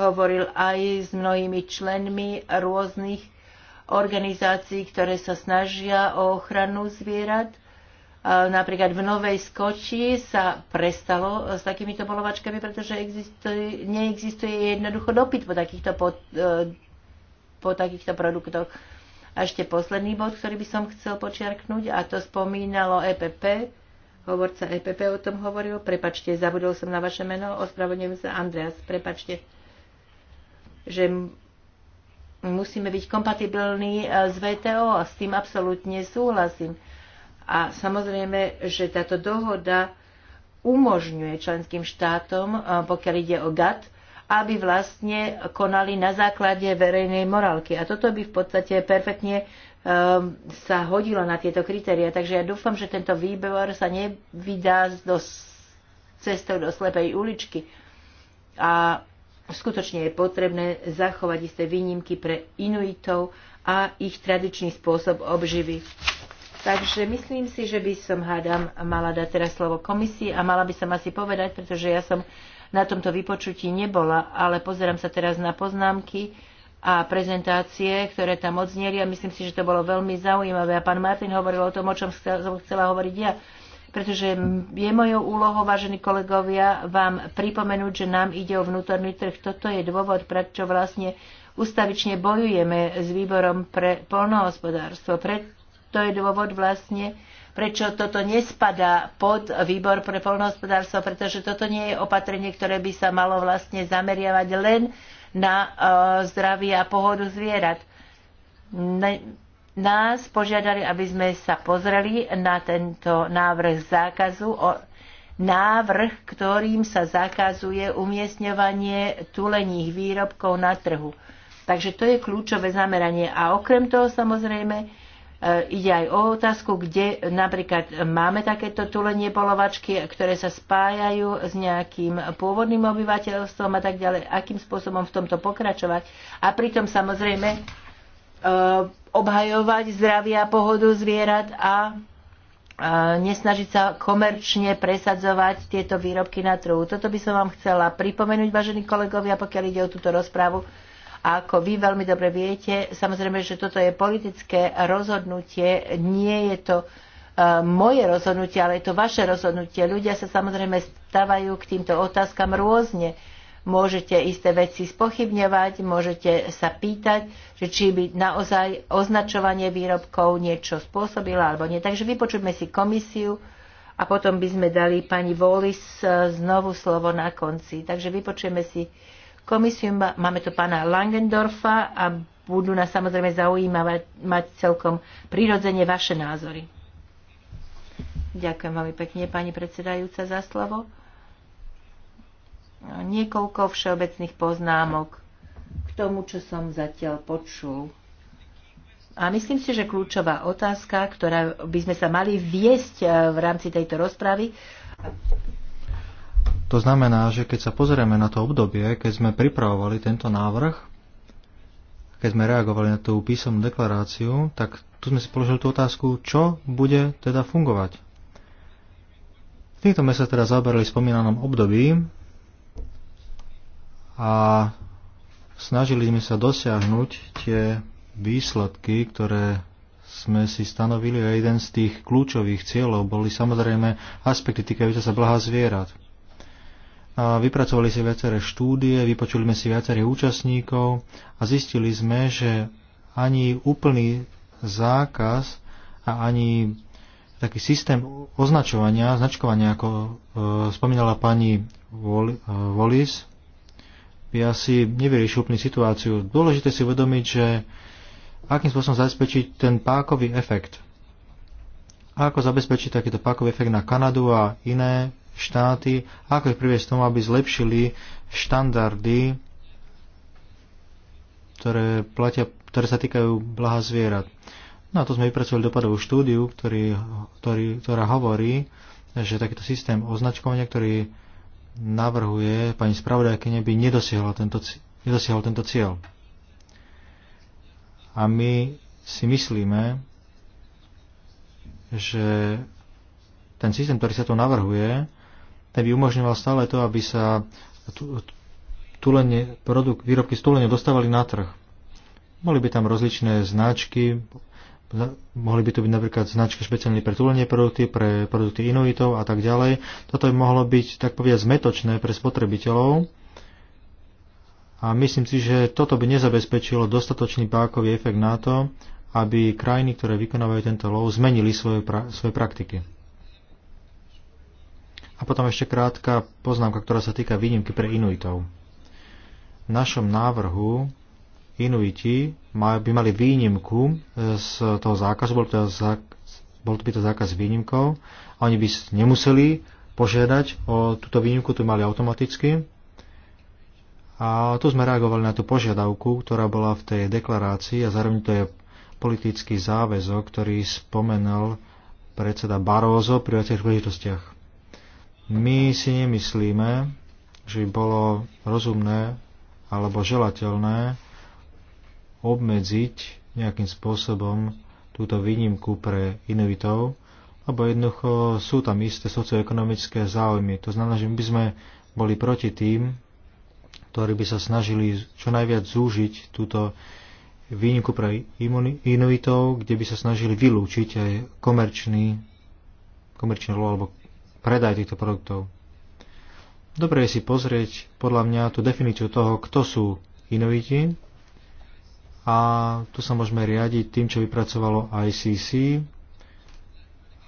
hovoril aj s mnohými členmi rôznych organizácií, ktoré sa snažia o ochranu zvierat. Napríklad v Novej Skoči sa prestalo s takýmito polovačkami, pretože existuje, neexistuje jednoducho dopyt po takýchto, po, e, po takýchto produktoch. A ešte posledný bod, ktorý by som chcel počiarknúť, a to spomínalo EPP, hovorca EPP o tom hovoril, prepačte, zabudol som na vaše meno, ospravedlňujem sa, Andreas, prepačte že musíme byť kompatibilní e, s VTO a s tým absolútne súhlasím. A samozrejme, že táto dohoda umožňuje členským štátom, e, pokiaľ ide o GATT, aby vlastne konali na základe verejnej morálky. A toto by v podstate perfektne um, sa hodilo na tieto kritéria. Takže ja dúfam, že tento výbor sa nevydá do cestou do slepej uličky. A skutočne je potrebné zachovať isté výnimky pre Inuitov a ich tradičný spôsob obživy. Takže myslím si, že by som, hádam, mala dať teraz slovo komisii a mala by som asi povedať, pretože ja som na tomto vypočutí nebola, ale pozerám sa teraz na poznámky a prezentácie, ktoré tam odznieli a myslím si, že to bolo veľmi zaujímavé. A pán Martin hovoril o tom, o čom som chcela hovoriť ja pretože je mojou úlohou, vážení kolegovia, vám pripomenúť, že nám ide o vnútorný trh. Toto je dôvod, prečo vlastne ustavične bojujeme s výborom pre polnohospodárstvo. Preto je dôvod vlastne, prečo toto nespadá pod výbor pre polnohospodárstvo, pretože toto nie je opatrenie, ktoré by sa malo vlastne zameriavať len na eh, zdravie a pohodu zvierat nás požiadali, aby sme sa pozreli na tento návrh zákazu, o návrh, ktorým sa zakazuje umiestňovanie tuleních výrobkov na trhu. Takže to je kľúčové zameranie. A okrem toho samozrejme e, ide aj o otázku, kde napríklad máme takéto tulenie polovačky, ktoré sa spájajú s nejakým pôvodným obyvateľstvom a tak ďalej, akým spôsobom v tomto pokračovať. A pritom samozrejme e, obhajovať zdravia a pohodu zvierat a nesnažiť sa komerčne presadzovať tieto výrobky na trhu. Toto by som vám chcela pripomenúť, vážení kolegovia, pokiaľ ide o túto rozprávu. A ako vy veľmi dobre viete, samozrejme, že toto je politické rozhodnutie, nie je to e, moje rozhodnutie, ale je to vaše rozhodnutie. Ľudia sa samozrejme stávajú k týmto otázkam rôzne môžete isté veci spochybňovať, môžete sa pýtať, že či by naozaj označovanie výrobkov niečo spôsobilo alebo nie. Takže vypočujme si komisiu a potom by sme dali pani Volis e, znovu slovo na konci. Takže vypočujeme si komisiu. Máme tu pána Langendorfa a budú nás samozrejme zaujímavať mať celkom prirodzene vaše názory. Ďakujem veľmi pekne, pani predsedajúca, za slovo. Niekoľko všeobecných poznámok k tomu, čo som zatiaľ počul. A myslím si, že kľúčová otázka, ktorá by sme sa mali viesť e, v rámci tejto rozpravy. To znamená, že keď sa pozrieme na to obdobie, keď sme pripravovali tento návrh, keď sme reagovali na tú písomnú deklaráciu, tak tu sme si položili tú otázku, čo bude teda fungovať. V týchto sme sa teda zaoberali spomínanom období a snažili sme sa dosiahnuť tie výsledky, ktoré sme si stanovili a jeden z tých kľúčových cieľov boli samozrejme aspekty týkajúce sa blaha zvierat. A vypracovali si viaceré štúdie, vypočuli sme si viacerých účastníkov a zistili sme, že ani úplný zákaz a ani taký systém označovania, značkovania, ako e, spomínala pani e, Wallis, by asi nevyriešil úplne situáciu. Dôležité si uvedomiť, že akým spôsobom zabezpečiť ten pákový efekt. A ako zabezpečiť takýto pákový efekt na Kanadu a iné štáty, a ako ich priviesť tomu, aby zlepšili štandardy, ktoré, platia, ktoré sa týkajú blaha zvierat. No no to sme vypracovali dopadovú štúdiu, ktorý, ktorý, ktorá hovorí, že takýto systém označkovania, ktorý navrhuje pani spravodajkyne, by nedosiahla tento, nedosiahol tento cieľ. A my si myslíme, že ten systém, ktorý sa tu navrhuje, ten by umožňoval stále to, aby sa tulenie, produkt, výrobky z tulenia dostávali na trh. Boli by tam rozličné značky, mohli by to byť napríklad značky špeciálne pre tulenie produkty, pre produkty inuitov a tak ďalej. Toto by mohlo byť, tak povedať, zmetočné pre spotrebiteľov. A myslím si, že toto by nezabezpečilo dostatočný pákový efekt na to, aby krajiny, ktoré vykonávajú tento lov, zmenili svoje, pra- svoje praktiky. A potom ešte krátka poznámka, ktorá sa týka výnimky pre Inuitov. V našom návrhu Inuiti by mali výnimku e, z toho zákazu, bol to, teda bol to by to zákaz výnimkou, a oni by nemuseli požiadať o túto výnimku, tu mali automaticky. A tu sme reagovali na tú požiadavku, ktorá bola v tej deklarácii a zároveň to je politický záväzok, ktorý spomenul predseda Barózo pri viacerých príležitostiach. My si nemyslíme, že by bolo rozumné alebo želateľné obmedziť nejakým spôsobom túto výnimku pre inovitov, lebo jednoducho sú tam isté socioekonomické záujmy. To znamená, že my by sme boli proti tým, ktorí by sa snažili čo najviac zúžiť túto výnimku pre inovitov, kde by sa snažili vylúčiť aj komerčný, komerčný alebo predaj týchto produktov. Dobre je si pozrieť podľa mňa tú definíciu toho, kto sú inoviti, a tu sa môžeme riadiť tým, čo vypracovalo ICC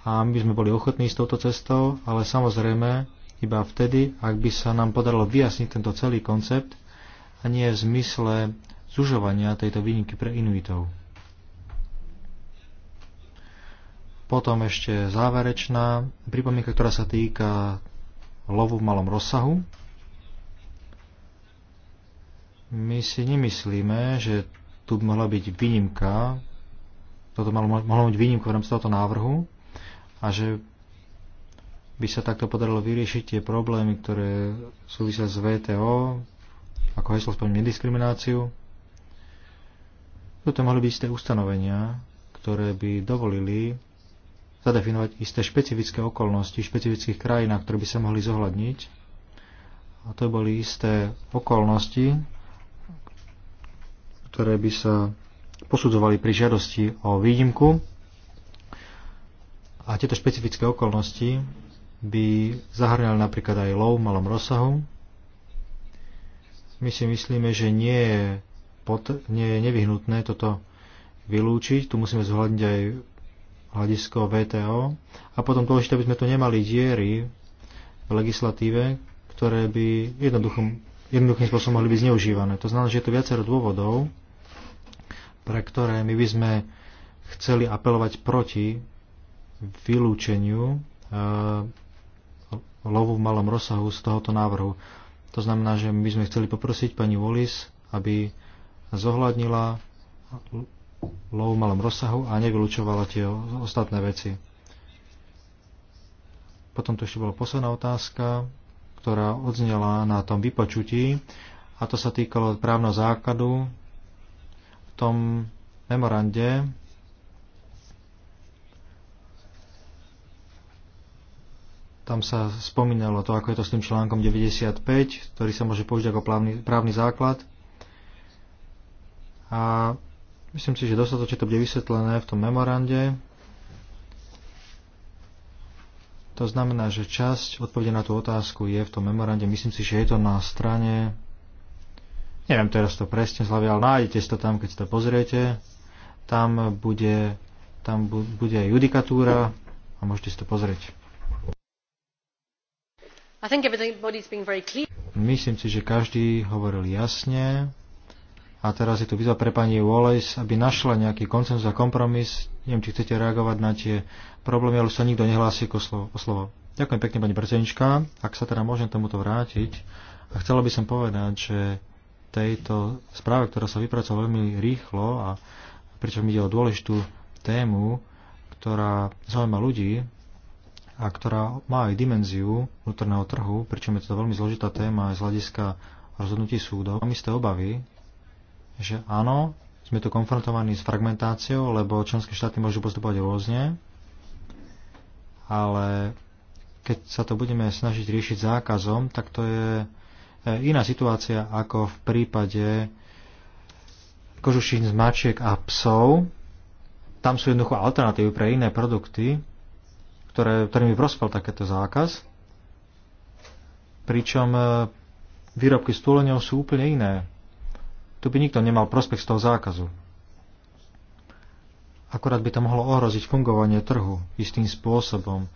a my by sme boli ochotní s touto cestou, ale samozrejme iba vtedy, ak by sa nám podarilo vyjasniť tento celý koncept a nie v zmysle zužovania tejto výnimky pre Inuitov. Potom ešte záverečná pripomienka, ktorá sa týka lovu v malom rozsahu. My si nemyslíme, že tu mala byť výnimka, toto malo, mohlo byť výnimku v rámci tohoto návrhu a že by sa takto podarilo vyriešiť tie problémy, ktoré súvisia s VTO, ako heslo spomínam nediskrimináciu. Toto mohli byť isté ustanovenia, ktoré by dovolili zadefinovať isté špecifické okolnosti v špecifických krajinách, ktoré by sa mohli zohľadniť. A to boli isté okolnosti, ktoré by sa posudzovali pri žiadosti o výnimku. A tieto špecifické okolnosti by zahrňali napríklad aj lov v malom rozsahu. My si myslíme, že nie je, pot, nie je nevyhnutné toto vylúčiť. Tu musíme zohľadniť aj hľadisko VTO. A potom dôležité, aby sme tu nemali diery v legislatíve, ktoré by jednoduchým, spôsobom mohli byť zneužívané. To znamená, že je to viacero dôvodov, pre ktoré my by sme chceli apelovať proti vylúčeniu e, lovu v malom rozsahu z tohoto návrhu. To znamená, že my sme chceli poprosiť pani Wallis, aby zohľadnila lov v malom rozsahu a nevylučovala tie ostatné veci. Potom tu ešte bola posledná otázka, ktorá odznela na tom vypočutí a to sa týkalo právneho základu tom memorande tam sa spomínalo to, ako je to s tým článkom 95, ktorý sa môže použiť ako právny, právny základ. A myslím si, že dostatočne to bude vysvetlené v tom memorande. To znamená, že časť odpovede na tú otázku je v tom memorande. Myslím si, že je to na strane neviem teraz to presne zľavy, ale nájdete si to tam, keď si to pozriete. Tam bude, tam bu- bude aj judikatúra a môžete si to pozrieť. I think everybody's being very clear. Myslím si, že každý hovoril jasne. A teraz je tu výzva pre pani Wallace, aby našla nejaký koncenzus a kompromis. Neviem, či chcete reagovať na tie problémy, ale sa nikto nehlási o slovo. O slovo. Ďakujem pekne, pani predsednička. Ak sa teda môžem tomuto vrátiť, a chcela by som povedať, že tejto správe, ktorá sa vypracovala veľmi rýchlo a pričom ide o dôležitú tému, ktorá zaujíma ľudí a ktorá má aj dimenziu vnútorného trhu, pričom je to veľmi zložitá téma aj z hľadiska rozhodnutí súdov. Mám isté obavy, že áno, sme tu konfrontovaní s fragmentáciou, lebo členské štáty môžu postupovať rôzne, ale keď sa to budeme snažiť riešiť zákazom, tak to je E, iná situácia ako v prípade kožušín z mačiek a psov. Tam sú jednoducho alternatívy pre iné produkty, ktoré, ktorými prospel takéto zákaz. Pričom e, výrobky s túleňou sú úplne iné. Tu by nikto nemal prospech z toho zákazu. Akorát by to mohlo ohroziť fungovanie trhu istým spôsobom.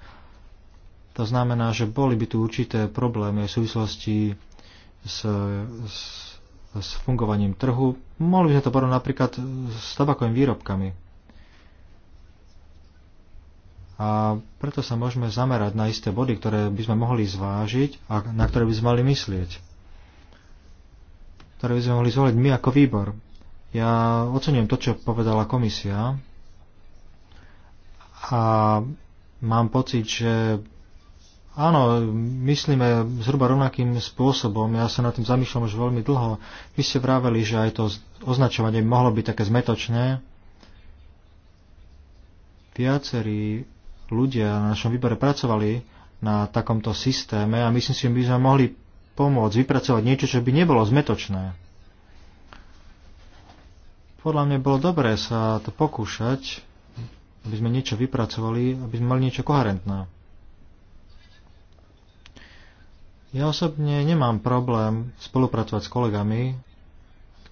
To znamená, že boli by tu určité problémy v súvislosti s, s, s fungovaním trhu. Mohli by sme to porovnať napríklad s tabakovými výrobkami. A preto sa môžeme zamerať na isté body, ktoré by sme mohli zvážiť a na ktoré by sme mali myslieť. Ktoré by sme mohli zvoliť my ako výbor. Ja ocenujem to, čo povedala komisia a mám pocit, že Áno, myslíme zhruba rovnakým spôsobom. Ja sa nad tým zamýšľam už veľmi dlho. Vy ste vraveli, že aj to označovanie by mohlo byť také zmetočné. Viacerí ľudia na našom výbore pracovali na takomto systéme a myslím si, že by sme mohli pomôcť vypracovať niečo, čo by nebolo zmetočné. Podľa mňa bolo dobré sa to pokúšať, aby sme niečo vypracovali, aby sme mali niečo koherentné. Ja osobne nemám problém spolupracovať s kolegami,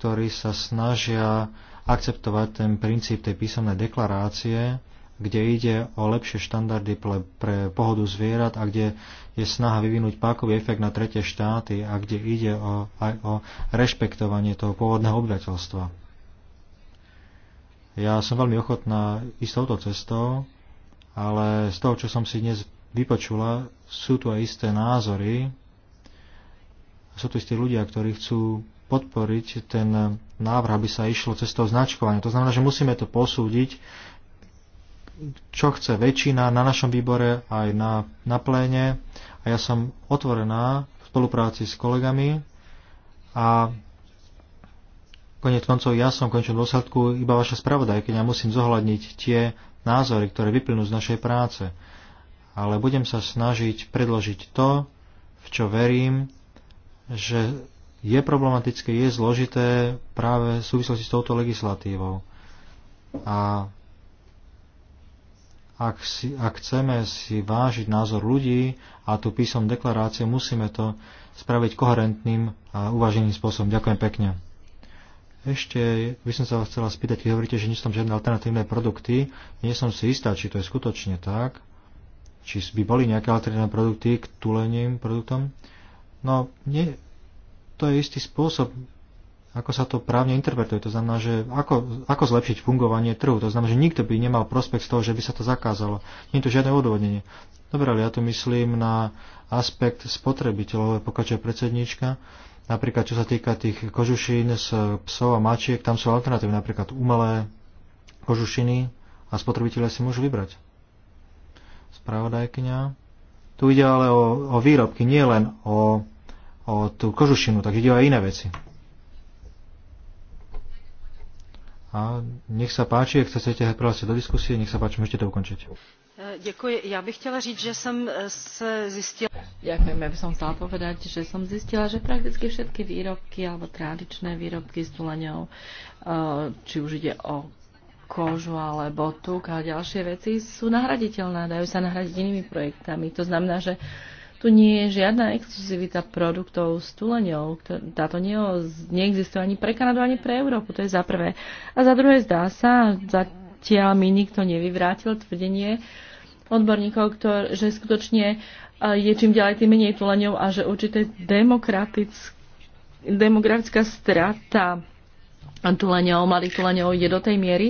ktorí sa snažia akceptovať ten princíp tej písomnej deklarácie, kde ide o lepšie štandardy pre, pre pohodu zvierat a kde je snaha vyvinúť pákový efekt na tretie štáty a kde ide o, aj o rešpektovanie toho pôvodného obyvateľstva. Ja som veľmi ochotná ísť touto cestou, ale z toho, čo som si dnes vypočula, sú tu aj isté názory, sú tu istí ľudia, ktorí chcú podporiť ten návrh, aby sa išlo cez toho značkovania. To znamená, že musíme to posúdiť, čo chce väčšina na našom výbore aj na, na pléne. A ja som otvorená v spolupráci s kolegami a konec koncov ja som končil dôsledku iba vaša keď ja musím zohľadniť tie názory, ktoré vyplynú z našej práce. Ale budem sa snažiť predložiť to, v čo verím že je problematické, je zložité práve v súvislosti s touto legislatívou. A ak, si, ak chceme si vážiť názor ľudí a tú písom deklaráciu, musíme to spraviť koherentným a uvaženým spôsobom. Ďakujem pekne. Ešte by som sa vás chcela spýtať, keď hovoríte, že nie sú žiadne alternatívne produkty, nie som si istá, či to je skutočne tak, či by boli nejaké alternatívne produkty k tulením produktom. No, nie, to je istý spôsob, ako sa to právne interpretuje. To znamená, že ako, ako zlepšiť fungovanie trhu. To znamená, že nikto by nemal prospekt z toho, že by sa to zakázalo. Nie je to žiadne odvodnenie. Dobre, ale ja tu myslím na aspekt spotrebiteľov, pokračuje predsednička. Napríklad, čo sa týka tých kožušín z psov a mačiek, tam sú alternatívy, napríklad umelé kožušiny a spotrebitelia si môžu vybrať. Spravodajkňa. Tu ide ale o, o výrobky, nie len o o tú kožušinu, tak ide aj iné veci. A nech sa páči, ak chcete prihlásiť do diskusie, nech sa páči, môžete to ukončiť. E, ďakujem. Ja bych chcela říct, že som se zistila... Ďakujem, ja by som chcela povedať, že som zistila, že prakticky všetky výrobky alebo tradičné výrobky s tuleňou, e, či už ide o kožu alebo tuk a ďalšie veci sú nahraditeľné, dajú sa nahradiť inými projektami. To znamená, že tu nie je žiadna exkluzivita produktov s tuleňou. Táto neexistuje ani pre Kanadu, ani pre Európu. To je za prvé. A za druhé zdá sa, zatiaľ mi nikto nevyvrátil tvrdenie odborníkov, ktor- že skutočne e, je čím ďalej tým menej tuleňov a že určité demokratická demografická strata tuleňov, mladých tuleňov je do tej miery,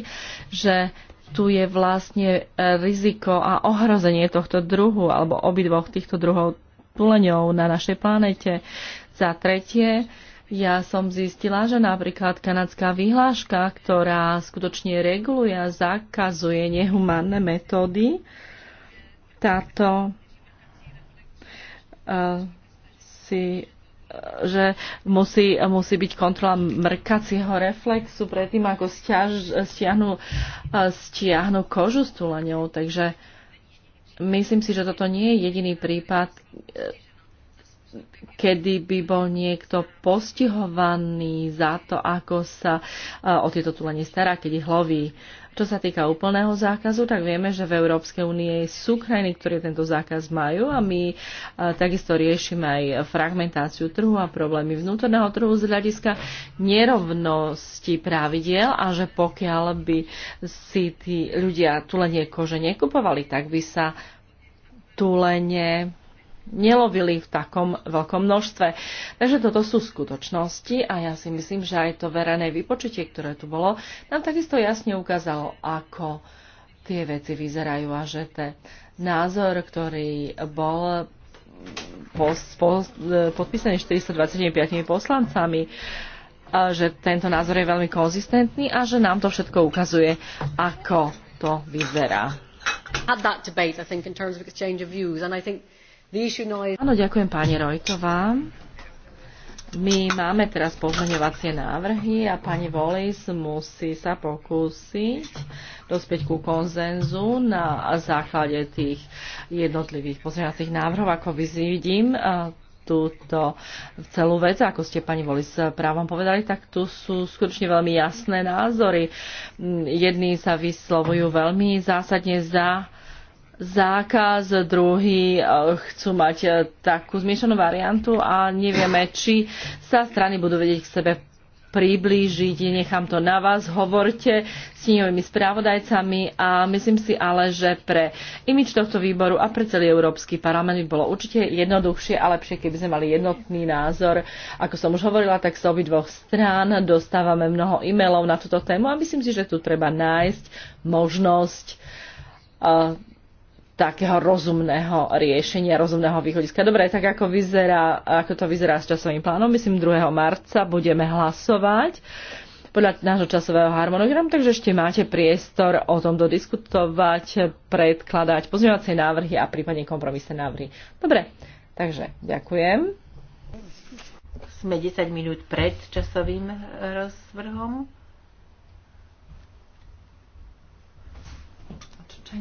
že tu je vlastne e, riziko a ohrozenie tohto druhu alebo obidvoch týchto druhov pleňou na našej planete. Za tretie, ja som zistila, že napríklad kanadská vyhláška, ktorá skutočne reguluje a zakazuje nehumánne metódy, táto uh, si e, že musí, musí byť kontrola mrkacieho reflexu predtým, ako stiahnu, e, stiahnu kožu s tuleňou. Takže uh, Myslím si, že toto nie je jediný prípad, e, kedy by bol niekto postihovaný za to, ako sa e, o tieto tulenie stará, keď ich loví. Čo sa týka úplného zákazu, tak vieme, že v Európskej únie sú krajiny, ktoré tento zákaz majú a my e, takisto riešime aj fragmentáciu trhu a problémy vnútorného trhu z hľadiska nerovnosti pravidiel a že pokiaľ by si tí ľudia tulenie kože nekupovali, tak by sa tulenie nelovili v takom veľkom množstve. Takže toto sú skutočnosti a ja si myslím, že aj to verejné vypočutie, ktoré tu bolo, nám takisto jasne ukázalo, ako tie veci vyzerajú a že ten názor, ktorý bol podpísaný 425 poslancami, že tento názor je veľmi konzistentný a že nám to všetko ukazuje, ako to vyzerá. that debate, I think, in terms of exchange of views, and I think Áno, ďakujem pani Rojtová. My máme teraz pozmeňovacie návrhy a pani Volis musí sa pokúsiť dospieť ku konzenzu na základe tých jednotlivých pozmeňovacích návrhov, ako vyzvidím túto celú vec, ako ste pani Volis právom povedali, tak tu sú skutočne veľmi jasné názory. Mm, Jední sa vyslovujú veľmi zásadne za zákaz, druhý eh, chcú mať eh, takú zmiešanú variantu a nevieme, či sa strany budú vedieť k sebe priblížiť. Nechám to na vás, hovorte s tímovými správodajcami a myslím si ale, že pre imič tohto výboru a pre celý Európsky parlament by bolo určite jednoduchšie a lepšie, keby sme mali jednotný názor. Ako som už hovorila, tak z dvoch strán dostávame mnoho e-mailov na túto tému a myslím si, že tu treba nájsť možnosť uh, takého rozumného riešenia, rozumného východiska. Dobre, tak ako, vyzerá, ako to vyzerá s časovým plánom, myslím 2. marca budeme hlasovať podľa nášho časového harmonogramu, takže ešte máte priestor o tom diskutovať, predkladať pozmeňovacie návrhy a prípadne kompromisné návrhy. Dobre, takže ďakujem. Sme 10 minút pred časovým rozvrhom. A čo,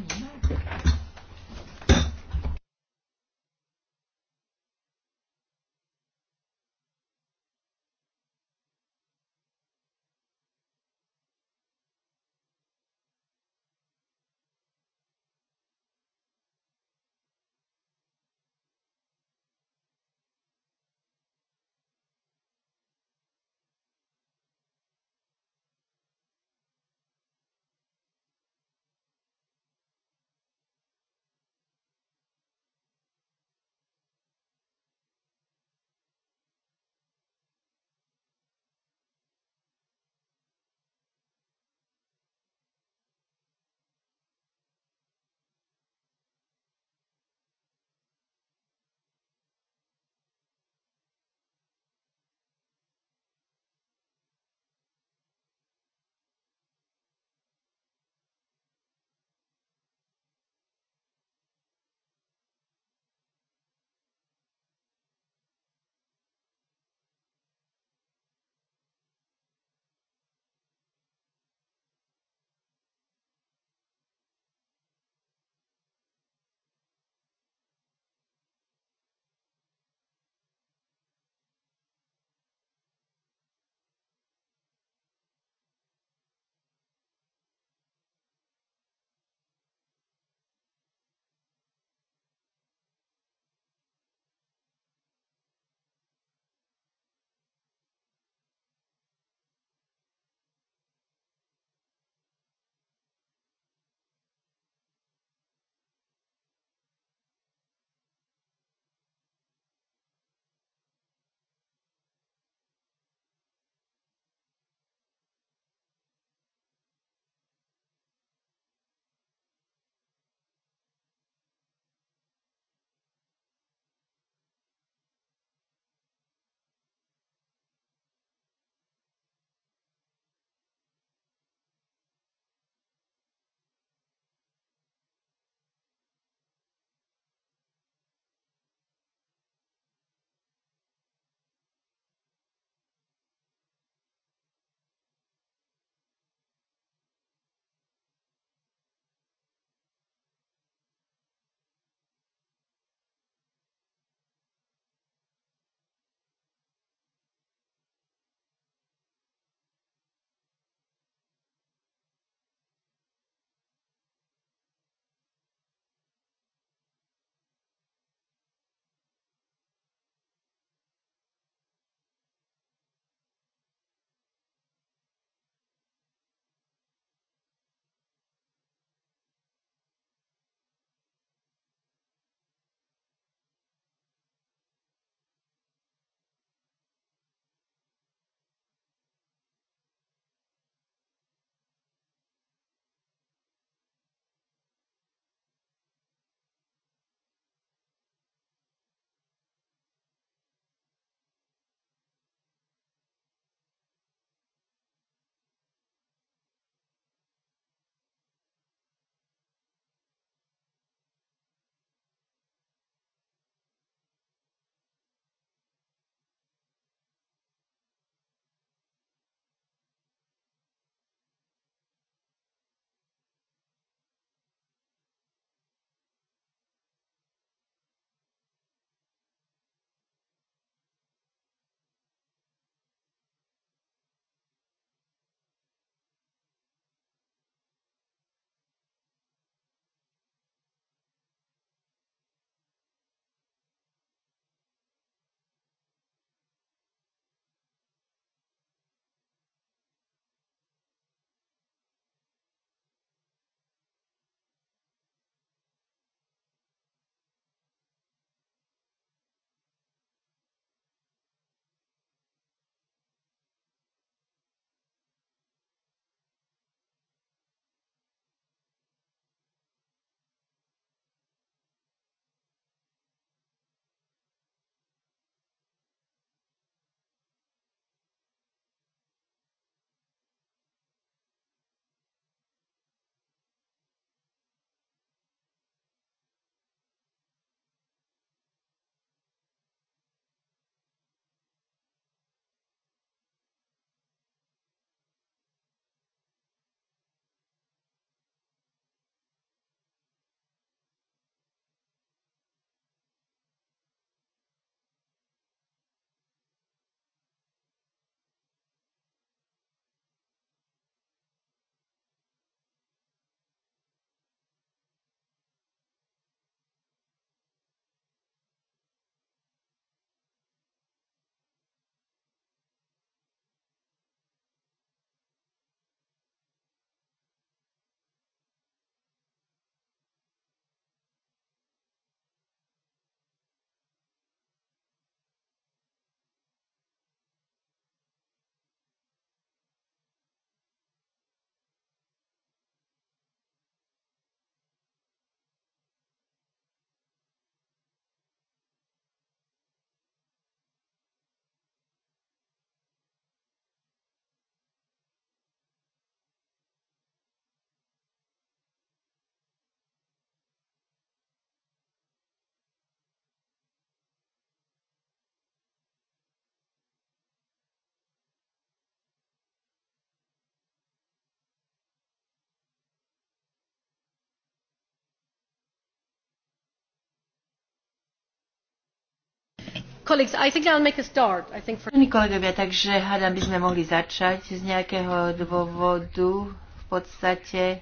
kolegovia, takže hádam by sme mohli začať z nejakého dôvodu. V podstate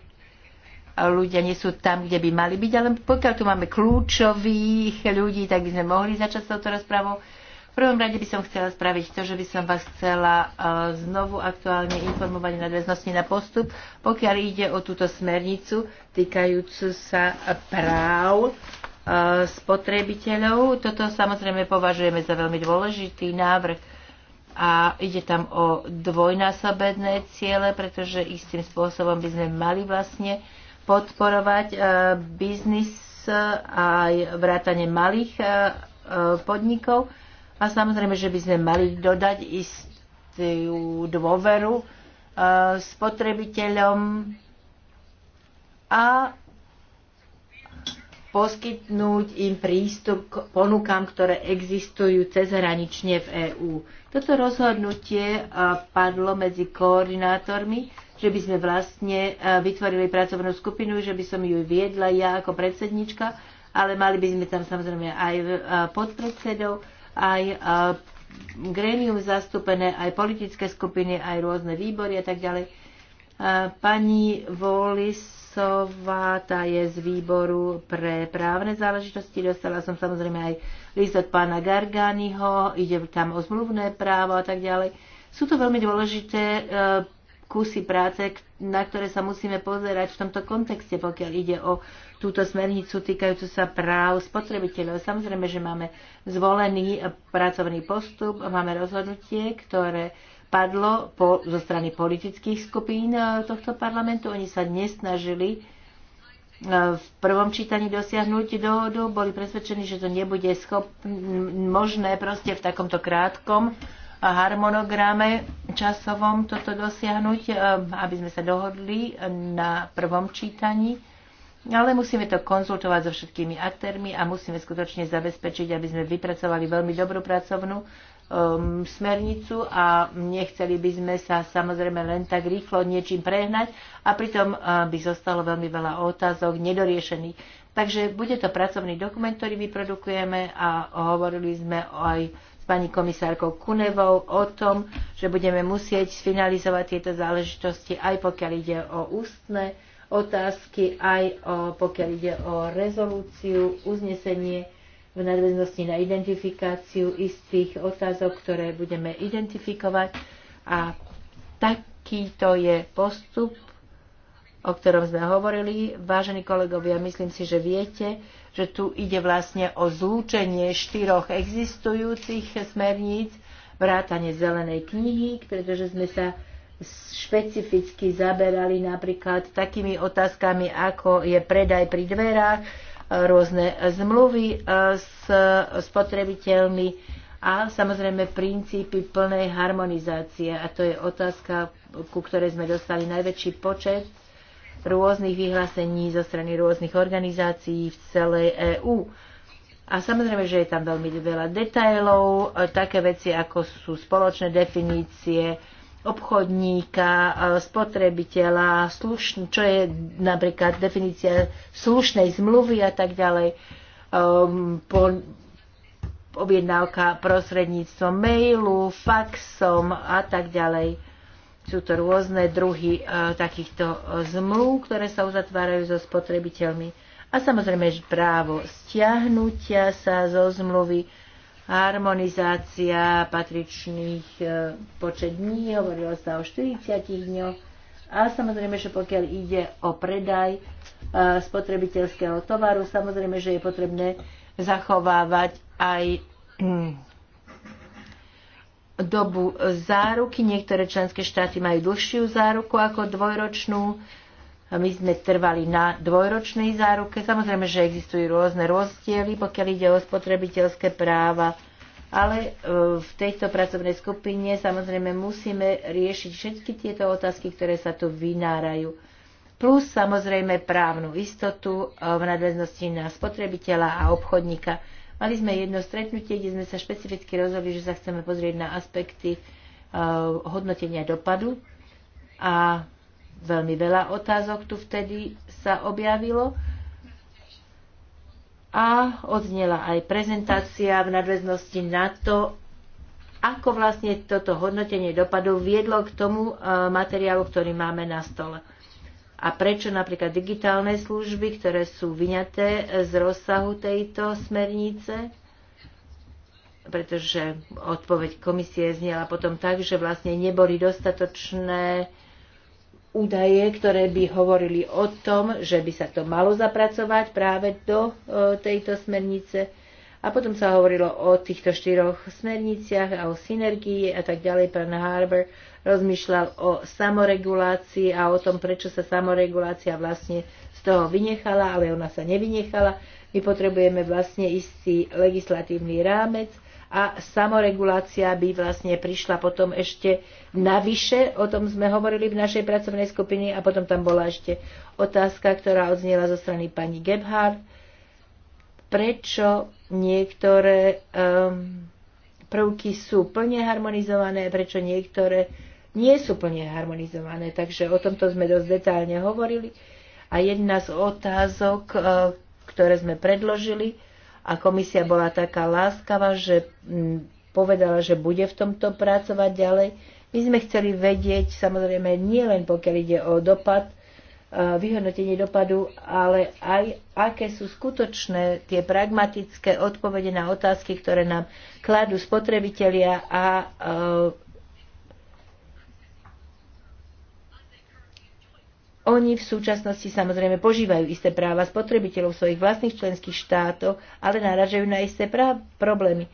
ľudia nie sú tam, kde by mali byť, ale pokiaľ tu máme kľúčových ľudí, tak by sme mohli začať s touto rozprávou. V prvom rade by som chcela spraviť to, že by som vás chcela e, znovu aktuálne informovať na nadväznosti na postup, pokiaľ ide o túto smernicu týkajúcu sa práv Eh, spotrebiteľov. Toto samozrejme považujeme za veľmi dôležitý návrh a ide tam o dvojnásobedné ciele, pretože istým spôsobom by sme mali vlastne podporovať eh, biznis aj vrátane malých eh, podnikov a samozrejme, že by sme mali dodať istú dôveru spotrebiteľom a poskytnúť im prístup k ponukám, ktoré existujú cezhranične v EÚ. Toto rozhodnutie e, padlo medzi koordinátormi, že by sme vlastne e, vytvorili pracovnú skupinu, že by som ju viedla ja ako predsednička, ale mali by sme tam samozrejme aj e, podpredsedov, aj grémium zastúpené, aj politické skupiny, aj rôzne výbory a tak ďalej. Pani Volis Hlasová, tá je z výboru pre právne záležitosti. Dostala som samozrejme aj list od pána Garganiho, ide tam o zmluvné právo a tak ďalej. Sú to veľmi dôležité e, kusy práce, na ktoré sa musíme pozerať v tomto kontexte, pokiaľ ide o túto smernicu týkajúcu sa práv spotrebiteľov. Samozrejme, že máme zvolený pracovný postup, máme rozhodnutie, ktoré padlo po, zo strany politických skupín e, tohto parlamentu. Oni sa nesnažili e, v prvom čítaní dosiahnuť dohodu, boli presvedčení, že to nebude schop, možné proste v takomto krátkom harmonograme časovom toto dosiahnuť, e, aby sme sa dohodli na prvom čítaní. Ale musíme to konzultovať so všetkými aktérmi a musíme skutočne zabezpečiť, aby sme vypracovali veľmi dobrú pracovnú um, smernicu a nechceli by sme sa samozrejme len tak rýchlo niečím prehnať a pritom uh, by zostalo veľmi veľa otázok nedoriešených. Takže bude to pracovný dokument, ktorý vyprodukujeme a hovorili sme aj s pani komisárkou Kunevou o tom, že budeme musieť sfinalizovať tieto záležitosti aj pokiaľ ide o ústne otázky, aj o, pokiaľ ide o rezolúciu, uznesenie v nadväznosti na identifikáciu istých otázok, ktoré budeme identifikovať. A takýto je postup, o ktorom sme hovorili. Vážení kolegovia, myslím si, že viete, že tu ide vlastne o zlúčenie štyroch existujúcich smerníc, vrátanie zelenej knihy, pretože sme sa špecificky zaberali napríklad takými otázkami, ako je predaj pri dverách, rôzne zmluvy e, s spotrebiteľmi a samozrejme princípy plnej harmonizácie. A to je otázka, ku ktorej sme dostali najväčší počet rôznych vyhlásení zo strany rôznych organizácií v celej EÚ. A samozrejme, že je tam veľmi veľa detajlov, e, také veci ako sú spoločné definície, obchodníka, e, spotrebiteľa, slušn- čo je napríklad definícia slušnej zmluvy a tak ďalej, um, po, objednávka prostredníctvom mailu, faxom a tak ďalej. Sú to rôzne druhy uh, takýchto uh, zmluv, ktoré sa uzatvárajú so spotrebiteľmi. A samozrejme, že právo stiahnutia sa zo zmluvy harmonizácia patričných e, počet dní, hovorilo sa o 40 dňoch. A samozrejme, že pokiaľ ide o predaj e, spotrebiteľského tovaru, samozrejme, že je potrebné zachovávať aj hm, dobu záruky. Niektoré členské štáty majú dlhšiu záruku ako dvojročnú my sme trvali na dvojročnej záruke. Samozrejme, že existujú rôzne rozdiely, pokiaľ ide o spotrebiteľské práva, ale e, v tejto pracovnej skupine samozrejme musíme riešiť všetky tieto otázky, ktoré sa tu vynárajú. Plus samozrejme právnu istotu e, v nadväznosti na spotrebiteľa a obchodníka. Mali sme jedno stretnutie, kde sme sa špecificky rozhodli, že sa chceme pozrieť na aspekty e, hodnotenia dopadu a Veľmi veľa otázok tu vtedy sa objavilo a odznela aj prezentácia v nadväznosti na to, ako vlastne toto hodnotenie dopadov viedlo k tomu e, materiálu, ktorý máme na stole. A prečo napríklad digitálne služby, ktoré sú vyňaté z rozsahu tejto smernice? Pretože odpoveď komisie zniela potom tak, že vlastne neboli dostatočné údaje, ktoré by hovorili o tom, že by sa to malo zapracovať práve do e, tejto smernice. A potom sa hovorilo o týchto štyroch smerniciach a o synergii a tak ďalej. Pán Harber rozmýšľal o samoregulácii a o tom, prečo sa samoregulácia vlastne z toho vynechala, ale ona sa nevynechala. My potrebujeme vlastne istý legislatívny rámec, a samoregulácia by vlastne prišla potom ešte navyše, o tom sme hovorili v našej pracovnej skupine a potom tam bola ešte otázka, ktorá odzniela zo strany pani Gebhardt, prečo niektoré um, prvky sú plne harmonizované, prečo niektoré nie sú plne harmonizované. Takže o tomto sme dosť detálne hovorili. A jedna z otázok, eh, ktoré sme predložili, a komisia bola taká láskava, že mm, povedala, že bude v tomto pracovať ďalej. My sme chceli vedieť, samozrejme, nie len pokiaľ ide o dopad, e, vyhodnotenie dopadu, ale aj aké sú skutočné tie pragmatické odpovede na otázky, ktoré nám kladú spotrebitelia a e, Oni v súčasnosti samozrejme požívajú isté práva spotrebiteľov v svojich vlastných členských štátoch, ale naražajú na isté práv, problémy.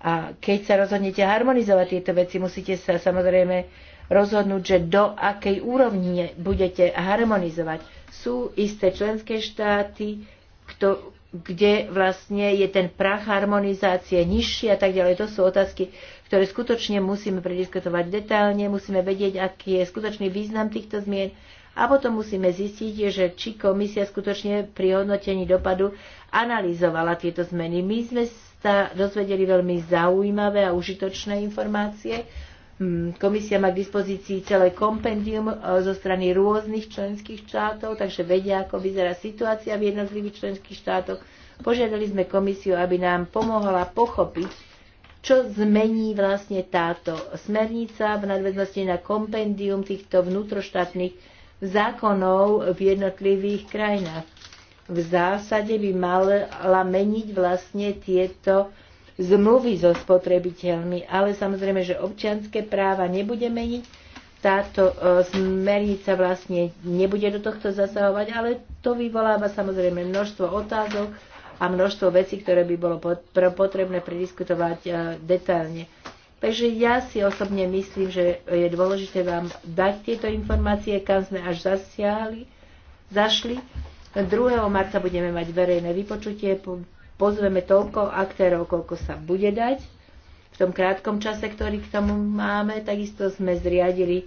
A keď sa rozhodnete harmonizovať tieto veci, musíte sa samozrejme rozhodnúť, že do akej úrovni budete harmonizovať. Sú isté členské štáty, kto, kde vlastne je ten prach harmonizácie nižší a tak ďalej. To sú otázky, ktoré skutočne musíme prediskutovať detálne, musíme vedieť, aký je skutočný význam týchto zmien a potom musíme zistiť, že či komisia skutočne pri hodnotení dopadu analyzovala tieto zmeny. My sme sa dozvedeli veľmi zaujímavé a užitočné informácie. Mm, komisia má k dispozícii celé kompendium e, zo strany rôznych členských štátov, takže vedia, ako vyzerá situácia v jednotlivých členských štátoch. Požiadali sme komisiu, aby nám pomohla pochopiť, čo zmení vlastne táto smernica v nadväznosti na kompendium týchto vnútroštátnych zákonov v jednotlivých krajinách. V zásade by mala meniť vlastne tieto zmluvy so spotrebiteľmi, ale samozrejme, že občianské práva nebude meniť, táto e, smernica vlastne nebude do tohto zasahovať, ale to vyvoláva samozrejme množstvo otázok a množstvo vecí, ktoré by bolo potrebné prediskutovať e, detailne. Takže ja si osobne myslím, že je dôležité vám dať tieto informácie, kam sme až zasiahli, zašli. 2. marca budeme mať verejné vypočutie, pozveme toľko aktérov, koľko sa bude dať. V tom krátkom čase, ktorý k tomu máme, takisto sme zriadili e,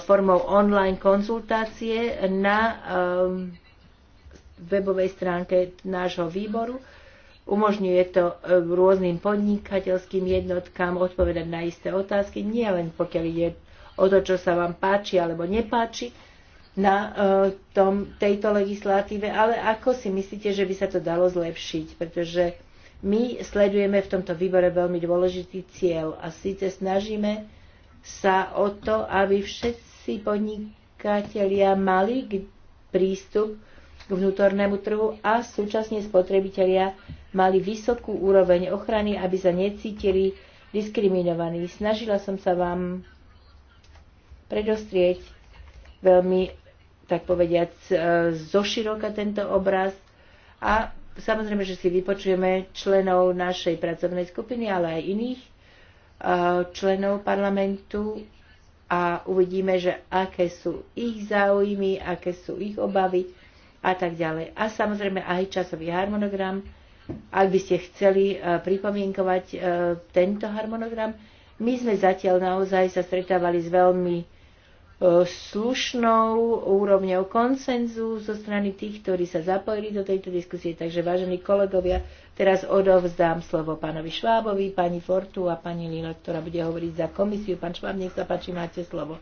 formou online konzultácie na e, webovej stránke nášho výboru Umožňuje to e, rôznym podnikateľským jednotkám odpovedať na isté otázky, nielen pokiaľ ide o to, čo sa vám páči alebo nepáči na e, tom, tejto legislatíve, ale ako si myslíte, že by sa to dalo zlepšiť, pretože my sledujeme v tomto výbore veľmi dôležitý cieľ a síce snažíme sa o to, aby všetci podnikatelia mali prístup k vnútornému trhu a súčasne spotrebitelia mali vysokú úroveň ochrany, aby sa necítili diskriminovaní. Snažila som sa vám predostrieť veľmi, tak povediať, e, zoširoka tento obraz a samozrejme, že si vypočujeme členov našej pracovnej skupiny, ale aj iných e, členov parlamentu a uvidíme, že aké sú ich záujmy, aké sú ich obavy a tak ďalej. A samozrejme aj časový harmonogram. Ak by ste chceli e, pripomienkovať e, tento harmonogram, my sme zatiaľ naozaj sa stretávali s veľmi e, slušnou úrovňou konsenzu zo strany tých, ktorí sa zapojili do tejto diskusie. Takže, vážení kolegovia, teraz odovzdám slovo pánovi Švábovi, pani Fortu a pani Lila, ktorá bude hovoriť za komisiu. Pán Šváb, nech sa páči, máte slovo.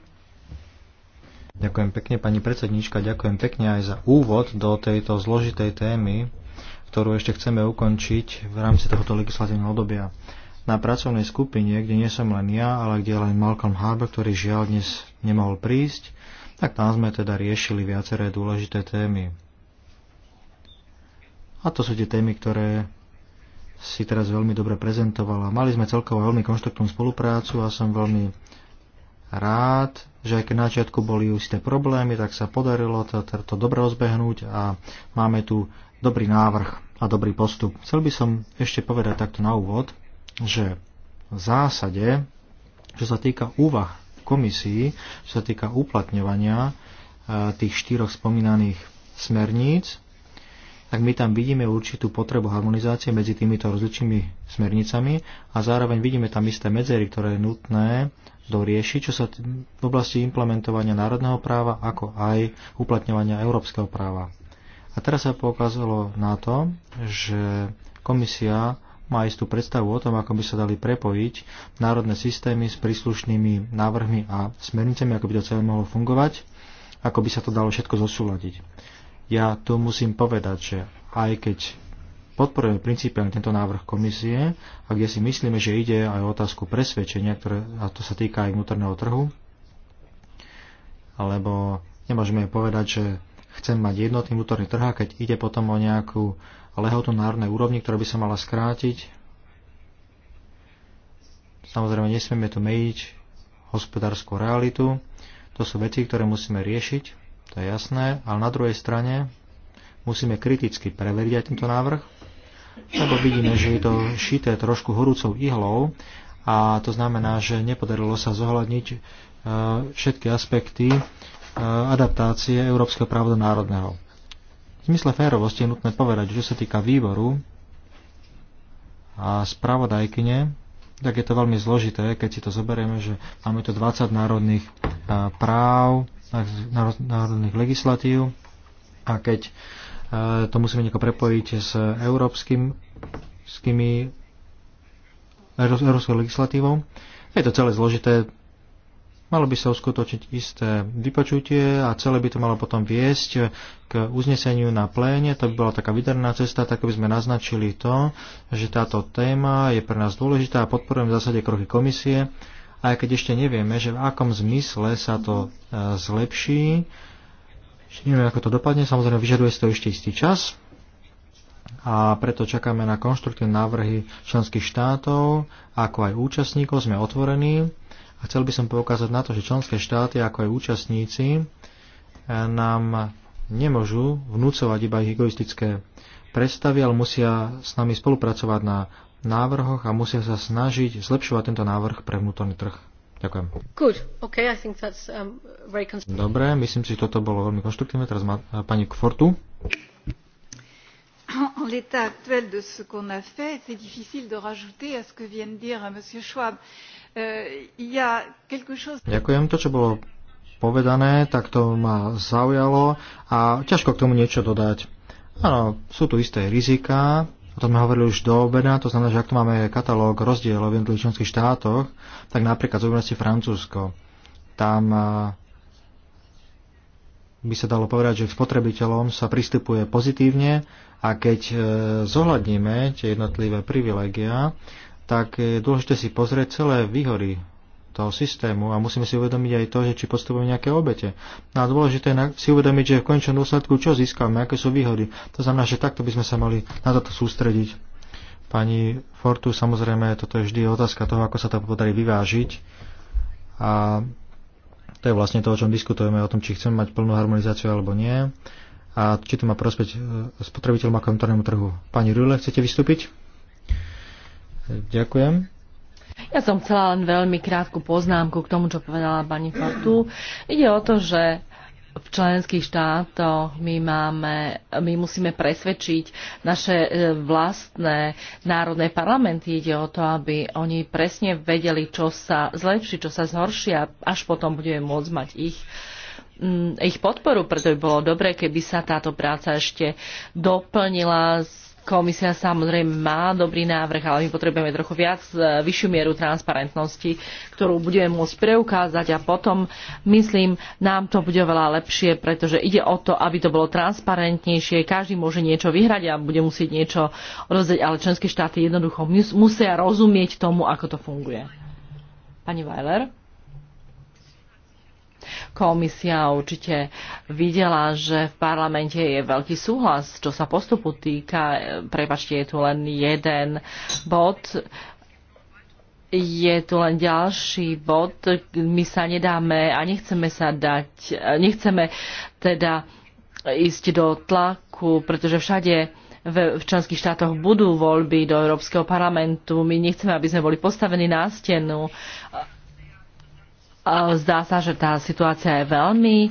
Ďakujem pekne, pani predsednička, ďakujem pekne aj za úvod do tejto zložitej témy, ktorú ešte chceme ukončiť v rámci tohoto legislatívneho obdobia. Na pracovnej skupine, kde nie som len ja, ale kde je len Malcolm Harbour, ktorý žiaľ dnes nemohol prísť, tak tam sme teda riešili viaceré dôležité témy. A to sú tie témy, ktoré si teraz veľmi dobre prezentovala. Mali sme celkovo veľmi konštruktívnu spoluprácu a som veľmi rád, že aj keď na začiatku boli isté problémy, tak sa podarilo to, to dobre rozbehnúť a máme tu dobrý návrh a dobrý postup. Chcel by som ešte povedať takto na úvod, že v zásade, čo sa týka úvah komisii, čo sa týka uplatňovania eh, tých štyroch spomínaných smerníc, tak my tam vidíme určitú potrebu harmonizácie medzi týmito rozličnými smernicami a zároveň vidíme tam isté medzery, ktoré je nutné doriešiť, čo sa v oblasti implementovania národného práva, ako aj uplatňovania európskeho práva. A teraz sa poukázalo na to, že komisia má istú predstavu o tom, ako by sa dali prepojiť národné systémy s príslušnými návrhmi a smernicami, ako by to celé mohlo fungovať, ako by sa to dalo všetko zosúľadiť. Ja tu musím povedať, že aj keď podporujeme principiálne tento návrh komisie a kde si myslíme, že ide aj o otázku presvedčenia, ktoré, a to sa týka aj vnútorného trhu, alebo nemôžeme povedať, že chcem mať jednotný vnútorný trh, a keď ide potom o nejakú lehotu národnej úrovni, ktorá by sa mala skrátiť. Samozrejme, nesmieme tu meniť hospodárskú realitu. To sú veci, ktoré musíme riešiť to je jasné, ale na druhej strane musíme kriticky preveriť aj tento návrh, lebo vidíme, že je to šité trošku horúcou ihlou a to znamená, že nepodarilo sa zohľadniť e, všetky aspekty e, adaptácie európskeho práva do národného. V zmysle férovosti je nutné povedať, že čo sa týka výboru a spravodajkyne, tak je to veľmi zložité, keď si to zoberieme, že máme tu 20 národných e, práv, národných legislatív a keď eh, to musíme nejako prepojiť s európskym s kými, európskou legislatívou. Je to celé zložité. Malo by sa uskutočniť isté vypočutie a celé by to malo potom viesť k uzneseniu na pléne. To by bola taká vydarná cesta, tak by sme naznačili to, že táto téma je pre nás dôležitá a podporujem v zásade kroky komisie aj keď ešte nevieme, že v akom zmysle sa to e, zlepší. Ešte nevieme, ako to dopadne. Samozrejme, vyžaduje si to ešte istý čas a preto čakáme na konštruktívne návrhy členských štátov, ako aj účastníkov. Sme otvorení a chcel by som poukázať na to, že členské štáty, ako aj účastníci, e, nám nemôžu vnúcovať iba ich egoistické predstavy, ale musia s nami spolupracovať na návrhoch a musia sa snažiť zlepšovať tento návrh pre vnútorný trh. Ďakujem. Good. Okay, I think that's, um, very Dobre, myslím si, že toto bolo veľmi konštruktívne. Teraz má eh, pani Kfortu. En l'état actuel de ce qu'on a fait, c'est difficile de rajouter à ce que vient de dire euh, M. Schwab. Euh, y a quelque chose... Ďakujem. To, čo bolo povedané, tak to ma zaujalo a ťažko k tomu niečo dodať. Áno, sú tu isté rizika, o tom sme hovorili už do obeda, to znamená, že ak tu máme katalóg rozdielov v jednotlivých členských štátoch, tak napríklad zoberme si Francúzsko. Tam by sa dalo povedať, že k spotrebiteľom sa pristupuje pozitívne a keď e, zohľadníme tie jednotlivé privilegia, tak je dôležité si pozrieť celé výhody toho systému a musíme si uvedomiť aj to, že či postupujeme nejaké obete. No a dôležité je si uvedomiť, že v končnom dôsledku čo získame, aké sú výhody. To znamená, že takto by sme sa mali na toto sústrediť. Pani Fortu, samozrejme, toto je vždy otázka toho, ako sa to podarí vyvážiť. A to je vlastne to, o čom diskutujeme, o tom, či chceme mať plnú harmonizáciu alebo nie. A či to má prospeť e, spotrebiteľom a kontornému trhu. Pani Rule, chcete vystúpiť? E, ďakujem. Ja som chcela len veľmi krátku poznámku k tomu, čo povedala pani Fortu. Ide o to, že v členských štátoch my, máme, my musíme presvedčiť naše e, vlastné národné parlamenty. Ide o to, aby oni presne vedeli, čo sa zlepší, čo sa zhoršia, až potom budeme môcť mať ich mm, ich podporu, preto by bolo dobré, keby sa táto práca ešte doplnila s Komisia samozrejme má dobrý návrh, ale my potrebujeme trochu viac, e, vyššiu mieru transparentnosti, ktorú budeme môcť preukázať a potom, myslím, nám to bude veľa lepšie, pretože ide o to, aby to bolo transparentnejšie, každý môže niečo vyhrať a bude musieť niečo rozdeť, ale členské štáty jednoducho musia rozumieť tomu, ako to funguje. Pani Weiler. Komisia určite videla, že v parlamente je veľký súhlas, čo sa postupu týka. Prepačte, je tu len jeden bod. Je tu len ďalší bod. My sa nedáme a nechceme sa dať, nechceme teda ísť do tlaku, pretože všade v, členských štátoch budú voľby do Európskeho parlamentu. My nechceme, aby sme boli postavení na stenu Zdá sa, že tá situácia je veľmi e,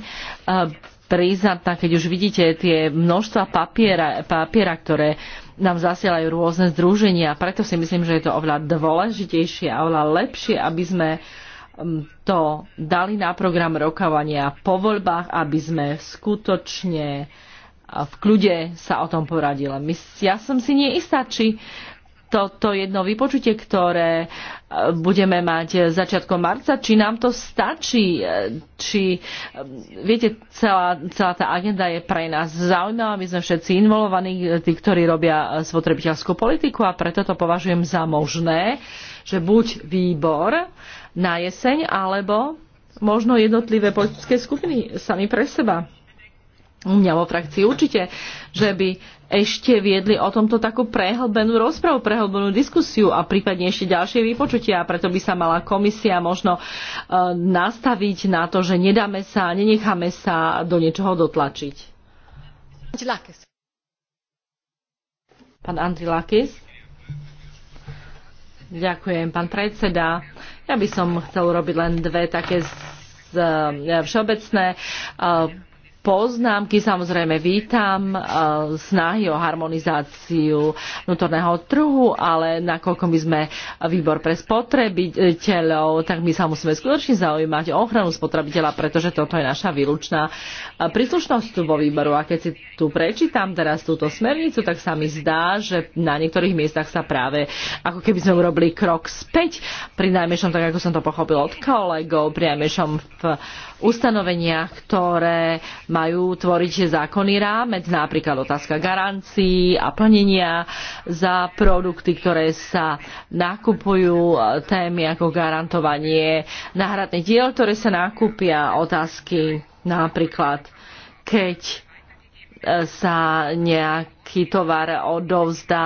príznatná, keď už vidíte tie množstva papiera, papiera ktoré nám zasielajú rôzne združenia. Preto si myslím, že je to oveľa dôležitejšie a oveľa lepšie, aby sme to dali na program rokovania po voľbách, aby sme skutočne v kľude sa o tom poradili. Ja som si neistá, či toto jedno vypočutie, ktoré e, budeme mať e, začiatkom marca, či nám to stačí, e, či, viete, celá, celá tá agenda je pre nás zaujímavá, my sme všetci involovaní, tí, ktorí robia spotrebiteľskú politiku a preto to považujem za možné, že buď výbor na jeseň, alebo možno jednotlivé politické skupiny sami pre seba mňa vo frakcii určite, že by ešte viedli o tomto takú prehlbenú rozpravu, prehlbenú diskusiu a prípadne ešte ďalšie vypočutia. A preto by sa mala komisia možno e, nastaviť na to, že nedáme sa, nenecháme sa do niečoho dotlačiť. Pán Andrilakis. Ďakujem, pán predseda. Ja by som chcel urobiť len dve také z, e, všeobecné e, poznámky. Samozrejme vítam eh, snahy o harmonizáciu vnútorného trhu, ale nakoľko my sme výbor pre spotrebiteľov, tak my sa musíme skutočne zaujímať o ochranu spotrebiteľa, pretože toto je naša výlučná eh, príslušnosť tu vo výboru. A keď si tu prečítam teraz túto smernicu, tak sa mi zdá, že na niektorých miestach sa práve ako keby sme urobili krok späť, pri najmäšom, tak, ako som to pochopil od kolegov, pri najmäšom v ustanovenia, ktoré majú tvoriť zákonný rámec, napríklad otázka garancií a plnenia za produkty, ktoré sa nakupujú, e, témy ako garantovanie náhradných diel, ktoré sa nakúpia, otázky napríklad, keď e, sa nejak nejaký tovar odovzdá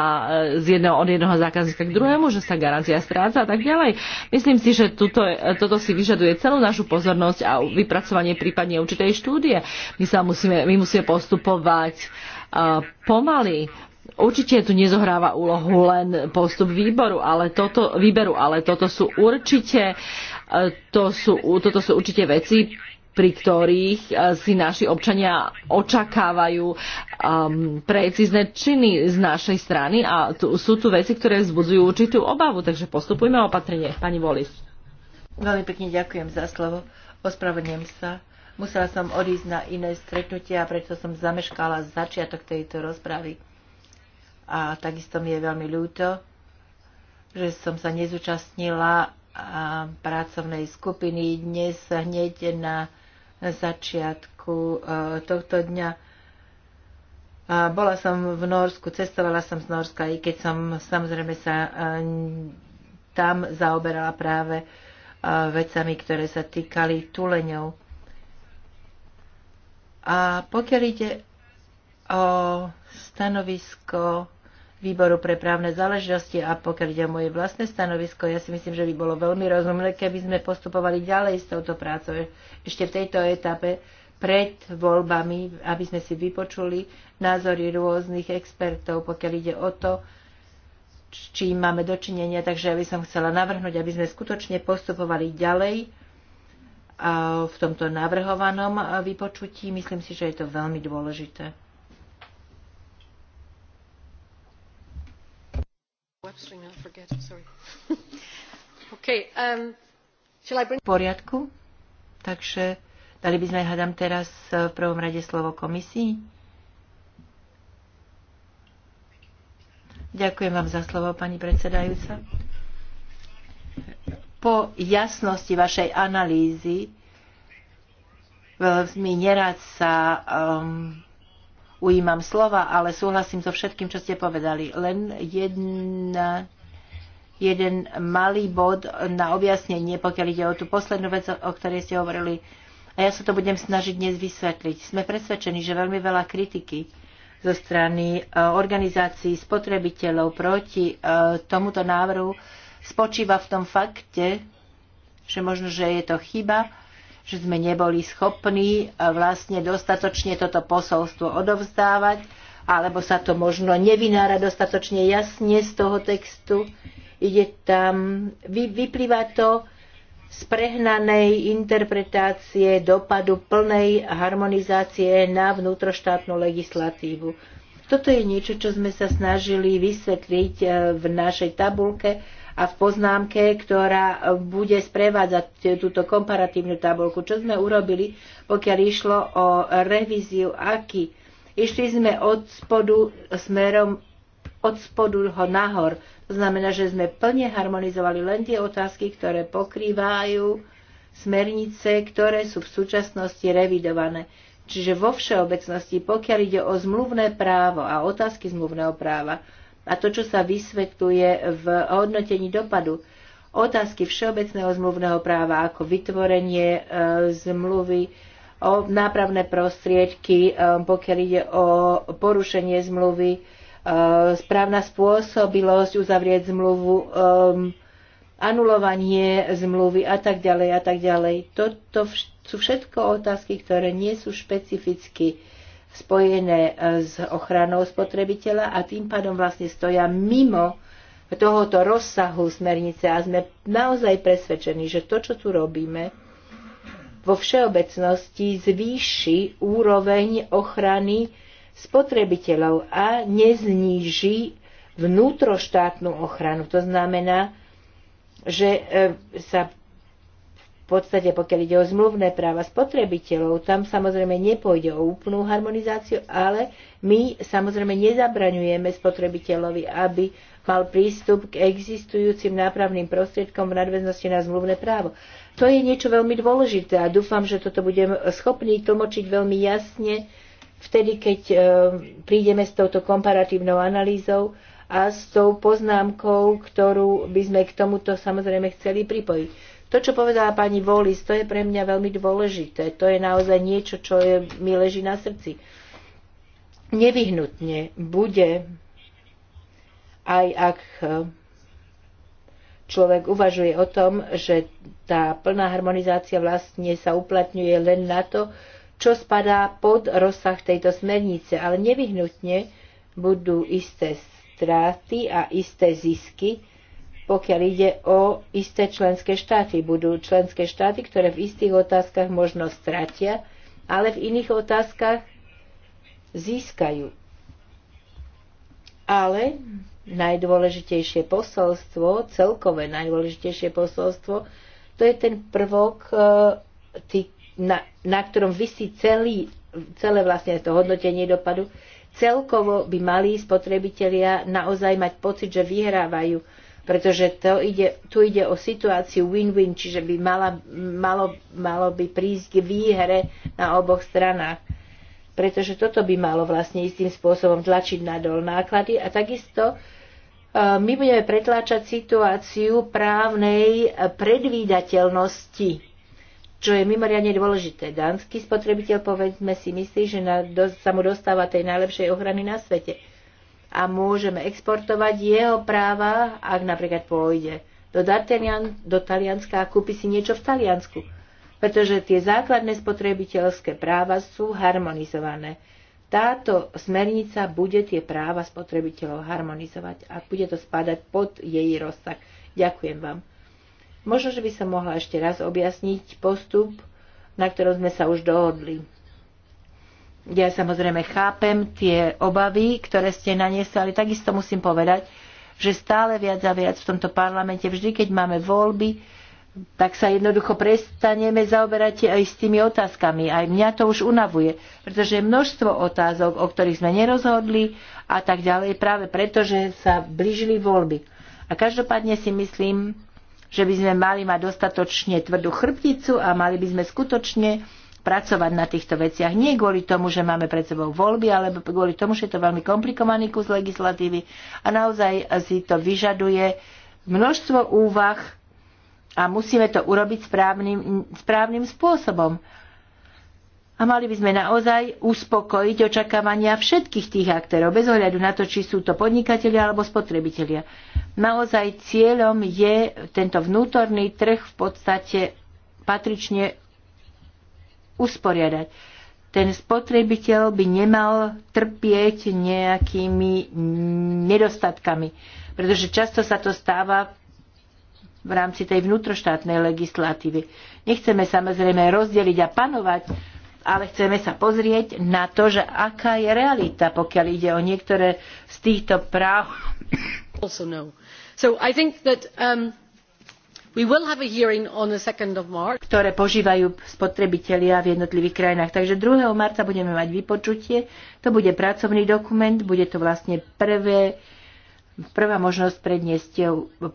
e, z jedného, od jedného zákazníka k druhému, že sa garancia stráca a tak ďalej. Myslím si, že tuto, e, toto si vyžaduje celú našu pozornosť a vypracovanie prípadne určitej štúdie. My, sa musíme, my musíme postupovať e, pomaly, Určite tu nezohráva úlohu len postup výboru, ale toto, výberu, ale toto sú určite, to sú, toto sú určite veci, pri ktorých e, si naši občania očakávajú um, precízne činy z našej strany a tu, sú tu veci, ktoré vzbudzujú určitú obavu, takže postupujme opatrne. Pani Volis. Veľmi pekne ďakujem za slovo. Ospravedlňujem sa. Musela som odísť na iné stretnutie a preto som zameškala začiatok tejto rozpravy. A takisto mi je veľmi ľúto, že som sa nezúčastnila a pracovnej skupiny dnes hneď na začiatku e, tohto dňa. Bola som v Norsku, cestovala som z Norska, i keď som samozrejme sa e, tam zaoberala práve e, vecami, ktoré sa týkali tuleňov. A pokiaľ ide o stanovisko výboru pre právne záležitosti a pokiaľ ide o moje vlastné stanovisko, ja si myslím, že by bolo veľmi rozumné, keby sme postupovali ďalej s touto prácou ešte v tejto etape pred voľbami, aby sme si vypočuli názory rôznych expertov, pokiaľ ide o to, čím máme dočinenia. Takže ja by som chcela navrhnúť, aby sme skutočne postupovali ďalej v tomto navrhovanom vypočutí. Myslím si, že je to veľmi dôležité. Um, v poriadku? Takže dali by sme, hádam, teraz eh, v prvom rade slovo komisii. Ďakujem vám za slovo, pani predsedajúca. Po jasnosti vašej analýzy veľmi eh, nerad sa um, ujímam slova, ale súhlasím so všetkým, čo ste povedali. Len jedna, jeden malý bod na objasnenie, pokiaľ ide o tú poslednú vec, o ktorej ste hovorili. A ja sa to budem snažiť dnes vysvetliť. Sme presvedčení, že veľmi veľa kritiky zo strany e, organizácií spotrebiteľov proti e, tomuto návrhu spočíva v tom fakte, že možno, že je to chyba, že sme neboli schopní eh, vlastne dostatočne toto posolstvo odovzdávať, alebo sa to možno nevynára dostatočne jasne z toho textu. Ide tam, vy, vyplýva to z prehnanej interpretácie dopadu plnej harmonizácie na vnútroštátnu legislatívu. Toto je niečo, čo sme sa snažili vysvetliť eh, v našej tabulke a v poznámke, ktorá bude sprevádzať túto komparatívnu tabulku. Čo sme urobili, pokiaľ išlo o revíziu aký? Išli sme od spodu smerom od spodu ho nahor. To znamená, že sme plne harmonizovali len tie otázky, ktoré pokrývajú smernice, ktoré sú v súčasnosti revidované. Čiže vo všeobecnosti, pokiaľ ide o zmluvné právo a otázky zmluvného práva, a to, čo sa vysvetuje v hodnotení dopadu. Otázky všeobecného zmluvného práva ako vytvorenie e, zmluvy o nápravné prostriedky, e, pokiaľ ide o porušenie zmluvy, e, správna spôsobilosť uzavrieť zmluvu, e, anulovanie zmluvy a tak ďalej a tak ďalej. Toto sú všetko otázky, ktoré nie sú špecificky spojené e, s ochranou spotrebiteľa a tým pádom vlastne stoja mimo tohoto rozsahu smernice a sme naozaj presvedčení, že to, čo tu robíme, vo všeobecnosti zvýši úroveň ochrany spotrebiteľov a nezníži vnútroštátnu ochranu. To znamená, že e, sa v podstate pokiaľ ide o zmluvné práva spotrebiteľov, tam samozrejme nepôjde o úplnú harmonizáciu, ale my samozrejme nezabraňujeme spotrebiteľovi, aby mal prístup k existujúcim nápravným prostriedkom v nadväznosti na zmluvné právo. To je niečo veľmi dôležité a dúfam, že toto budem schopný tlmočiť veľmi jasne vtedy, keď e, prídeme s touto komparatívnou analýzou a s tou poznámkou, ktorú by sme k tomuto samozrejme chceli pripojiť. To, čo povedala pani Volis, to je pre mňa veľmi dôležité. To je naozaj niečo, čo je, mi leží na srdci. Nevyhnutne bude, aj ak e, človek uvažuje o tom, že tá plná harmonizácia vlastne sa uplatňuje len na to, čo spadá pod rozsah tejto smernice, ale nevyhnutne budú isté straty a isté zisky, pokiaľ ide o isté členské štáty. Budú členské štáty, ktoré v istých otázkach možno stratia, ale v iných otázkach získajú. Ale najdôležitejšie posolstvo, celkové najdôležitejšie posolstvo, to je ten prvok, e, na, na ktorom vysí celý, celé vlastne to hodnotenie dopadu. Celkovo by mali spotrebitelia naozaj mať pocit, že vyhrávajú pretože to ide, tu ide o situáciu win-win, čiže by mala, malo, malo by prísť k výhre na oboch stranách pretože toto by malo vlastne istým spôsobom tlačiť nadol náklady a takisto e, my budeme pretláčať situáciu právnej predvídateľnosti, čo je mimoriadne dôležité. Dánsky spotrebiteľ, povedzme si, myslí, že na, sa mu dostáva tej najlepšej ochrany na svete a môžeme exportovať jeho práva, ak napríklad pôjde do, Dartenian, do Talianska a kúpi si niečo v Taliansku. Pretože tie základné spotrebiteľské práva sú harmonizované. Táto smernica bude tie práva spotrebiteľov harmonizovať a bude to spadať pod jej rozsah. Ďakujem vám. Možno, že by som mohla ešte raz objasniť postup, na ktorom sme sa už dohodli. Ja samozrejme chápem tie obavy, ktoré ste naniesli, ale takisto musím povedať, že stále viac a viac v tomto parlamente, vždy keď máme voľby, tak sa jednoducho prestaneme zaoberať aj s tými otázkami. Aj mňa to už unavuje, pretože je množstvo otázok, o ktorých sme nerozhodli a tak ďalej, práve preto, že sa blížili voľby. A každopádne si myslím, že by sme mali mať dostatočne tvrdú chrbticu a mali by sme skutočne pracovať na týchto veciach. Nie kvôli tomu, že máme pred sebou voľby, ale kvôli tomu, že je to veľmi komplikovaný kus legislatívy a naozaj si to vyžaduje množstvo úvah a musíme to urobiť správnym, správnym spôsobom. A mali by sme naozaj uspokojiť očakávania všetkých tých aktérov, bez ohľadu na to, či sú to podnikatelia alebo spotrebitelia. Naozaj cieľom je tento vnútorný trh v podstate patrične usporiadať. Ten spotrebiteľ by nemal trpieť nejakými nedostatkami, pretože často sa to stáva v rámci tej vnútroštátnej legislatívy. Nechceme samozrejme rozdeliť a panovať, ale chceme sa pozrieť na to, že aká je realita, pokiaľ ide o niektoré z týchto práv. Also no. So I think that, um ktoré požívajú spotrebitelia v jednotlivých krajinách. Takže 2. marca budeme mať vypočutie. To bude pracovný dokument, bude to vlastne prvé, prvá možnosť predniesť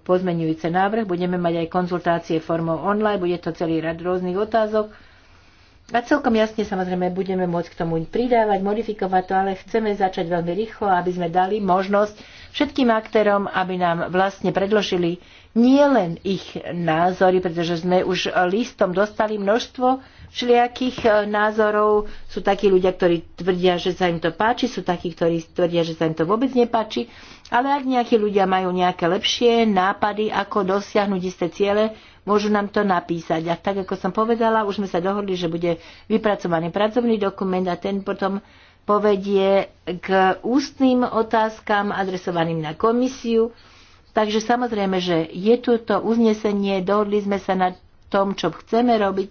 pozmenujúce návrh. Budeme mať aj konzultácie formou online, bude to celý rad rôznych otázok. A celkom jasne samozrejme budeme môcť k tomu pridávať, modifikovať to, ale chceme začať veľmi rýchlo, aby sme dali možnosť všetkým aktérom, aby nám vlastne predložili nielen ich názory, pretože sme už listom dostali množstvo všelijakých e, názorov. Sú takí ľudia, ktorí tvrdia, že sa im to páči, sú takí, ktorí tvrdia, že sa im to vôbec nepáči. Ale ak nejakí ľudia majú nejaké lepšie nápady, ako dosiahnuť isté ciele, môžu nám to napísať. A tak, ako som povedala, už sme sa dohodli, že bude vypracovaný pracovný dokument a ten potom povedie k ústnym otázkam adresovaným na komisiu. Takže samozrejme, že je tu to uznesenie, dohodli sme sa na tom, čo chceme robiť.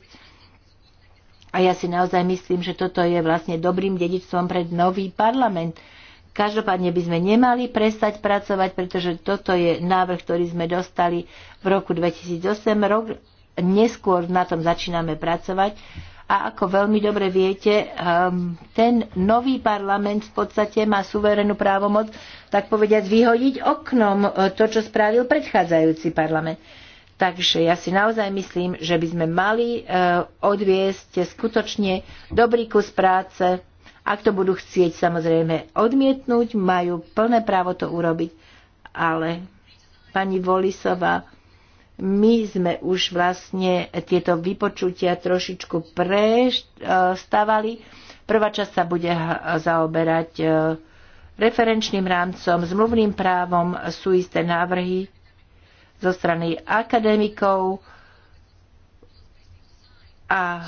A ja si naozaj myslím, že toto je vlastne dobrým dedičstvom pred nový parlament. Každopádne by sme nemali prestať pracovať, pretože toto je návrh, ktorý sme dostali v roku 2008. Rok neskôr na tom začíname pracovať a ako veľmi dobre viete, ehm, ten nový parlament v podstate má suverénnu právomoc, tak povediať, vyhodiť oknom e, to, čo spravil predchádzajúci parlament. Takže ja si naozaj myslím, že by sme mali e, odviesť skutočne dobrý kus práce. Ak to budú chcieť samozrejme odmietnúť, majú plné právo to urobiť. Ale pani Volisová, my sme už vlastne tieto vypočutia trošičku prestávali. Prvá časť sa bude zaoberať e, referenčným rámcom, zmluvným právom, sú isté návrhy zo strany akademikov a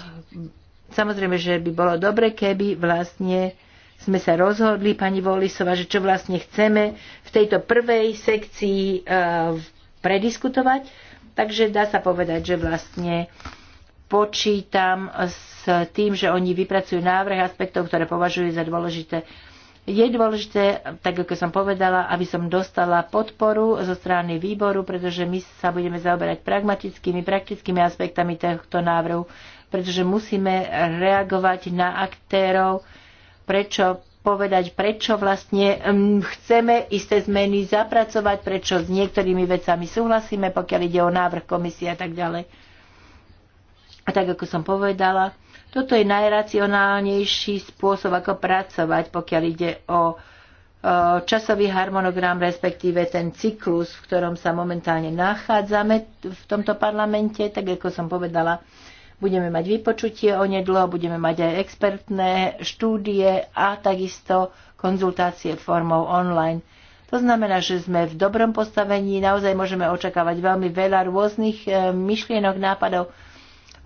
samozrejme, že by bolo dobre, keby vlastne sme sa rozhodli, pani Volisova, že čo vlastne chceme v tejto prvej sekcii e, prediskutovať Takže dá sa povedať, že vlastne počítam s tým, že oni vypracujú návrh aspektov, ktoré považujú za dôležité. Je dôležité, tak ako som povedala, aby som dostala podporu zo strany výboru, pretože my sa budeme zaoberať pragmatickými, praktickými aspektami tohto návrhu, pretože musíme reagovať na aktérov, prečo povedať, prečo vlastne chceme isté zmeny zapracovať, prečo s niektorými vecami súhlasíme, pokiaľ ide o návrh komisie a tak ďalej. A tak ako som povedala, toto je najracionálnejší spôsob, ako pracovať, pokiaľ ide o časový harmonogram, respektíve ten cyklus, v ktorom sa momentálne nachádzame v tomto parlamente, tak ako som povedala, Budeme mať vypočutie onedlo, budeme mať aj expertné štúdie a takisto konzultácie formou online. To znamená, že sme v dobrom postavení, naozaj môžeme očakávať veľmi veľa rôznych e, myšlienok, nápadov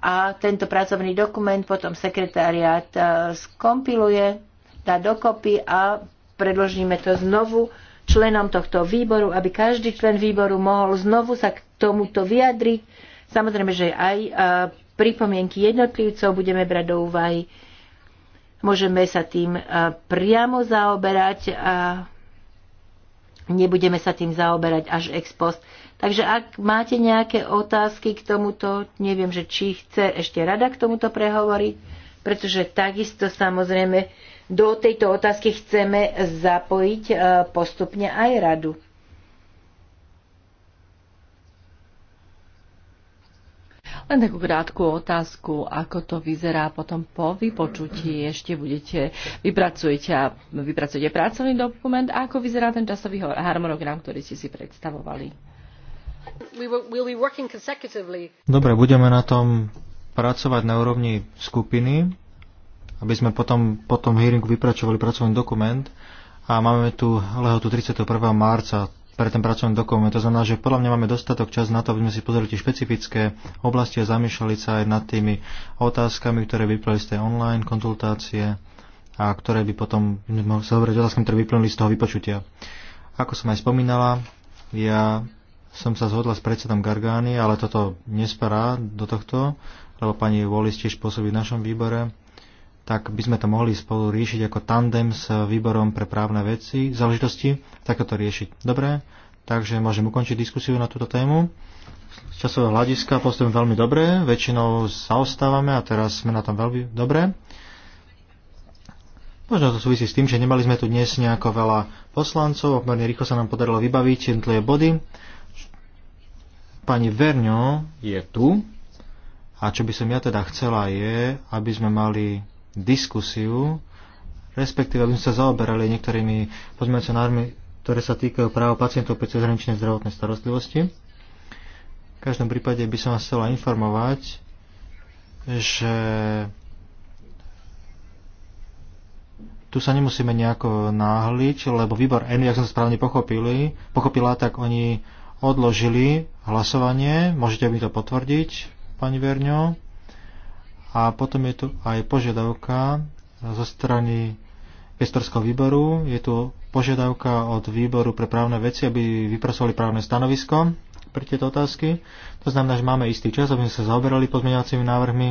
a tento pracovný dokument potom sekretariát e, skompiluje, dá dokopy a predložíme to znovu členom tohto výboru, aby každý člen výboru mohol znovu sa k tomuto vyjadriť. Samozrejme, že aj e, pripomienky jednotlivcov budeme brať do úvahy. Môžeme sa tým e, priamo zaoberať a nebudeme sa tým zaoberať až ex post. Takže ak máte nejaké otázky k tomuto, neviem, že či chce ešte rada k tomuto prehovoriť, pretože takisto samozrejme do tejto otázky chceme zapojiť e, postupne aj radu. Len takú krátku otázku, ako to vyzerá potom po vypočutí. Ešte budete, vypracujete, vypracujete pracovný dokument a ako vyzerá ten časový harmonogram, ktorý ste si predstavovali? Dobre, budeme na tom pracovať na úrovni skupiny, aby sme potom, po tom hearingu vypračovali pracovný dokument a máme tu lehotu 31. marca pre ten pracovný dokument. To znamená, že podľa mňa máme dostatok čas na to, aby sme si pozreli tie špecifické oblasti a zamýšľali sa aj nad tými otázkami, ktoré vyplali z tej online konzultácie a ktoré by potom mohli sa hovoriť otázkami, ktoré vyplnili z toho vypočutia. Ako som aj spomínala, ja som sa zhodla s predsedom Gargány, ale toto nespará do tohto, lebo pani Wallis tiež pôsobí v našom výbore tak by sme to mohli spolu riešiť ako tandem s výborom pre právne veci, záležitosti, tak to riešiť. Dobre, takže môžem ukončiť diskusiu na túto tému. Z časového hľadiska postupujeme veľmi dobre, väčšinou zaostávame a teraz sme na tom veľmi dobre. Možno to súvisí s tým, že nemali sme tu dnes nejako veľa poslancov, pomerne rýchlo sa nám podarilo vybaviť jednotlivé body. Pani Verňo je tu a čo by som ja teda chcela je, aby sme mali diskusiu, respektíve aby sme sa zaoberali niektorými pozmeňovacími ktoré sa týkajú práva pacientov pri cezhraničnej zdravotnej starostlivosti. V každom prípade by som vás chcela informovať, že tu sa nemusíme nejako náhliť, lebo výbor N, ak som správne pochopili, pochopila, tak oni odložili hlasovanie. Môžete mi to potvrdiť, pani Verňo? A potom je tu aj požiadavka zo strany pestorského výboru. Je tu požiadavka od výboru pre právne veci, aby vypracovali právne stanovisko pre tieto otázky. To znamená, že máme istý čas, aby sme sa zaoberali pozmeňovacími návrhmi.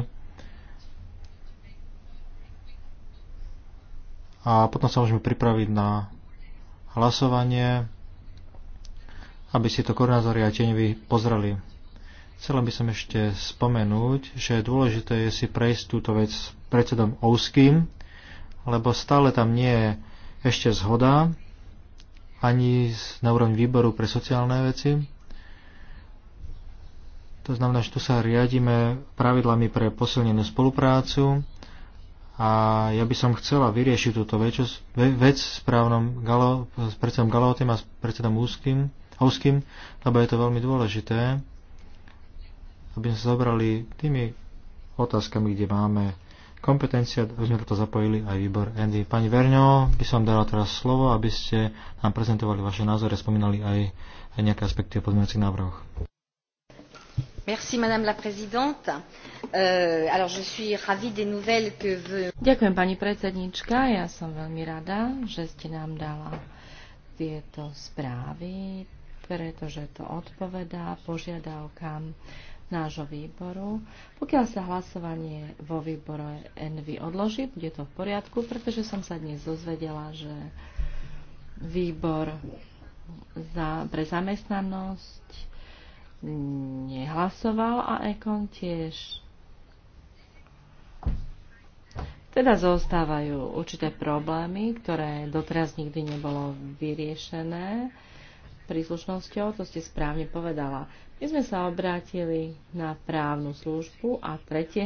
A potom sa môžeme pripraviť na hlasovanie, aby si to koronázory a tieňovi pozreli. Chcela by som ešte spomenúť, že dôležité je si prejsť túto vec s predsedom Ouským, lebo stále tam nie je ešte zhoda ani na úrovni výboru pre sociálne veci. To znamená, že tu sa riadíme pravidlami pre posilnenú spoluprácu a ja by som chcela vyriešiť túto vec, vec s, právnom Galo, s predsedom Galotim a s predsedom ouským, Úským, lebo je to veľmi dôležité aby sme sa zobrali tými otázkami, kde máme kompetencia, aby sme toto zapojili aj výbor Andy. Pani Verňo, by som dala teraz slovo, aby ste nám prezentovali vaše názory a spomínali aj, aj nejaké aspekty o pozmeňujúcich návrhoch. Merci, madame la présidente. Euh, alors, je suis ravie des nouvelles que Ďakujem, pani predsednička. Ja som veľmi rada, že ste nám dala tieto správy, pretože to odpovedá požiadavkám nášho výboru. Pokiaľ sa hlasovanie vo výbore Envy odloží, bude to v poriadku, pretože som sa dnes dozvedela, že výbor za, pre zamestnanosť nehlasoval a Ekon tiež. Teda zostávajú určité problémy, ktoré doteraz nikdy nebolo vyriešené príslušnosťou, to ste správne povedala. My sme sa obrátili na právnu službu a 3.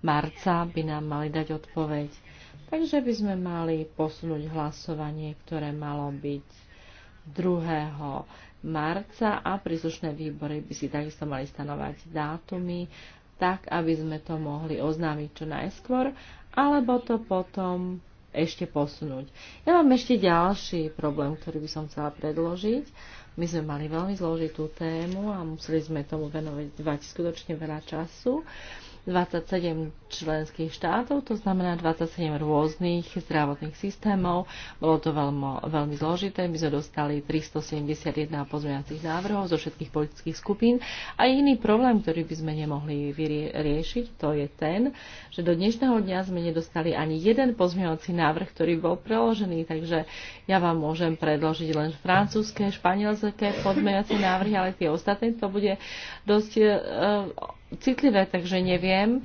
marca by nám mali dať odpoveď. Takže by sme mali posunúť hlasovanie, ktoré malo byť 2. marca a príslušné výbory by si takisto mali stanovať dátumy, tak aby sme to mohli oznámiť čo najskôr, alebo to potom ešte posunúť. Ja mám ešte ďalší problém, ktorý by som chcela predložiť my sme mali veľmi zložitú tému a museli sme tomu venovať skutočne veľa času. Uh, 27 členských štátov, to znamená 27 rôznych zdravotných systémov. Bolo to veľmi, veľmi zložité. My sme dostali 371 pozmeňacích návrhov zo všetkých politických skupín. A iný problém, ktorý by sme nemohli riešiť, to je ten, že do dnešného dňa sme nedostali ani jeden pozmeňací návrh, ktorý bol preložený. Takže ja vám môžem predložiť len francúzske, španielské pozmeňacie návrhy, ale tie ostatné to bude dosť uh, citlivé, takže neviem,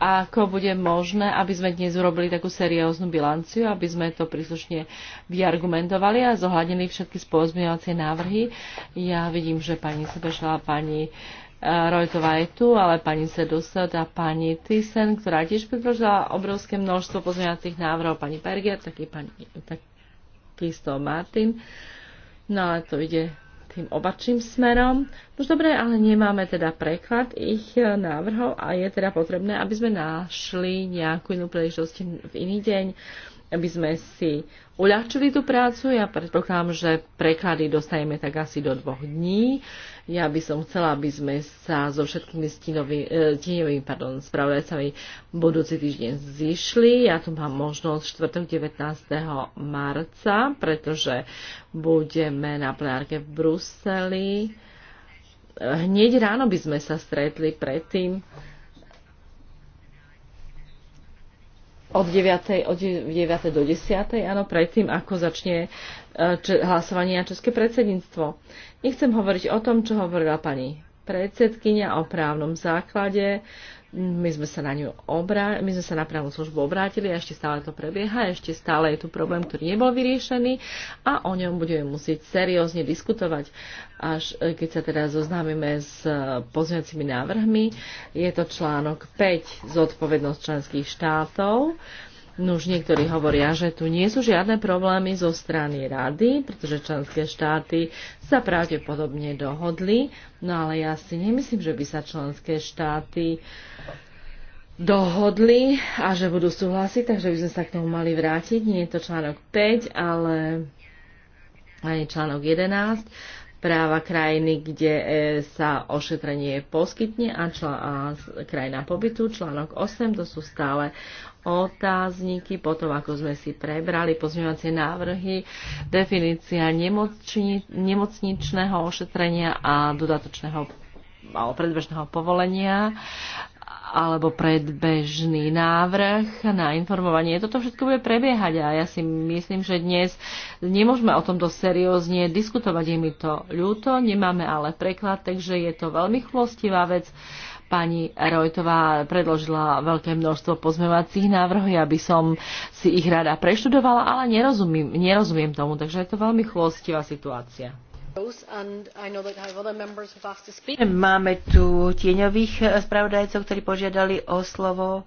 ako bude možné, aby sme dnes urobili takú serióznu bilanciu, aby sme to príslušne vyargumentovali a zohľadili všetky spolozmievacie návrhy. Ja vidím, že pani Sebešová, pani e, Rojtová je tu, ale pani Sedusot a pani Thyssen, ktorá tiež predložila obrovské množstvo pozmeňovacích návrhov, pani Perger, taký pani, Kristo Martin. No ale to ide tým obačným smerom. Už dobre, ale nemáme teda preklad ich e, návrhov a je teda potrebné, aby sme našli nejakú inú príležitosť v iný deň aby sme si uľahčili tú prácu. Ja predpokladám, že preklady dostaneme tak asi do dvoch dní. Ja by som chcela, aby sme sa so všetkými e, stínovými pardon, spravodajcami budúci týždeň zišli. Ja tu mám možnosť 4. 19. marca, pretože budeme na plenárke v Bruseli. E, hneď ráno by sme sa stretli predtým, od 9. Od 9. do 10. áno, predtým, ako začne e, hlasovanie na České predsedníctvo. Nechcem hovoriť o tom, čo hovorila pani predsedkynia o právnom základe. My sme sa na ňu obrá- my sme sa na právnu službu obrátili a ešte stále to prebieha, ešte stále je tu problém, ktorý nebol vyriešený a o ňom budeme musieť seriózne diskutovať, až e, keď sa teda zoznámime s e, pozňacími návrhmi. Je to článok 5 zodpovednosť členských štátov. Nuž no niektorí hovoria, že tu nie sú žiadne problémy zo strany rady, pretože členské štáty sa pravdepodobne dohodli, no ale ja si nemyslím, že by sa členské štáty dohodli a že budú súhlasiť, takže by sme sa k tomu mali vrátiť. Nie je to článok 5, ale aj článok 11 práva krajiny, kde e, sa ošetrenie poskytne a, čl- a krajina pobytu, článok 8, to sú stále otázniky, potom ako sme si prebrali pozmeňovacie návrhy, definícia nemocni- nemocničného ošetrenia a dodatočného alebo predbežného povolenia alebo predbežný návrh na informovanie. Toto všetko bude prebiehať a ja si myslím, že dnes nemôžeme o tomto seriózne diskutovať. Je mi to ľúto, nemáme ale preklad, takže je to veľmi chlostivá vec. Pani Rojtová predložila veľké množstvo pozmevacích návrhov, ja som si ich rada preštudovala, ale nerozumiem, nerozumiem tomu, takže je to veľmi chlostivá situácia. Máme tu tieňových eh, spravodajcov, ktorí požiadali o slovo.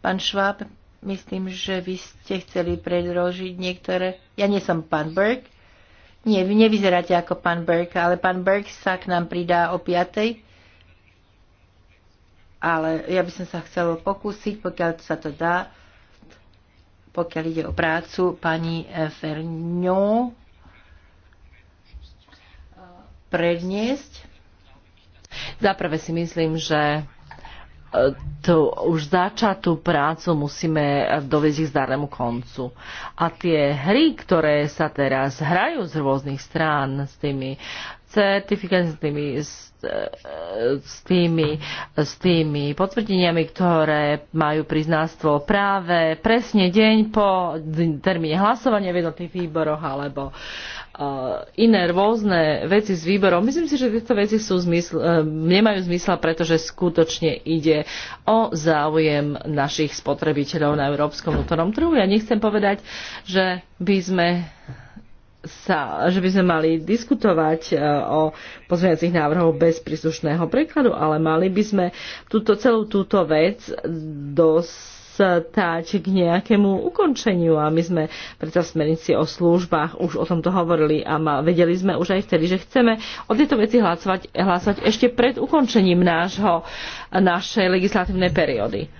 Pán Šváb, myslím, že vy ste chceli predložiť niektoré. Ja nie som pán Berg. Nie, vy nevyzeráte ako pán Berg, ale pán Berg sa k nám pridá o piatej. Ale ja by som sa chcela pokúsiť, pokiaľ sa to dá, pokiaľ ide o prácu pani eh, Ferňou predniesť. Zaprvé si myslím, že e, tú už začatú prácu musíme dovieť k zdarnému koncu. A tie hry, ktoré sa teraz hrajú z rôznych strán s tými certifikáciami, s tými, e, s, tými, s tými potvrdeniami, ktoré majú priznáctvo práve presne deň po termíne hlasovania v jednotlivých výboroch alebo uh, E, iné rôzne veci s výborom, Myslím si, že tieto veci sú zmysl, e, nemajú zmysla, pretože skutočne ide o záujem našich spotrebiteľov na európskom vnútornom trhu. Ja nechcem povedať, že by sme sa, že by sme mali diskutovať e, o pozmeňacích návrhov bez príslušného prekladu, ale mali by sme túto, celú túto vec dos stáť k nejakému ukončeniu. A my sme predsa v smernici o službách už o tomto hovorili a ma, vedeli sme už aj vtedy, že chceme o tieto veci hlasovať, hlasovať ešte pred ukončením nášho, našej legislatívnej periódy.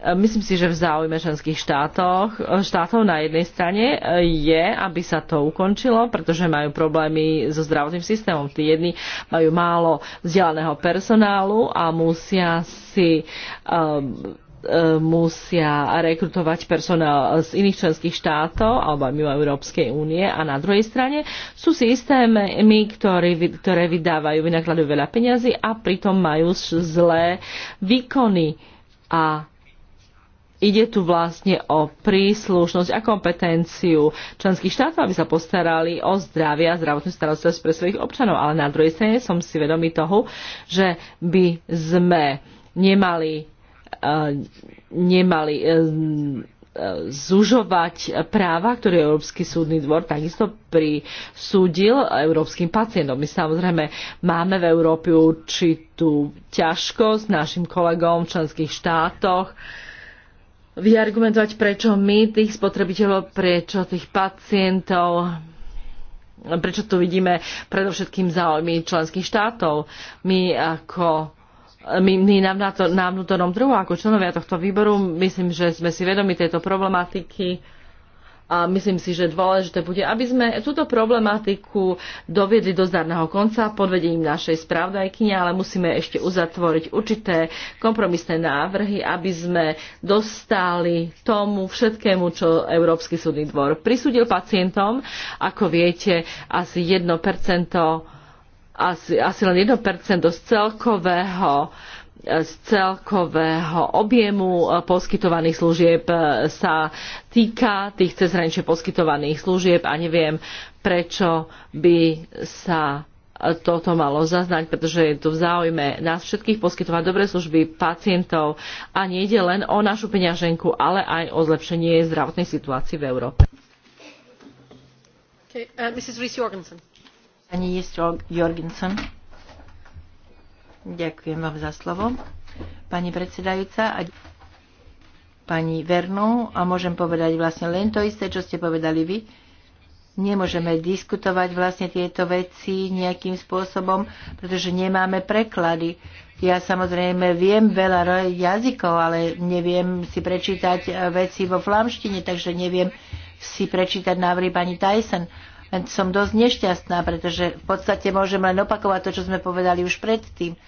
Myslím si, že v záujme členských štátoch, štátov na jednej strane je, aby sa to ukončilo, pretože majú problémy so zdravotným systémom. Tí jedni majú málo vzdelaného personálu a musia si um, E, musia rekrutovať personál z iných členských štátov alebo mimo Európskej únie a na druhej strane sú systémy, ktoré, ktoré vydávajú, vynakladajú veľa peňazí a pritom majú zlé výkony a Ide tu vlastne o príslušnosť a kompetenciu členských štátov, aby sa postarali o zdravie a zdravotnú starostlivosť pre svojich občanov. Ale na druhej strane som si vedomý toho, že by sme nemali nemali e, e, zužovať práva, ktoré Európsky súdny dvor takisto prisúdil európskym pacientom. My samozrejme máme v Európe určitú ťažkosť našim kolegom v členských štátoch vyargumentovať, prečo my tých spotrebiteľov, prečo tých pacientov prečo tu vidíme predovšetkým záujmy členských štátov. My ako my, my na, to, na vnútornom druhu ako členovia tohto výboru, myslím, že sme si vedomi tejto problematiky a myslím si, že dôležité bude, aby sme túto problematiku doviedli do zdarného konca pod vedením našej správdajkyne, ale musíme ešte uzatvoriť určité kompromisné návrhy, aby sme dostali tomu všetkému, čo Európsky súdny dvor prisúdil pacientom. Ako viete, asi 1% asi, asi len 1% z celkového z celkového objemu e, poskytovaných služieb e, sa týka tých cezhranične poskytovaných služieb a neviem, prečo by sa e, toto malo zaznať, pretože je to v záujme nás všetkých poskytovať dobré služby pacientov a nie ide len o našu peňaženku, ale aj o zlepšenie zdravotnej situácii v Európe. Okay, uh, Pani Jistro Jorgensen. Ďakujem vám za slovo. Pani predsedajúca a pani Vernu a môžem povedať vlastne len to isté, čo ste povedali vy. Nemôžeme diskutovať vlastne tieto veci nejakým spôsobom, pretože nemáme preklady. Ja samozrejme viem veľa jazykov, ale neviem si prečítať eh, veci vo flamštine, takže neviem si prečítať návrhy pani Tyson som dosť nešťastná, pretože v podstate môžem len opakovať to, čo sme povedali už predtým.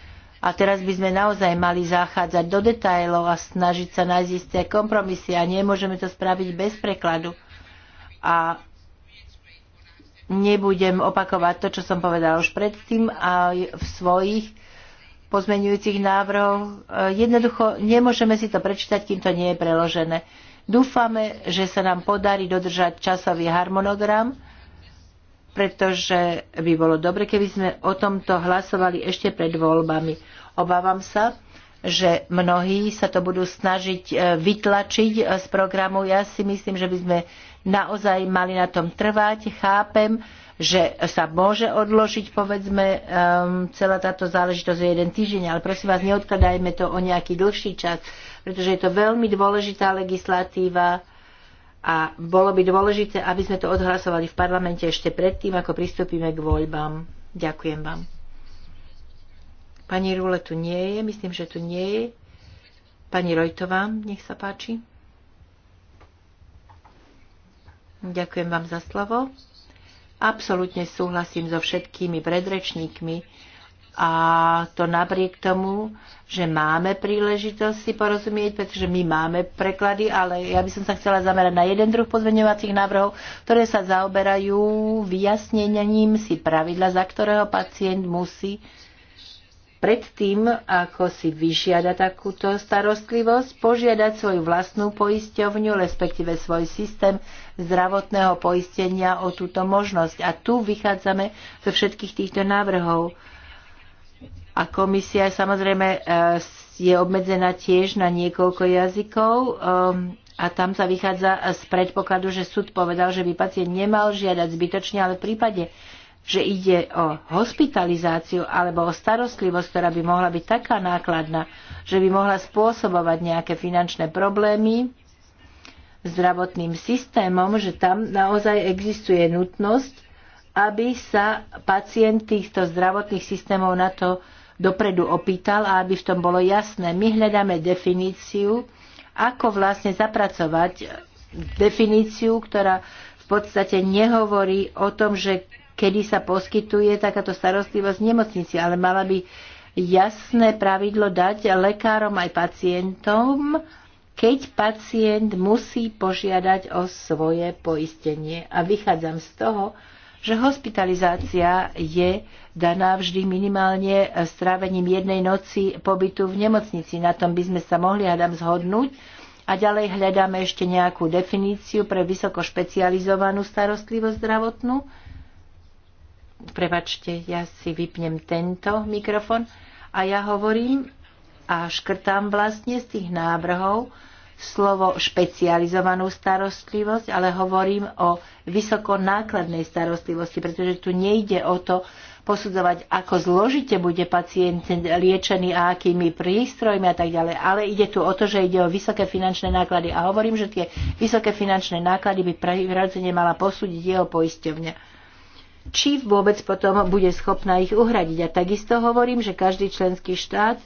A teraz by sme naozaj mali zachádzať do detajlov a snažiť sa nájsť isté kompromisy a nemôžeme to spraviť bez prekladu. A nebudem opakovať to, čo som povedala už predtým a v svojich pozmenujúcich návrhoch. E, jednoducho nemôžeme si to prečítať, kým to nie je preložené. Dúfame, že sa nám podarí dodržať časový harmonogram pretože by bolo dobre, keby sme o tomto hlasovali ešte pred voľbami. Obávam sa, že mnohí sa to budú snažiť e, vytlačiť e, z programu. Ja si myslím, že by sme naozaj mali na tom trvať. Chápem, že sa môže odložiť, povedzme, ehm, celá táto záležitosť je jeden týždeň, ale prosím vás, neodkladajme to o nejaký dlhší čas, pretože je to veľmi dôležitá legislatíva a bolo by dôležité, aby sme to odhlasovali v parlamente ešte predtým, ako pristúpime k voľbám. Ďakujem vám. Pani Rule tu nie je, myslím, že tu nie je. Pani Rojtová, nech sa páči. Ďakujem vám za slovo. Absolutne súhlasím so všetkými predrečníkmi, a to napriek tomu, že máme príležitosť si porozumieť, pretože my máme preklady, ale ja by som sa chcela zamerať na jeden druh pozmeňovacích návrhov, ktoré sa zaoberajú vyjasnením si pravidla, za ktorého pacient musí predtým, ako si vyžiada takúto starostlivosť, požiadať svoju vlastnú poisťovňu, respektíve svoj systém zdravotného poistenia o túto možnosť. A tu vychádzame zo všetkých týchto návrhov a komisia samozrejme e, je obmedzená tiež na niekoľko jazykov ehm, a tam sa vychádza z predpokladu, že súd povedal, že by pacient nemal žiadať zbytočne, ale v prípade, že ide o hospitalizáciu alebo o starostlivosť, ktorá by mohla byť taká nákladná, že by mohla spôsobovať nejaké finančné problémy zdravotným systémom, že tam naozaj existuje nutnosť, aby sa pacient týchto zdravotných systémov na to dopredu opýtal a aby v tom bolo jasné. My hľadáme definíciu, ako vlastne zapracovať definíciu, ktorá v podstate nehovorí o tom, že kedy sa poskytuje takáto starostlivosť v nemocnici, ale mala by jasné pravidlo dať lekárom aj pacientom, keď pacient musí požiadať o svoje poistenie. A vychádzam z toho, že hospitalizácia je daná vždy minimálne strávením jednej noci pobytu v nemocnici. Na tom by sme sa mohli, hádam, zhodnúť. A ďalej hľadáme ešte nejakú definíciu pre vysoko špecializovanú starostlivosť zdravotnú. Prepačte, ja si vypnem tento mikrofon. A ja hovorím a škrtám vlastne z tých návrhov, slovo špecializovanú starostlivosť, ale hovorím o vysokonákladnej starostlivosti, pretože tu nejde o to posudzovať, ako zložite bude pacient liečený a akými prístrojmi a tak ďalej, ale ide tu o to, že ide o vysoké finančné náklady a hovorím, že tie vysoké finančné náklady by prirodzene mala posúdiť jeho poisťovňa či vôbec potom bude schopná ich uhradiť. A takisto hovorím, že každý členský štát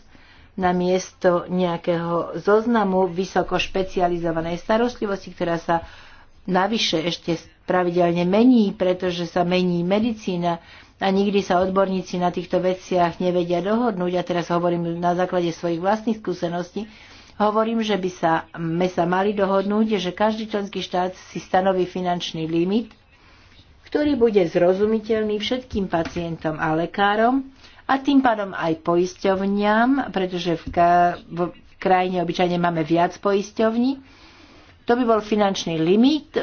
na miesto nejakého zoznamu vysoko špecializovanej starostlivosti, ktorá sa navyše ešte pravidelne mení, pretože sa mení medicína a nikdy sa odborníci na týchto veciach nevedia dohodnúť. A teraz hovorím na základe svojich vlastných skúseností. Hovorím, že by sa, my sa mali dohodnúť, že každý členský štát si stanoví finančný limit, ktorý bude zrozumiteľný všetkým pacientom a lekárom a tým pádom aj poisťovňam, pretože v, ka- v krajine obyčajne máme viac poisťovní. To by bol finančný limit.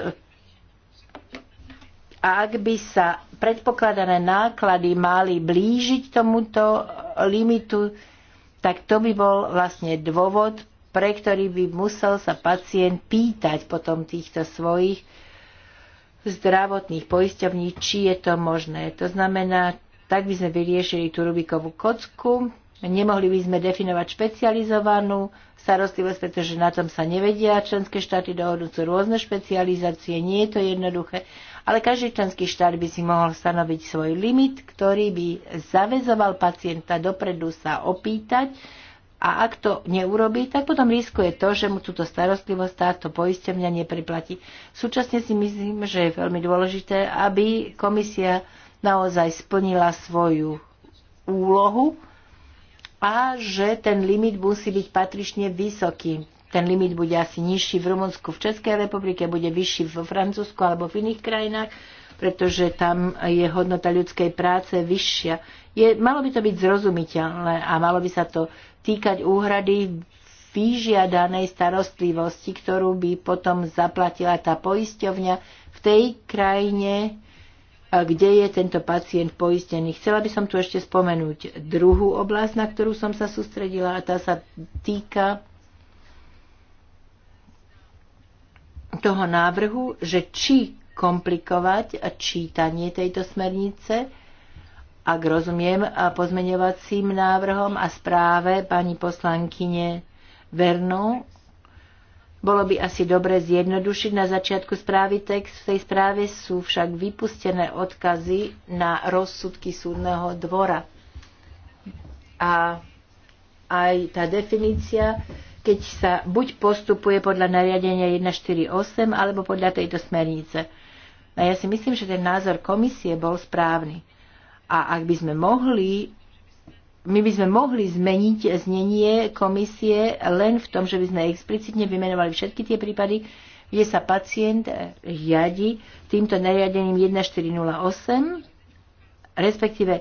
A ak by sa predpokladané náklady mali blížiť tomuto limitu, tak to by bol vlastne dôvod, pre ktorý by musel sa pacient pýtať potom týchto svojich zdravotných poisťovní, či je to možné. To znamená, tak by sme vyriešili tú Rubikovú kocku. Nemohli by sme definovať špecializovanú starostlivosť, pretože na tom sa nevedia. Členské štáty dohodnú sú rôzne špecializácie, nie je to jednoduché, ale každý členský štát by si mohol stanoviť svoj limit, ktorý by zavezoval pacienta dopredu sa opýtať a ak to neurobí, tak potom riskuje to, že mu túto starostlivosť táto poistenia nepriplatí. Súčasne si myslím, že je veľmi dôležité, aby komisia naozaj splnila svoju úlohu a že ten limit musí byť patrične vysoký. Ten limit bude asi nižší v Rumunsku, v Českej republike, bude vyšší vo Francúzsku alebo v iných krajinách, pretože tam je hodnota ľudskej práce vyššia. Je, malo by to byť zrozumiteľné a malo by sa to týkať úhrady vyžiadanej starostlivosti, ktorú by potom zaplatila tá poisťovňa v tej krajine, kde je tento pacient poistený. Chcela by som tu ešte spomenúť druhú oblasť, na ktorú som sa sústredila a tá sa týka toho návrhu, že či komplikovať čítanie tejto smernice, ak rozumiem pozmeňovacím návrhom a správe pani poslankyne Vernu bolo by asi dobre zjednodušiť na začiatku správy text. V tej správe sú však vypustené odkazy na rozsudky súdneho dvora. A aj tá definícia, keď sa buď postupuje podľa nariadenia 148 alebo podľa tejto smernice. A ja si myslím, že ten názor komisie bol správny. A ak by sme mohli my by sme mohli zmeniť znenie komisie len v tom, že by sme explicitne vymenovali všetky tie prípady, kde sa pacient riadi týmto nariadením 1408, respektíve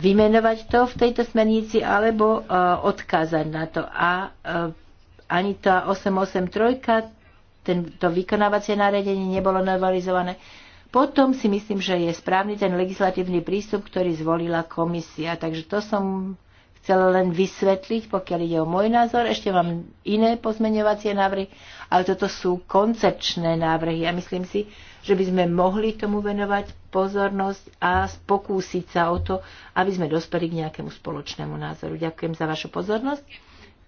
vymenovať to v tejto smernici alebo uh, odkázať na to. A uh, ani tá 883, tento vykonávacie nariadenie nebolo novelizované potom si myslím, že je správny ten legislatívny prístup, ktorý zvolila komisia. Takže to som chcela len vysvetliť, pokiaľ ide o môj názor. Ešte mám iné pozmeňovacie návrhy, ale toto sú koncepčné návrhy a ja myslím si, že by sme mohli tomu venovať pozornosť a pokúsiť sa o to, aby sme dospeli k nejakému spoločnému názoru. Ďakujem za vašu pozornosť.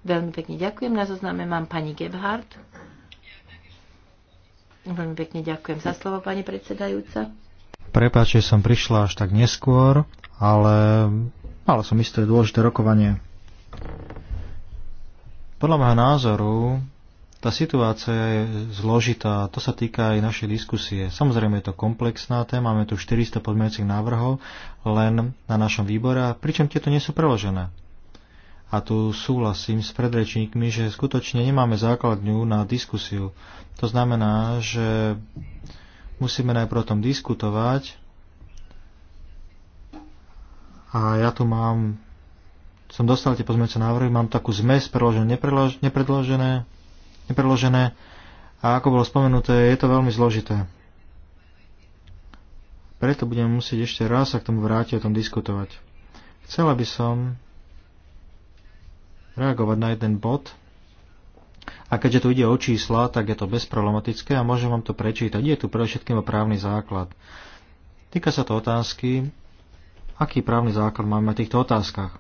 Veľmi pekne ďakujem. Na zozname mám pani Gebhardt. Veľmi pekne ďakujem za slovo, pani predsedajúca. Prepač, že som prišla až tak neskôr, ale mal som isté dôležité rokovanie. Podľa môjho názoru tá situácia je zložitá, to sa týka aj našej diskusie. Samozrejme je to komplexná téma, máme tu 400 podmienujúcich návrhov len na našom výbore, pričom tieto nie sú preložené a tu súhlasím s predrečníkmi, že skutočne nemáme základňu na diskusiu. To znamená, že musíme najprv o tom diskutovať a ja tu mám, som dostal tie pozmeňujúce návrhy, mám takú zmes preložené, nepredložené, nepredložené a ako bolo spomenuté, je to veľmi zložité. Preto budeme musieť ešte raz sa k tomu vrátiť o tom diskutovať. Chcela by som reagovať na jeden bod. A keďže tu ide o čísla, tak je to bezproblematické a môžem vám to prečítať. Je tu predovšetkým o právny základ. Týka sa to otázky, aký právny základ máme na týchto otázkach.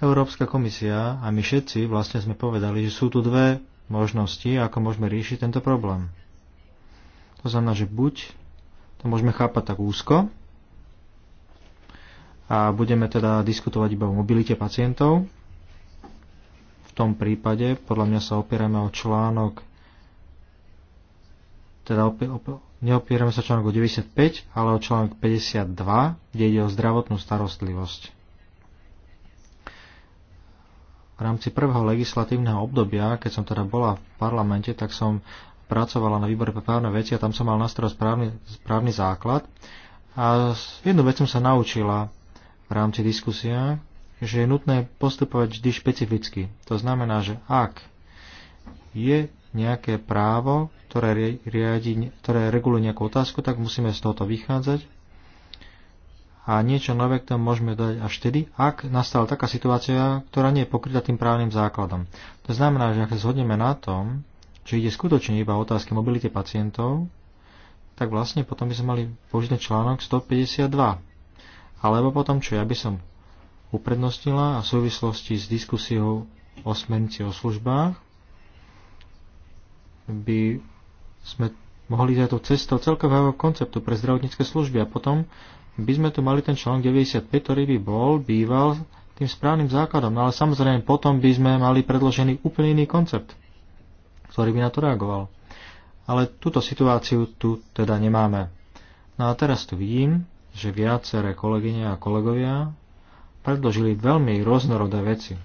Európska komisia a my všetci vlastne sme povedali, že sú tu dve možnosti, ako môžeme riešiť tento problém. To znamená, že buď to môžeme chápať tak úzko a budeme teda diskutovať iba o mobilite pacientov, tom prípade podľa mňa sa opierame o článok teda opi- op- neopierame sa článku 95, ale o článok 52, kde ide o zdravotnú starostlivosť. V rámci prvého legislatívneho obdobia, keď som teda bola v parlamente, tak som pracovala na výbore pre právne veci a tam som mal nastroj správny správny základ. A jednu vec som sa naučila v rámci diskusia, že je nutné postupovať vždy špecificky. To znamená, že ak je nejaké právo, ktoré, riadi, ktoré reguluje nejakú otázku, tak musíme z tohoto vychádzať a niečo nové k tomu môžeme dať až vtedy, ak nastala taká situácia, ktorá nie je pokrytá tým právnym základom. To znamená, že ak sa zhodneme na tom, či ide skutočne iba o otázky mobility pacientov, tak vlastne potom by sme mali použiť článok 152. Alebo potom čo, ja by som uprednostnila a v súvislosti s diskusiou o smernici o službách by sme mohli ísť to cestou celkového konceptu pre zdravotnícke služby a potom by sme tu mali ten článok 95, ktorý by bol, býval tým správnym základom. No ale samozrejme potom by sme mali predložený úplne iný koncept, ktorý by na to reagoval. Ale túto situáciu tu teda nemáme. No a teraz tu vidím, že viaceré kolegyne a kolegovia predložili veľmi rôznorodé veci.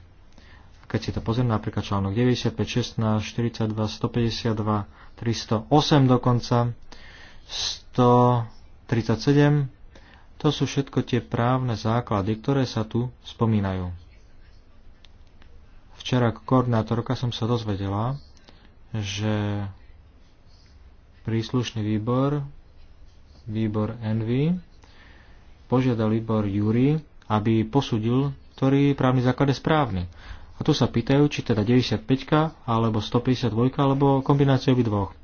Keď si to pozrieme napríklad článok 95, 16, 42, 152, 308 dokonca, 137, to sú všetko tie právne základy, ktoré sa tu spomínajú. Včera ako koordinátorka som sa dozvedela, že príslušný výbor, výbor Envy, požiadal výbor Júri, aby posudil, ktorý právny základ je správny. A tu sa pýtajú, či teda 95 alebo 152 alebo kombináciu obidvoch.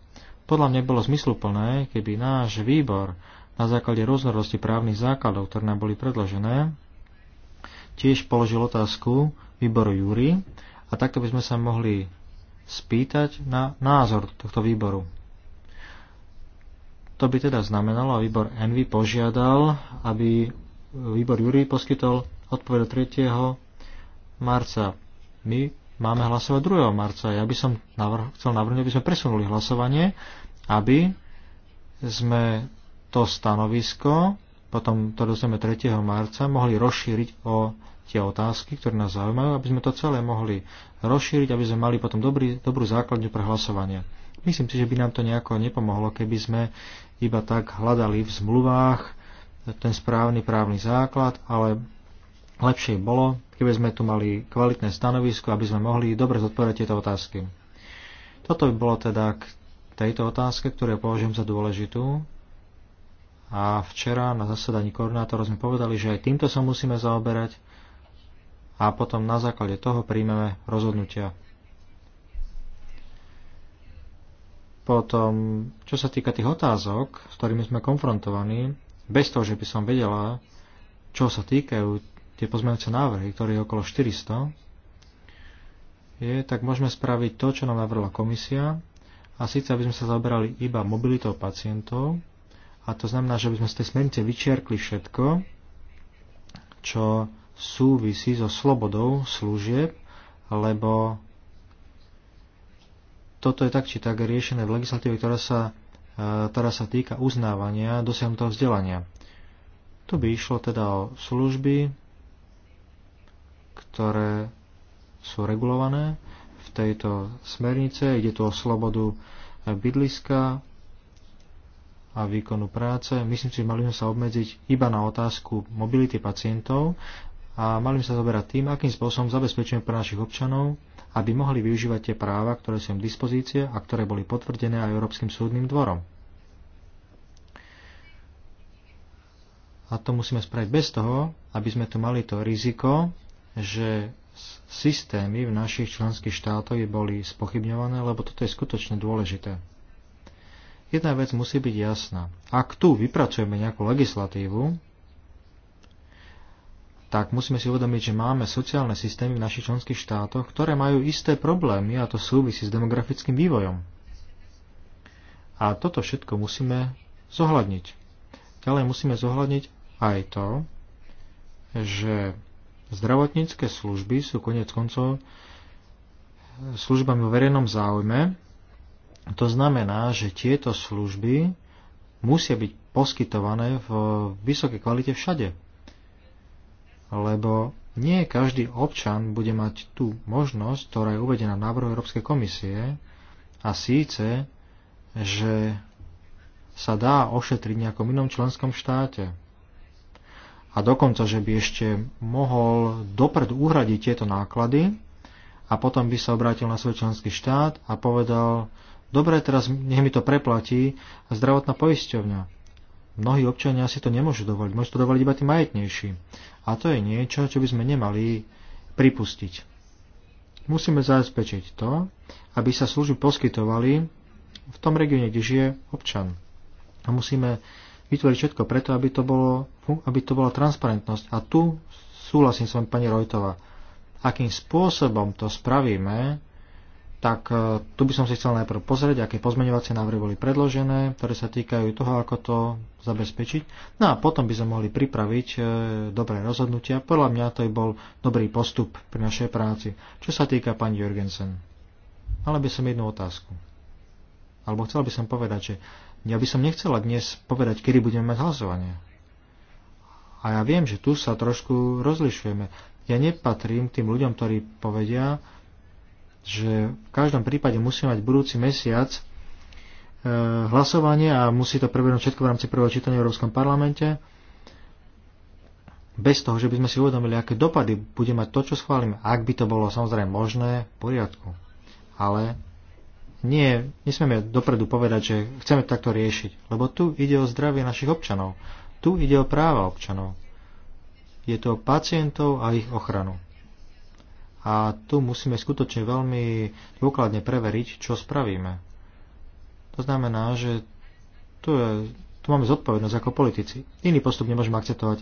Podľa mňa bolo zmysluplné, keby náš výbor na základe rôznorodosti právnych základov, ktoré nám boli predložené, tiež položil otázku výboru Júri a takto by sme sa mohli spýtať na názor tohto výboru. To by teda znamenalo, a výbor Envy požiadal, aby výbor Jury poskytol odpoveď 3. marca. My máme hlasovať 2. marca. Ja by som navrh, chcel navrhnúť, aby sme presunuli hlasovanie, aby sme to stanovisko, potom to dostaneme 3. marca, mohli rozšíriť o tie otázky, ktoré nás zaujímajú, aby sme to celé mohli rozšíriť, aby sme mali potom dobrý, dobrú základňu pre hlasovanie. Myslím si, že by nám to nejako nepomohlo, keby sme iba tak hľadali v zmluvách ten správny právny základ, ale lepšie bolo, keby sme tu mali kvalitné stanovisko, aby sme mohli dobre zodpovedať tieto otázky. Toto by bolo teda k tejto otázke, ktorú ja považujem za dôležitú. A včera na zasadaní koordinátora sme povedali, že aj týmto sa musíme zaoberať a potom na základe toho príjmeme rozhodnutia. Potom, čo sa týka tých otázok, s ktorými sme konfrontovaní, bez toho, že by som vedela, čo sa týkajú tie pozmeňujúce návrhy, ktoré je okolo 400, je, tak môžeme spraviť to, čo nám navrhla komisia, a síce, aby sme sa zaoberali iba mobilitou pacientov, a to znamená, že by sme z tej smernice vyčiarkli všetko, čo súvisí so slobodou služieb, lebo toto je tak či tak riešené v legislatíve, ktorá sa ktorá sa týka uznávania dosiahnutého vzdelania. Tu by išlo teda o služby, ktoré sú regulované v tejto smernice. Ide tu o slobodu bydliska a výkonu práce. Myslím si, že mali sme sa obmedziť iba na otázku mobility pacientov a mali sme sa zoberať tým, akým spôsobom zabezpečujeme pre našich občanov aby mohli využívať tie práva, ktoré sú im k dispozície a ktoré boli potvrdené aj Európskym súdnym dvorom. A to musíme spraviť bez toho, aby sme tu mali to riziko, že systémy v našich členských štátoch boli spochybňované, lebo toto je skutočne dôležité. Jedna vec musí byť jasná. Ak tu vypracujeme nejakú legislatívu, tak musíme si uvedomiť, že máme sociálne systémy v našich členských štátoch, ktoré majú isté problémy a to súvisí s demografickým vývojom. A toto všetko musíme zohľadniť. Ďalej musíme zohľadniť aj to, že zdravotnícke služby sú konec koncov službami o verejnom záujme. To znamená, že tieto služby musia byť poskytované v vysokej kvalite všade lebo nie každý občan bude mať tú možnosť, ktorá je uvedená v návrhu Európskej komisie, a síce, že sa dá ošetriť nejakom inom členskom štáte. A dokonca, že by ešte mohol dopred uhradiť tieto náklady a potom by sa obrátil na svoj členský štát a povedal, dobre, teraz nech mi to preplatí zdravotná poisťovňa mnohí občania si to nemôžu dovoliť. Môžu to dovoliť iba tí majetnejší. A to je niečo, čo by sme nemali pripustiť. Musíme zabezpečiť to, aby sa služby poskytovali v tom regióne, kde žije občan. A musíme vytvoriť všetko preto, aby to, bolo, aby to bola transparentnosť. A tu súhlasím s vami, pani Rojtova. Akým spôsobom to spravíme, tak e, tu by som si chcel najprv pozrieť, aké pozmeňovacie návrhy boli predložené, ktoré sa týkajú toho, ako to zabezpečiť. No a potom by sme mohli pripraviť e, dobré rozhodnutia. Podľa mňa to je bol dobrý postup pri našej práci. Čo sa týka pani Jurgensen, ale by som jednu otázku. Alebo chcel by som povedať, že ja by som nechcela dnes povedať, kedy budeme mať hlasovanie. A ja viem, že tu sa trošku rozlišujeme. Ja nepatrím k tým ľuďom, ktorí povedia, že v každom prípade musí mať budúci mesiac e, hlasovanie a musí to prebehnúť všetko v rámci prvého čítania v Európskom parlamente, bez toho, že by sme si uvedomili, aké dopady bude mať to, čo schválime. Ak by to bolo samozrejme možné, v poriadku. Ale nie, nesmieme dopredu povedať, že chceme takto riešiť, lebo tu ide o zdravie našich občanov. Tu ide o práva občanov. Je to o pacientov a ich ochranu a tu musíme skutočne veľmi dôkladne preveriť, čo spravíme. To znamená, že tu, je, tu máme zodpovednosť ako politici. Iný postup nemôžeme akceptovať.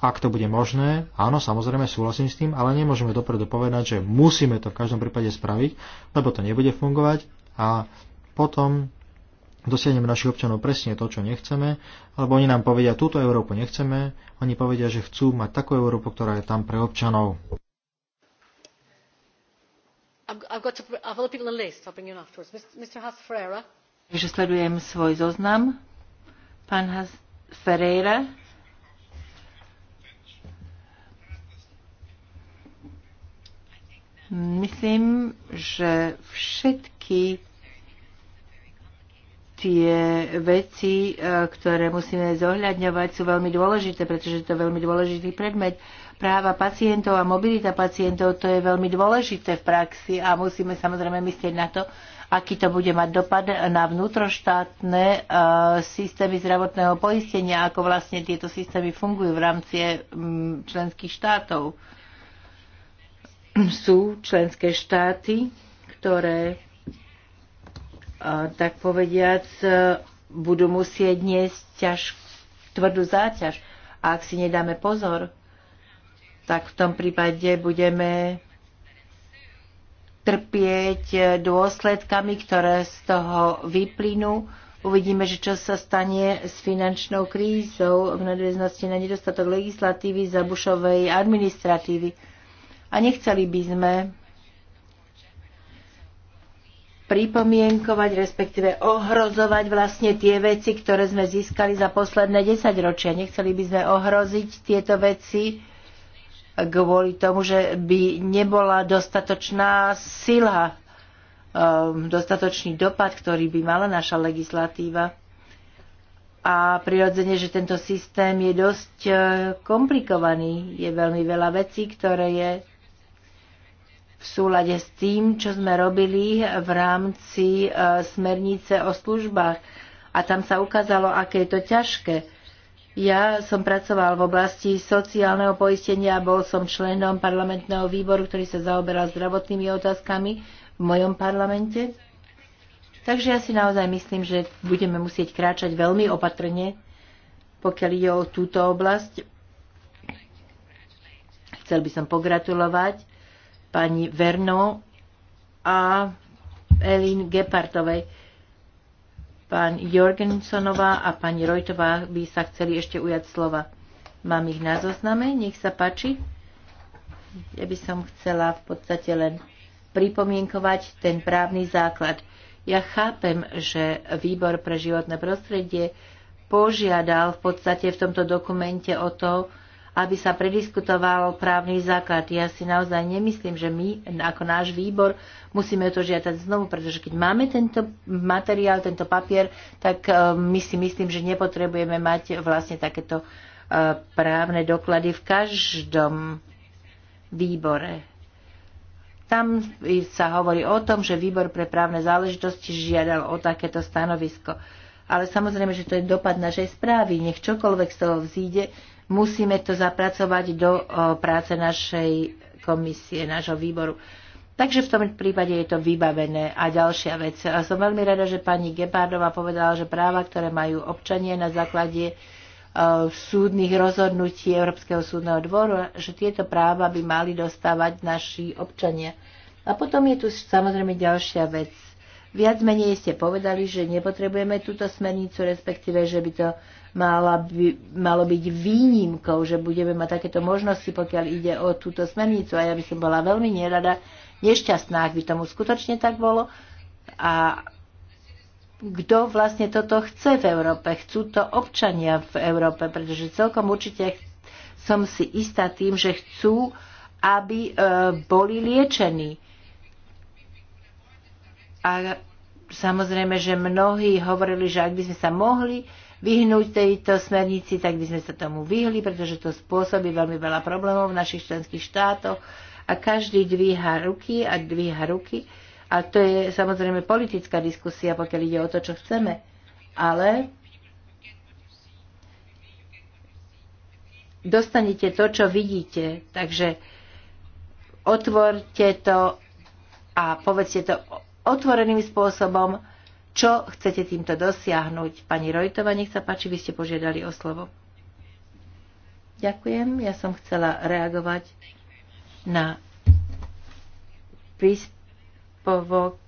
Ak to bude možné, áno, samozrejme súhlasím s tým, ale nemôžeme dopredu povedať, že musíme to v každom prípade spraviť, lebo to nebude fungovať a potom dosiahneme našich občanov presne to, čo nechceme, alebo oni nám povedia, túto Európu nechceme, oni povedia, že chcú mať takú Európu, ktorá je tam pre občanov. Takže sledujem svoj zoznam. Pán Ferreira. Myslím, že všetky tie veci, eh, ktoré musíme zohľadňovať, sú veľmi dôležité, pretože to je veľmi dôležitý predmet práva pacientov a mobilita pacientov, to je veľmi dôležité v praxi a musíme samozrejme myslieť na to, aký to bude mať dopad na vnútroštátne e, systémy zdravotného poistenia, ako vlastne tieto systémy fungujú v rámci e, členských štátov. Sú členské štáty, ktoré, e, tak povediac, budú musieť niesť ťaž, tvrdú záťaž. A ak si nedáme pozor, tak v tom prípade budeme trpieť dôsledkami, ktoré z toho vyplynú. Uvidíme, že čo sa stane s finančnou krízou v nadväznosti na nedostatok legislatívy za Bušovej administratívy. A nechceli by sme pripomienkovať, respektíve ohrozovať vlastne tie veci, ktoré sme získali za posledné desaťročia. Nechceli by sme ohroziť tieto veci kvôli tomu, že by nebola dostatočná sila, um, dostatočný dopad, ktorý by mala naša legislatíva. A prirodzene, že tento systém je dosť uh, komplikovaný. Je veľmi veľa vecí, ktoré je v súlade s tým, čo sme robili v rámci uh, smernice o službách. A tam sa ukázalo, aké je to ťažké ja som pracoval v oblasti sociálneho poistenia, bol som členom parlamentného výboru, ktorý sa zaoberal zdravotnými otázkami v mojom parlamente. Takže ja si naozaj myslím, že budeme musieť kráčať veľmi opatrne, pokiaľ ide o túto oblasť. Chcel by som pogratulovať pani Verno a Elin Gepartovej. Pán Jorgensonová a pani Rojtová by sa chceli ešte ujať slova. Mám ich na zozname, nech sa páči. Ja by som chcela v podstate len pripomienkovať ten právny základ. Ja chápem, že výbor pre životné prostredie požiadal v podstate v tomto dokumente o to, aby sa prediskutoval právny základ. Ja si naozaj nemyslím, že my ako náš výbor musíme to žiadať znovu, pretože keď máme tento materiál, tento papier, tak e, my si myslím, že nepotrebujeme mať vlastne takéto e, právne doklady v každom výbore. Tam sa hovorí o tom, že výbor pre právne záležitosti žiadal o takéto stanovisko. Ale samozrejme, že to je dopad našej správy. Nech čokoľvek z toho vzíde, musíme to zapracovať do práce našej komisie, nášho výboru. Takže v tom prípade je to vybavené. A ďalšia vec. A som veľmi rada, že pani Gebárdová povedala, že práva, ktoré majú občania na základe súdnych rozhodnutí Európskeho súdneho dvoru, že tieto práva by mali dostávať naši občania. A potom je tu samozrejme ďalšia vec. Viac menej ste povedali, že nepotrebujeme túto smernicu, respektíve, že by to mala by, malo byť výnimkou, že budeme mať takéto možnosti, pokiaľ ide o túto smernicu. A ja by som bola veľmi nerada, nešťastná, ak by tomu skutočne tak bolo. A kto vlastne toto chce v Európe? Chcú to občania v Európe, pretože celkom určite som si istá tým, že chcú, aby e, boli liečení. A samozrejme, že mnohí hovorili, že ak by sme sa mohli vyhnúť tejto smernici, tak by sme sa tomu vyhli, pretože to spôsobí veľmi veľa problémov v našich členských štátoch a každý dvíha ruky a dvíha ruky. A to je samozrejme politická diskusia, pokiaľ ide o to, čo chceme. Ale dostanete to, čo vidíte. Takže otvorte to a povedzte to otvoreným spôsobom čo chcete týmto dosiahnuť. Pani Rojtova, nech sa páči, vy ste požiadali o slovo. Ďakujem, ja som chcela reagovať na príspovok.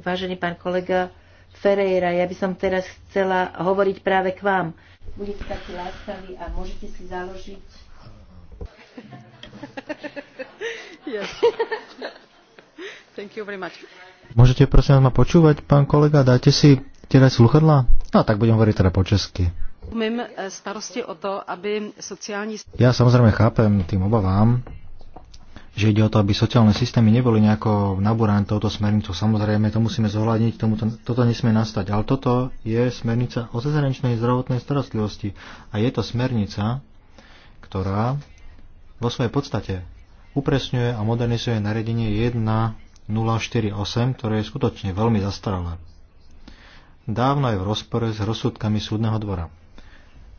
Vážený pán kolega Ferreira, ja by som teraz chcela hovoriť práve k vám. Budete takí láskaví a môžete si založiť. Môžete prosím ma počúvať, pán kolega? Dáte si teraz sluchadla? No tak budem hovoriť teda po česky. E, o to, aby sociálni... Ja samozrejme chápem tým obavám, že ide o to, aby sociálne systémy neboli nejako nabúrané touto smernicou. Samozrejme, to musíme zohľadniť, tomu to, toto nesmie nastať. Ale toto je smernica o cezhraničnej zdravotnej starostlivosti. A je to smernica, ktorá vo svojej podstate upresňuje a modernizuje nariadenie 1048, ktoré je skutočne veľmi zastaralé. Dávno je v rozpore s rozsudkami súdneho dvora.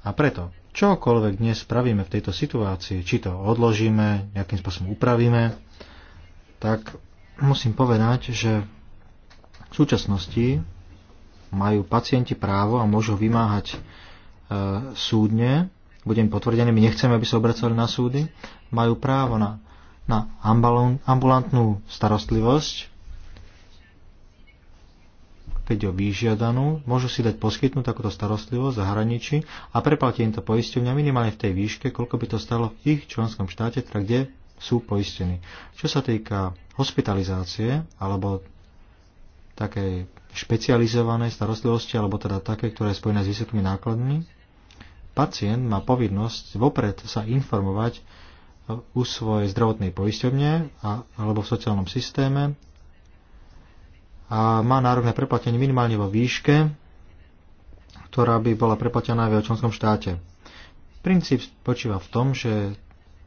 A preto, čokoľvek dnes spravíme v tejto situácii, či to odložíme, nejakým spôsobom upravíme, tak musím povedať, že v súčasnosti majú pacienti právo a môžu vymáhať e, súdne, budem potvrdený, my nechceme, aby sa obracali na súdy, majú právo na na ambulantnú starostlivosť, keď je vyžiadanú, môžu si dať poskytnúť takúto starostlivosť v zahraničí a preplatia im to poisťovňa minimálne v tej výške, koľko by to stalo v ich členskom štáte, teda kde sú poistení. Čo sa týka hospitalizácie alebo takej špecializovanej starostlivosti, alebo teda také, ktorá je spojená s vysokými nákladmi, pacient má povinnosť vopred sa informovať u svojej zdravotnej poisťovne alebo v sociálnom systéme a má nárok na preplatenie minimálne vo výške, ktorá by bola preplatená v členskom štáte. Princíp spočíva v tom, že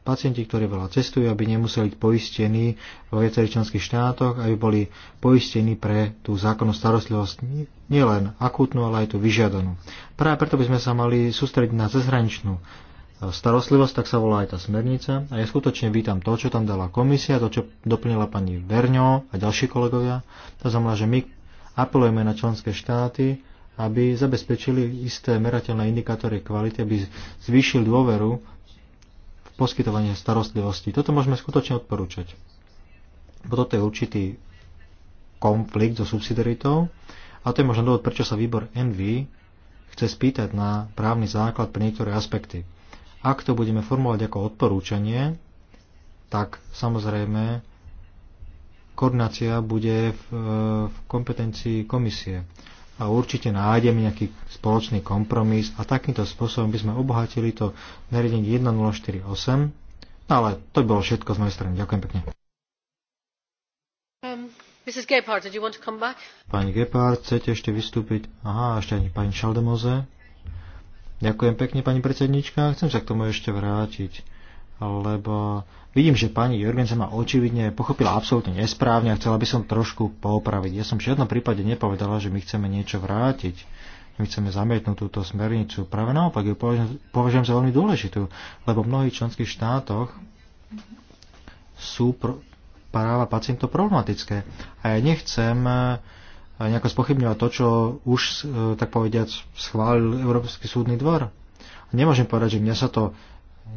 pacienti, ktorí veľa cestujú, aby nemuseli byť poistení vo viacerých členských štátoch, aby boli poistení pre tú zákonnú starostlivosť nielen akútnu, ale aj tú vyžiadanú. Práve preto by sme sa mali sústrediť na cezhraničnú starostlivosť, tak sa volá aj tá smernica. A ja skutočne vítam to, čo tam dala komisia, to, čo doplnila pani Verňo a ďalší kolegovia. To znamená, že my apelujeme na členské štáty, aby zabezpečili isté merateľné indikátory kvality, aby zvýšil dôveru v poskytovanie starostlivosti. Toto môžeme skutočne odporúčať. Bo toto je určitý konflikt so subsidiaritou a to je možno dôvod, prečo sa výbor NV chce spýtať na právny základ pre niektoré aspekty. Ak to budeme formulovať ako odporúčanie, tak samozrejme koordinácia bude v, e, v kompetencii komisie. A určite nájdeme nejaký spoločný kompromis a takýmto spôsobom by sme obohatili to nariadenie 1048. No ale to by bolo všetko z mojej strany. Ďakujem pekne. Um, Gephardt, Pani Gephardt, chcete ešte vystúpiť? Aha, ešte ani pani Šaldemoze. Ďakujem pekne, pani predsednička. Chcem sa k tomu ešte vrátiť, lebo vidím, že pani Jorgensa ma očividne pochopila absolútne nesprávne a chcela by som trošku popraviť. Ja som v žiadnom prípade nepovedala, že my chceme niečo vrátiť. My chceme zamietnúť túto smernicu. Práve naopak ju považujem za veľmi dôležitú, lebo v mnohých členských štátoch sú práva pacientov problematické. A ja nechcem nejako spochybňovať to, čo už, e, tak povediať, schválil Európsky súdny dvor. Nemôžem povedať, že mňa sa to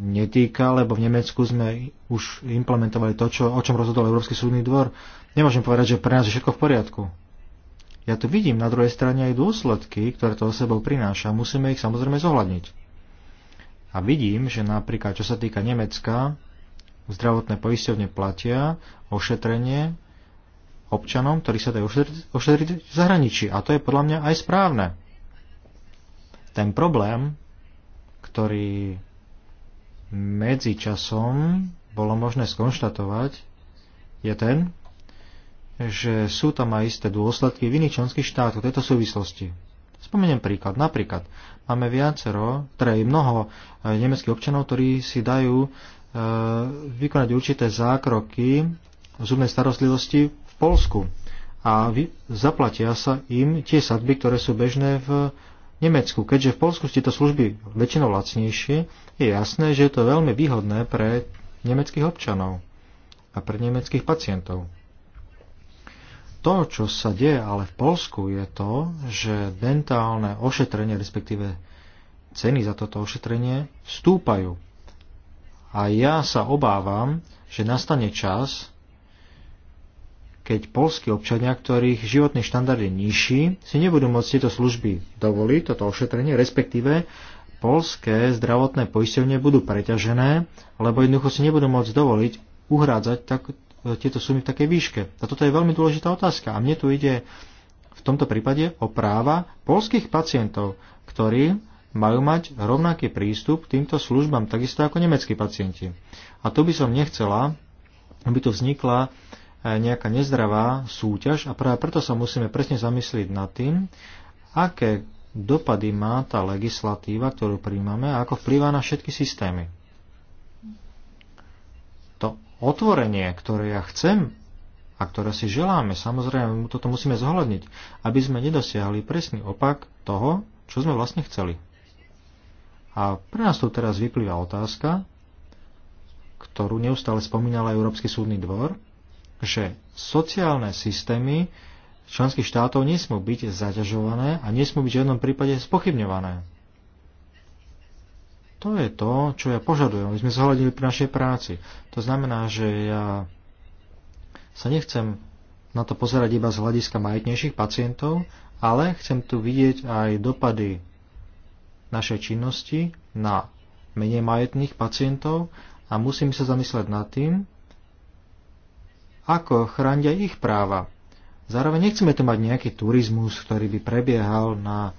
netýka, lebo v Nemecku sme už implementovali to, čo, o čom rozhodol Európsky súdny dvor. Nemôžem povedať, že pre nás je všetko v poriadku. Ja tu vidím na druhej strane aj dôsledky, ktoré to o sebou prináša. Musíme ich samozrejme zohľadniť. A vidím, že napríklad čo sa týka Nemecka, zdravotné poisťovne platia ošetrenie občanom, ktorí sa dajú ošetriť, ošetriť v zahraničí. A to je podľa mňa aj správne. Ten problém, ktorý medzi časom bolo možné skonštatovať, je ten, že sú tam aj isté dôsledky v iných členských štátoch tejto súvislosti. Spomeniem príklad. Napríklad máme viacero, teda je mnoho e, nemeckých občanov, ktorí si dajú e, vykonať určité zákroky v zubnej starostlivosti Polsku a zaplatia sa im tie sadby, ktoré sú bežné v Nemecku. Keďže v Polsku sú tieto služby väčšinou lacnejšie, je jasné, že je to veľmi výhodné pre nemeckých občanov a pre nemeckých pacientov. To, čo sa deje ale v Polsku, je to, že dentálne ošetrenie, respektíve ceny za toto ošetrenie, vstúpajú. A ja sa obávam, že nastane čas, keď polskí občania, ktorých životný štandard je nižší, si nebudú môcť tieto služby dovoliť, toto ošetrenie, respektíve polské zdravotné poisťovne budú preťažené, lebo jednoducho si nebudú môcť dovoliť uhrádzať tak, tieto sumy v takej výške. A toto je veľmi dôležitá otázka. A mne tu ide v tomto prípade o práva polských pacientov, ktorí majú mať rovnaký prístup k týmto službám, takisto ako nemeckí pacienti. A tu by som nechcela, aby tu vznikla nejaká nezdravá súťaž a práve preto sa musíme presne zamyslieť nad tým, aké dopady má tá legislatíva, ktorú príjmame a ako vplýva na všetky systémy. To otvorenie, ktoré ja chcem a ktoré si želáme, samozrejme, toto musíme zohľadniť, aby sme nedosiahli presný opak toho, čo sme vlastne chceli. A pre nás tu teraz vyplýva otázka, ktorú neustále spomínal aj Európsky súdny dvor, že sociálne systémy členských štátov nesmú byť zaťažované a nesmú byť v žiadnom prípade spochybňované. To je to, čo ja požadujem, aby sme zohľadili pri našej práci. To znamená, že ja sa nechcem na to pozerať iba z hľadiska majetnejších pacientov, ale chcem tu vidieť aj dopady našej činnosti na menej majetných pacientov a musím sa zamyslieť nad tým, ako chránia ich práva. Zároveň nechceme tu mať nejaký turizmus, ktorý by prebiehal na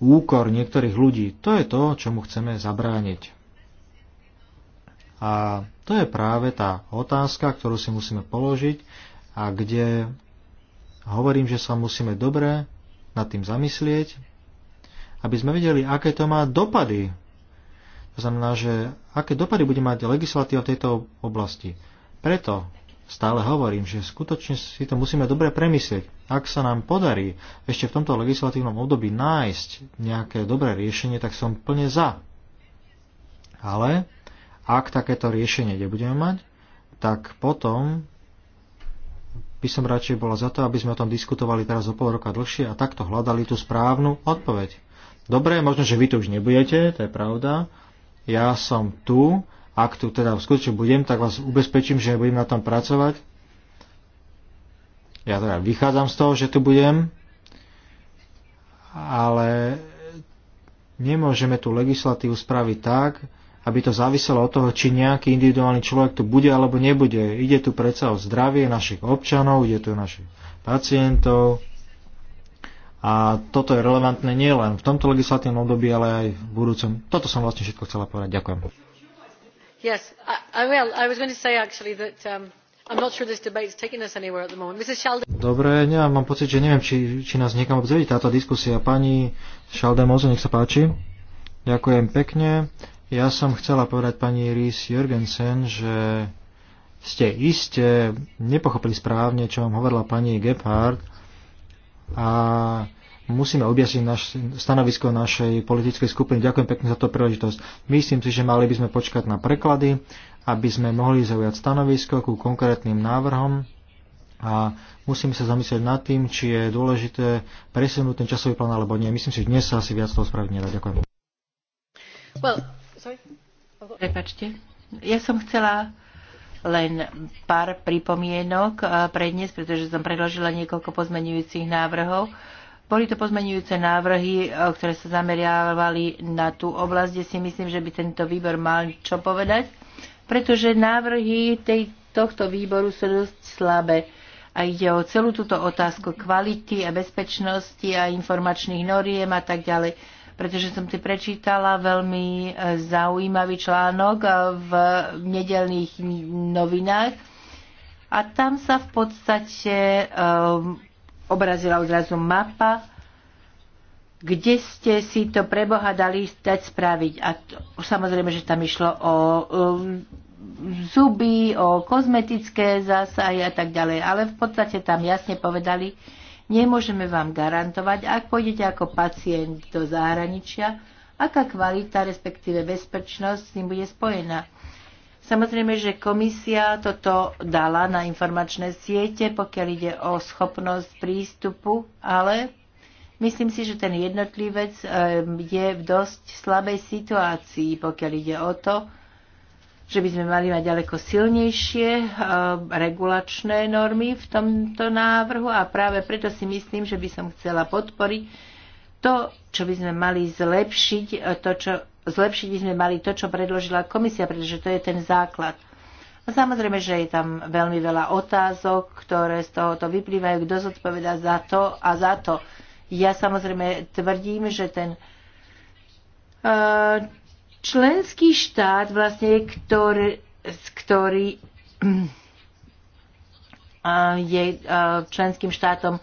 úkor niektorých ľudí. To je to, čomu chceme zabrániť. A to je práve tá otázka, ktorú si musíme položiť a kde hovorím, že sa musíme dobre nad tým zamyslieť, aby sme vedeli, aké to má dopady. To znamená, že aké dopady bude mať legislatíva v tejto oblasti. Preto stále hovorím, že skutočne si to musíme dobre premyslieť. Ak sa nám podarí ešte v tomto legislatívnom období nájsť nejaké dobré riešenie, tak som plne za. Ale ak takéto riešenie nebudeme mať, tak potom by som radšej bola za to, aby sme o tom diskutovali teraz o pol roka dlhšie a takto hľadali tú správnu odpoveď. Dobre, možno, že vy tu už nebudete, to je pravda. Ja som tu, ak tu teda skutočne budem, tak vás ubezpečím, že budem na tom pracovať. Ja teda vychádzam z toho, že tu budem, ale nemôžeme tú legislatívu spraviť tak, aby to záviselo od toho, či nejaký individuálny človek tu bude alebo nebude. Ide tu predsa o zdravie našich občanov, ide tu o našich pacientov. A toto je relevantné nielen v tomto legislatívnom období, ale aj v budúcom. Toto som vlastne všetko chcela povedať. Ďakujem. Dobre, nemám, mám pocit, že neviem, či, či nás niekam obzvedí táto diskusia. Pani Šaldemozo, nech sa páči. Ďakujem pekne. Ja som chcela povedať pani Ries Jurgensen, že ste iste nepochopili správne, čo vám hovorila pani Gebhardt a musíme objasniť naš, stanovisko našej politickej skupiny. Ďakujem pekne za tú príležitosť. Myslím si, že mali by sme počkať na preklady, aby sme mohli zaujať stanovisko ku konkrétnym návrhom a musíme sa zamyslieť nad tým, či je dôležité presunúť ten časový plán alebo nie. Myslím si, že dnes sa asi viac toho spraviť nedá. Ďakujem. Well, sorry. Prepačte. Ja som chcela len pár pripomienok eh, dnes, pretože som predložila niekoľko pozmenujúcich návrhov. Boli to pozmenujúce návrhy, e, ktoré sa zameriavali na tú oblasť, kde si myslím, že by tento výbor mal čo povedať, pretože návrhy tej, tohto výboru sú dosť slabé a ide o celú túto otázku kvality a bezpečnosti a informačných noriem a tak ďalej. Pretože som ti prečítala veľmi e, zaujímavý článok e, v nedelných novinách a tam sa v podstate um, obrazila odrazu mapa, kde ste si to pre Boha dali dať spraviť. A to, samozrejme, že tam išlo o um, zuby, o kozmetické zásahy a tak ďalej. Ale v podstate tam jasne povedali, nemôžeme vám garantovať, ak pôjdete ako pacient do zahraničia, aká kvalita, respektíve bezpečnosť s tým bude spojená. Samozrejme, že komisia toto dala na informačné siete, pokiaľ ide o schopnosť prístupu, ale myslím si, že ten jednotlivec eh, je v dosť slabej situácii, pokiaľ ide o to, že by sme mali mať ďaleko silnejšie eh, regulačné normy v tomto návrhu a práve preto si myslím, že by som chcela podporiť to, čo by sme mali zlepšiť, eh, to, čo zlepšiť by sme mali to, čo predložila komisia, pretože to je ten základ. A samozrejme, že je tam veľmi veľa otázok, ktoré z tohoto vyplývajú, kto zodpoveda za to a za to. Ja samozrejme tvrdím, že ten e, členský štát vlastne, ktorý, ktorý e, je e, členským štátom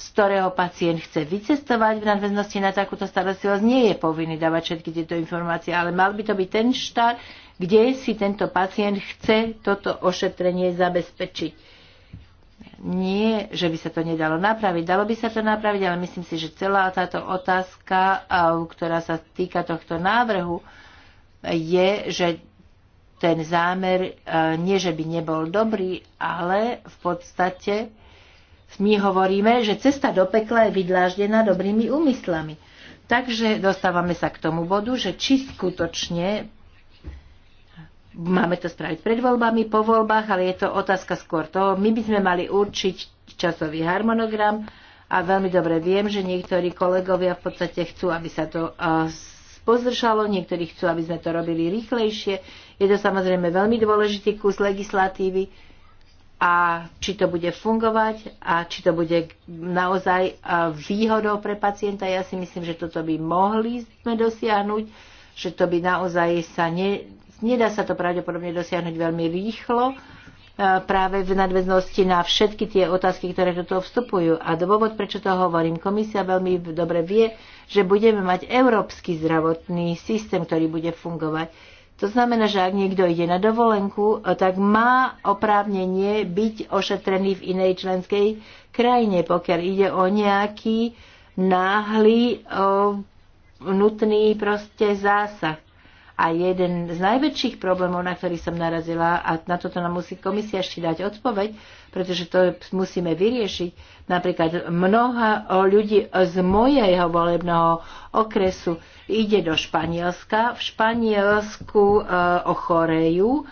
z ktorého pacient chce vycestovať v nadväznosti na takúto starostlivosť, nie je povinný dávať všetky tieto informácie, ale mal by to byť ten štát, kde si tento pacient chce toto ošetrenie zabezpečiť. Nie, že by sa to nedalo napraviť. Dalo by sa to napraviť, ale myslím si, že celá táto otázka, ktorá sa týka tohto návrhu, je, že ten zámer nie, že by nebol dobrý, ale v podstate my hovoríme, že cesta do pekla je vydláždená dobrými úmyslami. Takže dostávame sa k tomu bodu, že či skutočne máme to spraviť pred voľbami, po voľbách, ale je to otázka skôr toho. My by sme mali určiť časový harmonogram a veľmi dobre viem, že niektorí kolegovia v podstate chcú, aby sa to pozršalo, niektorí chcú, aby sme to robili rýchlejšie. Je to samozrejme veľmi dôležitý kus legislatívy, a či to bude fungovať a či to bude naozaj e, výhodou pre pacienta. Ja si myslím, že toto by mohli sme dosiahnuť, že to by naozaj sa ne, nedá sa to pravdepodobne dosiahnuť veľmi rýchlo e, práve v nadväznosti na všetky tie otázky, ktoré do toho vstupujú. A dôvod, prečo to hovorím, komisia veľmi dobre vie, že budeme mať európsky zdravotný systém, ktorý bude fungovať. To znamená, že ak niekto ide na dovolenku, tak má oprávnenie byť ošetrený v inej členskej krajine, pokiaľ ide o nejaký náhly o nutný proste zásah. A jeden z najväčších problémov, na ktorý som narazila, a na toto nám musí komisia ešte dať odpoveď, pretože to musíme vyriešiť, napríklad mnoha ľudí z mojeho volebného okresu. Ide do Španielska. V Španielsku e, ochorejú,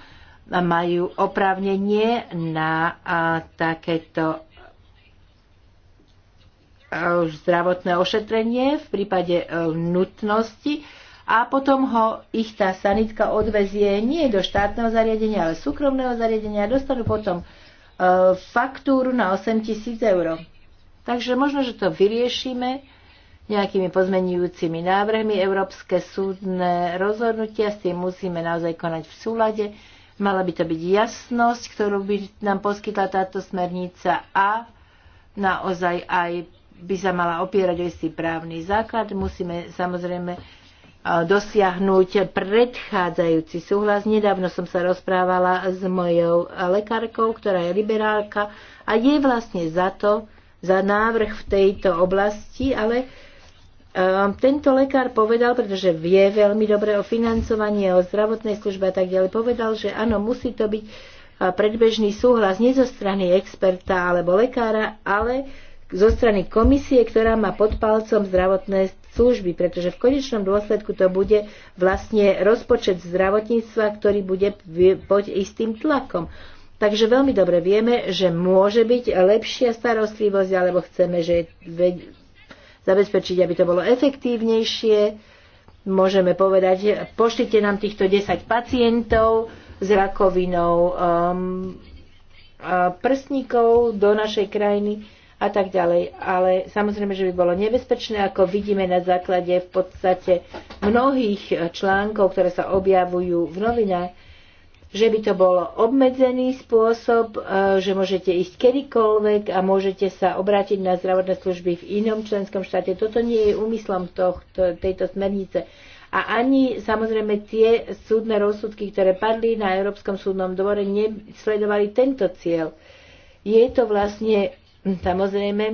majú oprávnenie na e, takéto e, zdravotné ošetrenie v prípade nutnosti a potom ho ich tá sanitka odvezie nie do štátneho zariadenia, ale súkromného zariadenia a dostanú potom faktúru na 8 tisíc eur. Takže možno, že to vyriešime nejakými pozmenujúcimi návrhmi. Európske súdne rozhodnutia s tým musíme naozaj konať v súlade. Mala by to byť jasnosť, ktorú by nám poskytla táto smernica a naozaj aj by sa mala opierať o istý právny základ. Musíme samozrejme e, dosiahnuť predchádzajúci súhlas. Nedávno som sa rozprávala s mojou lekárkou, ktorá je liberálka a je vlastne za to, za návrh v tejto oblasti, ale Ehm, tento lekár povedal, pretože vie veľmi dobre o financovanie, o zdravotnej službe a tak ďalej, povedal, že áno, musí to byť predbežný súhlas nie zo strany experta alebo lekára, ale zo strany komisie, ktorá má pod palcom zdravotné služby, pretože v konečnom dôsledku to bude vlastne rozpočet zdravotníctva, ktorý bude pod istým tlakom. Takže veľmi dobre vieme, že môže byť lepšia starostlivosť, alebo chceme, že zabezpečiť, aby to bolo efektívnejšie. Môžeme povedať, pošlite nám týchto 10 pacientov s rakovinou um, prstníkov do našej krajiny a tak ďalej. Ale samozrejme, že by bolo nebezpečné, ako vidíme na základe v podstate mnohých článkov, ktoré sa objavujú v novinách, že by to bolo obmedzený spôsob, e, že môžete ísť kedykoľvek a môžete sa obrátiť na zdravotné služby v inom členskom štáte. Toto nie je úmyslom tohto, tejto smernice. A ani samozrejme tie súdne rozsudky, ktoré padli na Európskom súdnom dvore, nesledovali tento cieľ. Je to vlastne hm, samozrejme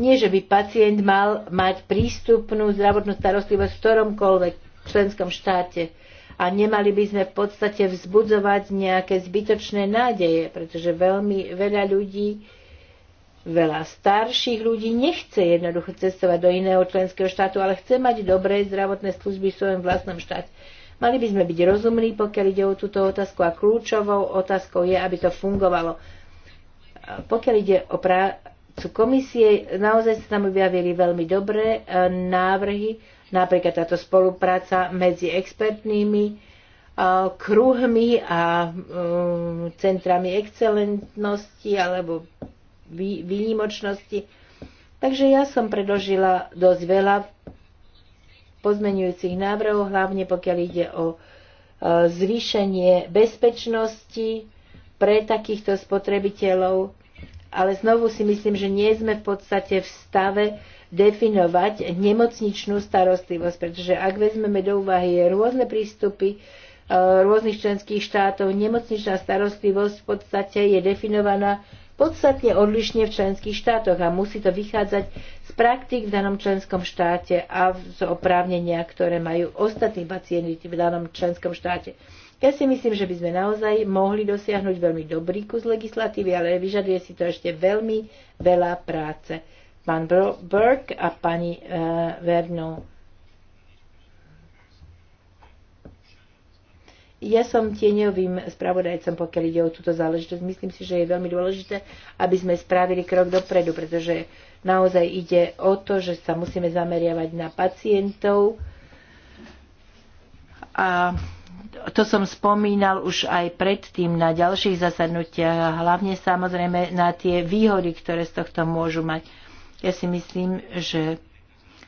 nie, že by pacient mal mať prístupnú zdravotnú starostlivosť v ktoromkoľvek členskom štáte a nemali by sme v podstate vzbudzovať nejaké zbytočné nádeje, pretože veľmi veľa ľudí, veľa starších ľudí nechce jednoducho cestovať do iného členského štátu, ale chce mať dobré zdravotné služby v svojom vlastnom štáte. Mali by sme byť rozumní, pokiaľ ide o túto otázku a kľúčovou otázkou je, aby to fungovalo. Pokiaľ ide o prácu komisie, naozaj sa tam objavili veľmi dobré e, návrhy, Napríklad táto spolupráca medzi expertnými e, kruhmi a e, centrami excelentnosti alebo výnimočnosti. Takže ja som predložila dosť veľa pozmenujúcich návrhov, hlavne pokiaľ ide o e, zvýšenie bezpečnosti pre takýchto spotrebiteľov, ale znovu si myslím, že nie sme v podstate v stave definovať nemocničnú starostlivosť, pretože ak vezmeme do úvahy rôzne prístupy e, rôznych členských štátov, nemocničná starostlivosť v podstate je definovaná podstatne odlišne v členských štátoch a musí to vychádzať z praktik v danom členskom štáte a z oprávnenia, ktoré majú ostatní pacienti v danom členskom štáte. Ja si myslím, že by sme naozaj mohli dosiahnuť veľmi dobrý kus legislatívy, ale vyžaduje si to ešte veľmi veľa práce pán Burke a pani uh, eh, Vernu. Ja som tieňovým spravodajcom, pokiaľ ide o túto záležitosť. Myslím si, že je veľmi dôležité, aby sme spravili krok dopredu, pretože naozaj ide o to, že sa musíme zameriavať na pacientov. A to som spomínal už aj predtým na ďalších zasadnutiach, hlavne samozrejme na tie výhody, ktoré z tohto môžu mať ja si myslím, že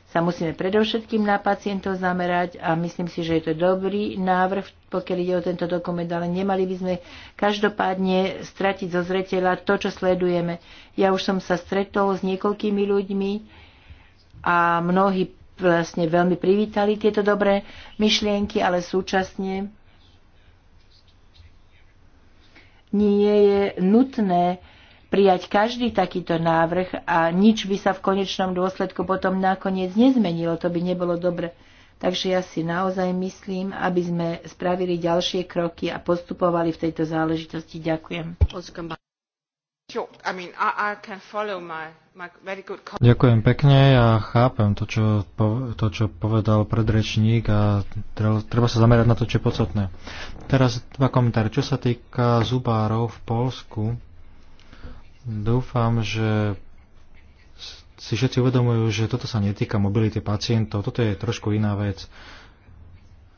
sa musíme predovšetkým na pacientov zamerať a myslím si, že je to dobrý návrh, pokiaľ ide o tento dokument, ale nemali by sme každopádne stratiť zo zreteľa to, čo sledujeme. Ja už som sa stretol s niekoľkými ľuďmi a mnohí vlastne veľmi privítali tieto dobré myšlienky, ale súčasne nie je nutné prijať každý takýto návrh a nič by sa v konečnom dôsledku potom nakoniec nezmenilo. To by nebolo dobre. Takže ja si naozaj myslím, aby sme spravili ďalšie kroky a postupovali v tejto záležitosti. Ďakujem. Ďakujem pekne, ja chápem to čo, to, čo povedal predrečník a treba sa zamerať na to, čo je podstatné. Teraz dva komentáre. Čo sa týka zubárov v Polsku, Dúfam, že si všetci uvedomujú, že toto sa netýka mobility pacientov, toto je trošku iná vec.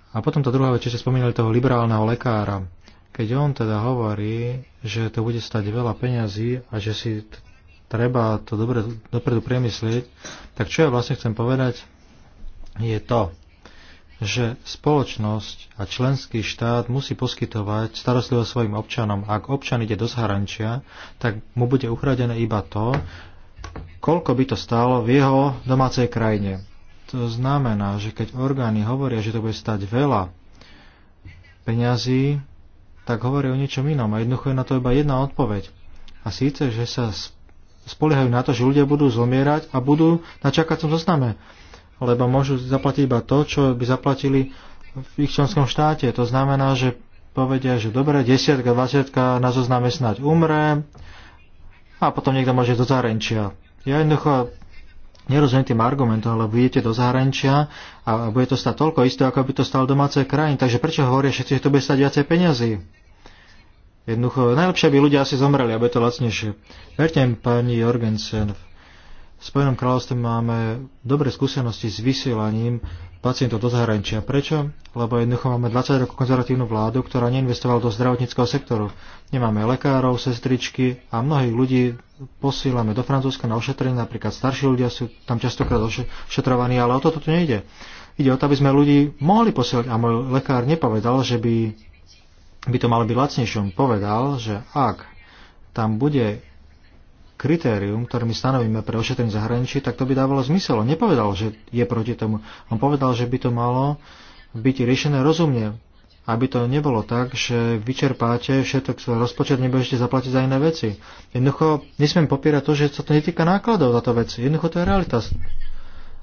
A potom tá druhá vec, čo ste spomínali toho liberálneho lekára. Keď on teda hovorí, že to bude stať veľa peňazí a že si treba to dobre, dopredu priemyslieť, tak čo ja vlastne chcem povedať, je to, že spoločnosť a členský štát musí poskytovať starostlivosť svojim občanom. Ak občan ide do zahraničia, tak mu bude uchradené iba to, koľko by to stálo v jeho domácej krajine. To znamená, že keď orgány hovoria, že to bude stať veľa peňazí, tak hovoria o niečom inom. A jednoducho je na to iba jedna odpoveď. A síce, že sa spoliehajú na to, že ľudia budú zomierať a budú na čakacom zozname lebo môžu zaplatiť iba to, čo by zaplatili v ich členskom štáte. To znamená, že povedia, že dobre, desiatka, 20 na zozname snáď umre a potom niekto môže do zahraničia. Ja jednoducho nerozumiem tým argumentom, ale budete do zahraničia a bude to stať toľko isté, ako by to stalo domáce krajiny. Takže prečo hovoria všetci, že to bude stať viacej peniazy? Jednoducho, najlepšie by ľudia asi zomreli, aby to lacnejšie. Verte mi, pani Jorgensen, Spojenom kráľovstve máme dobré skúsenosti s vysielaním pacientov do zahraničia. Prečo? Lebo jednoducho máme 20 rokov konzervatívnu vládu, ktorá neinvestovala do zdravotníckého sektoru. Nemáme lekárov, sestričky a mnohých ľudí posílame do Francúzska na ošetrenie, napríklad starší ľudia sú tam častokrát ošetrovaní, ale o toto tu nejde. Ide o to, aby sme ľudí mohli posielať a môj lekár nepovedal, že by, by to malo byť lacnejšie. On povedal, že ak tam bude kritérium, ktoré my stanovíme pre ošetrenie zahraničí, tak to by dávalo zmysel. On nepovedal, že je proti tomu. On povedal, že by to malo byť riešené rozumne, aby to nebolo tak, že vyčerpáte všetok svoj rozpočet, nebudete zaplatiť za iné veci. Jednoducho nesmiem popierať to, že sa to netýka nákladov táto vec. Jednoducho to je realita.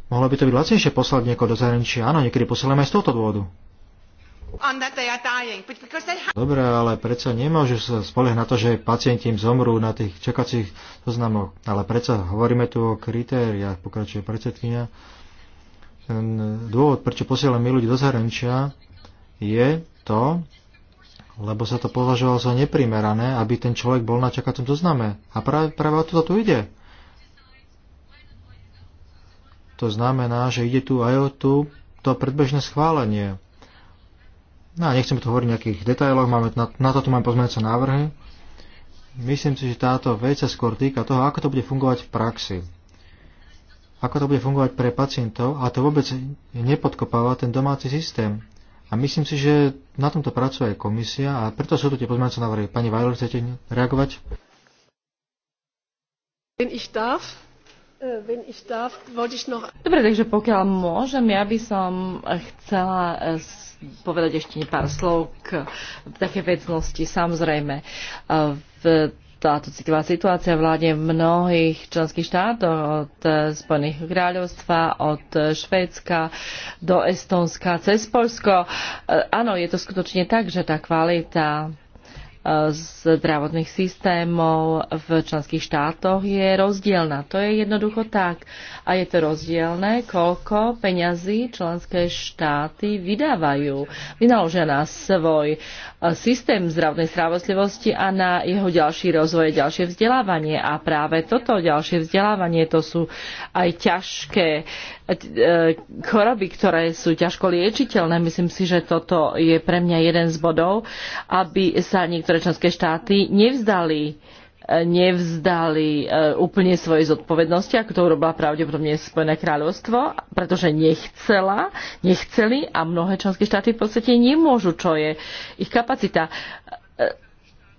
Mohlo by to byť lacnejšie poslať niekoho do zahraničia. Áno, niekedy posielame aj z tohto dôvodu. Dobre, ale predsa nemôžu sa spoliehať na to, že pacienti im zomrú na tých čakacích zoznamoch. Ale predsa hovoríme tu o kritériách, pokračuje predsedkynia. Ten dôvod, prečo posielame ľudí do zahraničia, je to, lebo sa to považovalo za neprimerané, aby ten človek bol na čakacom zozname. A práve, práve o toto tu ide. To znamená, že ide tu aj o tú, to predbežné schválenie. No a nechcem tu hovoriť o nejakých detailoch, máme, na, na toto máme pozmeňujúce návrhy. Myslím si, že táto vec sa skôr týka toho, ako to bude fungovať v praxi. Ako to bude fungovať pre pacientov a to vôbec nepodkopáva ten domáci systém. A myslím si, že na tomto pracuje aj komisia a preto sú tu tie pozmeňujúce návrhy. Pani Weiler, chcete reagovať? Ich darf. Äh, Dobre, takže pokiaľ môžem, ja by som chcela äh, povedať ešte pár slov k také vecnosti. Samozrejme, äh, v táto citlivá situácia vládne v mnohých členských štátoch, od Spojených kráľovstva, od Švédska do Estónska, cez Polsko. Áno, je to skutočne tak, že tá kvalita zdravotných systémov v členských štátoch je rozdielna. To je jednoducho tak. A je to rozdielne, koľko peňazí členské štáty vydávajú. Vynaložia na svoj e, systém zdravotnej starostlivosti a na jeho ďalší rozvoj, ďalšie vzdelávanie. A práve toto ďalšie vzdelávanie, to sú aj ťažké E, choroby, ktoré sú ťažko liečiteľné. Myslím si, že toto je pre mňa jeden z bodov, aby sa niektoré členské štáty nevzdali e, nevzdali e, úplne svojej zodpovednosti, ako to urobila pravdepodobne Spojené kráľovstvo, pretože nechcela, nechceli a mnohé členské štáty v podstate nemôžu, čo je ich kapacita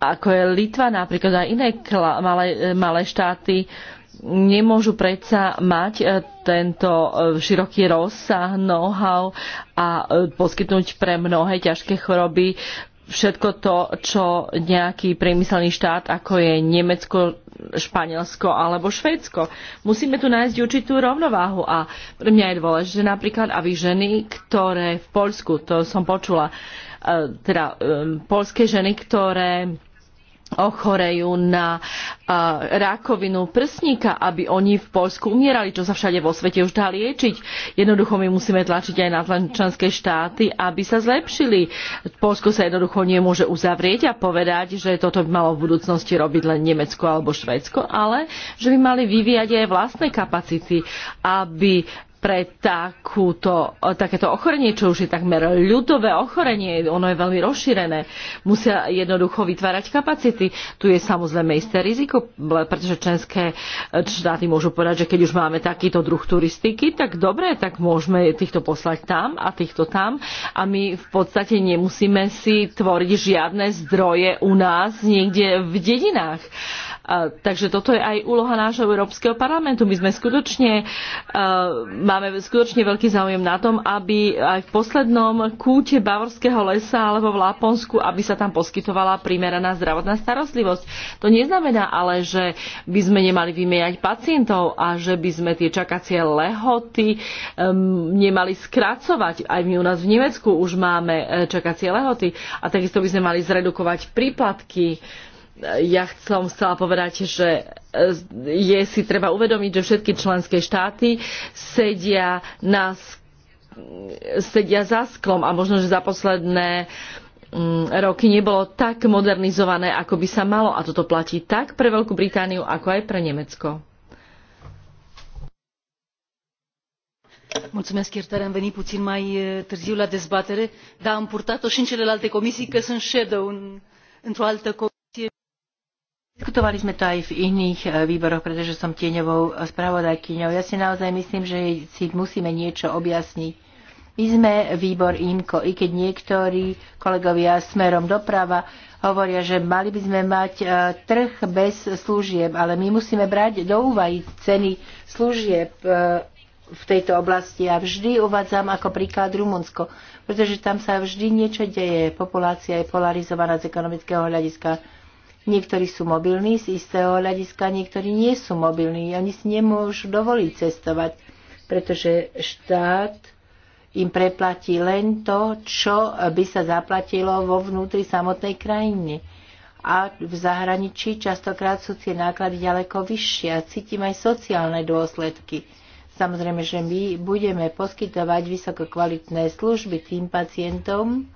ako je Litva napríklad a iné malé, malé štáty nemôžu predsa mať e, tento e, široký rozsah know-how a e, poskytnúť pre mnohé ťažké choroby všetko to, čo nejaký priemyselný štát, ako je Nemecko, Španielsko alebo Švédsko. Musíme tu nájsť určitú rovnováhu a pre mňa je dôležité napríklad, aby ženy, ktoré v Poľsku, to som počula, teda polské ženy, ktoré ochorejú na rakovinu prsníka, aby oni v Polsku umierali, čo sa všade vo svete už dá liečiť. Jednoducho my musíme tlačiť aj na členské štáty, aby sa zlepšili. Polsko sa jednoducho nemôže uzavrieť a povedať, že toto by malo v budúcnosti robiť len Nemecko alebo Švedsko, ale že by mali vyvíjať aj vlastné kapacity, aby pre takúto, takéto ochorenie, čo už je takmer ľudové ochorenie, ono je veľmi rozšírené. Musia jednoducho vytvárať kapacity. Tu je samozrejme isté riziko, pretože členské štáty môžu povedať, že keď už máme takýto druh turistiky, tak dobre, tak môžeme týchto poslať tam a týchto tam a my v podstate nemusíme si tvoriť žiadne zdroje u nás niekde v dedinách Takže toto je aj úloha nášho Európskeho parlamentu. My sme skutočne, máme skutočne veľký záujem na tom, aby aj v poslednom kúte Bavorského lesa alebo v Laponsku, aby sa tam poskytovala primeraná zdravotná starostlivosť. To neznamená ale, že by sme nemali vymieňať pacientov a že by sme tie čakacie lehoty nemali skracovať. Aj my u nás v Nemecku už máme e, čakacie lehoty a takisto by sme mali zredukovať príplatky ja som chcela povedať, že e, je si treba uvedomiť, že všetky členské štáty sedia, na, sedia za sklom a možno, že za posledné mm, roky nebolo tak modernizované, ako by sa malo. A toto platí tak pre Veľkú Britániu, ako aj pre Nemecko. Mulțumesc, iertare, am venit puțin mai e, târziu la dezbatere, dar am purtat-o și în celelalte comisii, că sunt shadow în, într-o altă comisie. Diskutovali sme to aj v iných e, výboroch, pretože som tieňovou spravodajkyňou. Ja si naozaj myslím, že si musíme niečo objasniť. My sme výbor IMKO, i keď niektorí kolegovia smerom doprava hovoria, že mali by sme mať e, trh bez služieb, ale my musíme brať do úvahy ceny služieb e, v tejto oblasti a ja vždy uvádzam ako príklad Rumunsko, pretože tam sa vždy niečo deje. Populácia je polarizovaná z ekonomického hľadiska Niektorí sú mobilní z istého hľadiska, niektorí nie sú mobilní. Oni si nemôžu dovoliť cestovať, pretože štát im preplatí len to, čo by sa zaplatilo vo vnútri samotnej krajiny. A v zahraničí častokrát sú tie náklady ďaleko vyššie a cítim aj sociálne dôsledky. Samozrejme, že my budeme poskytovať vysokokvalitné služby tým pacientom,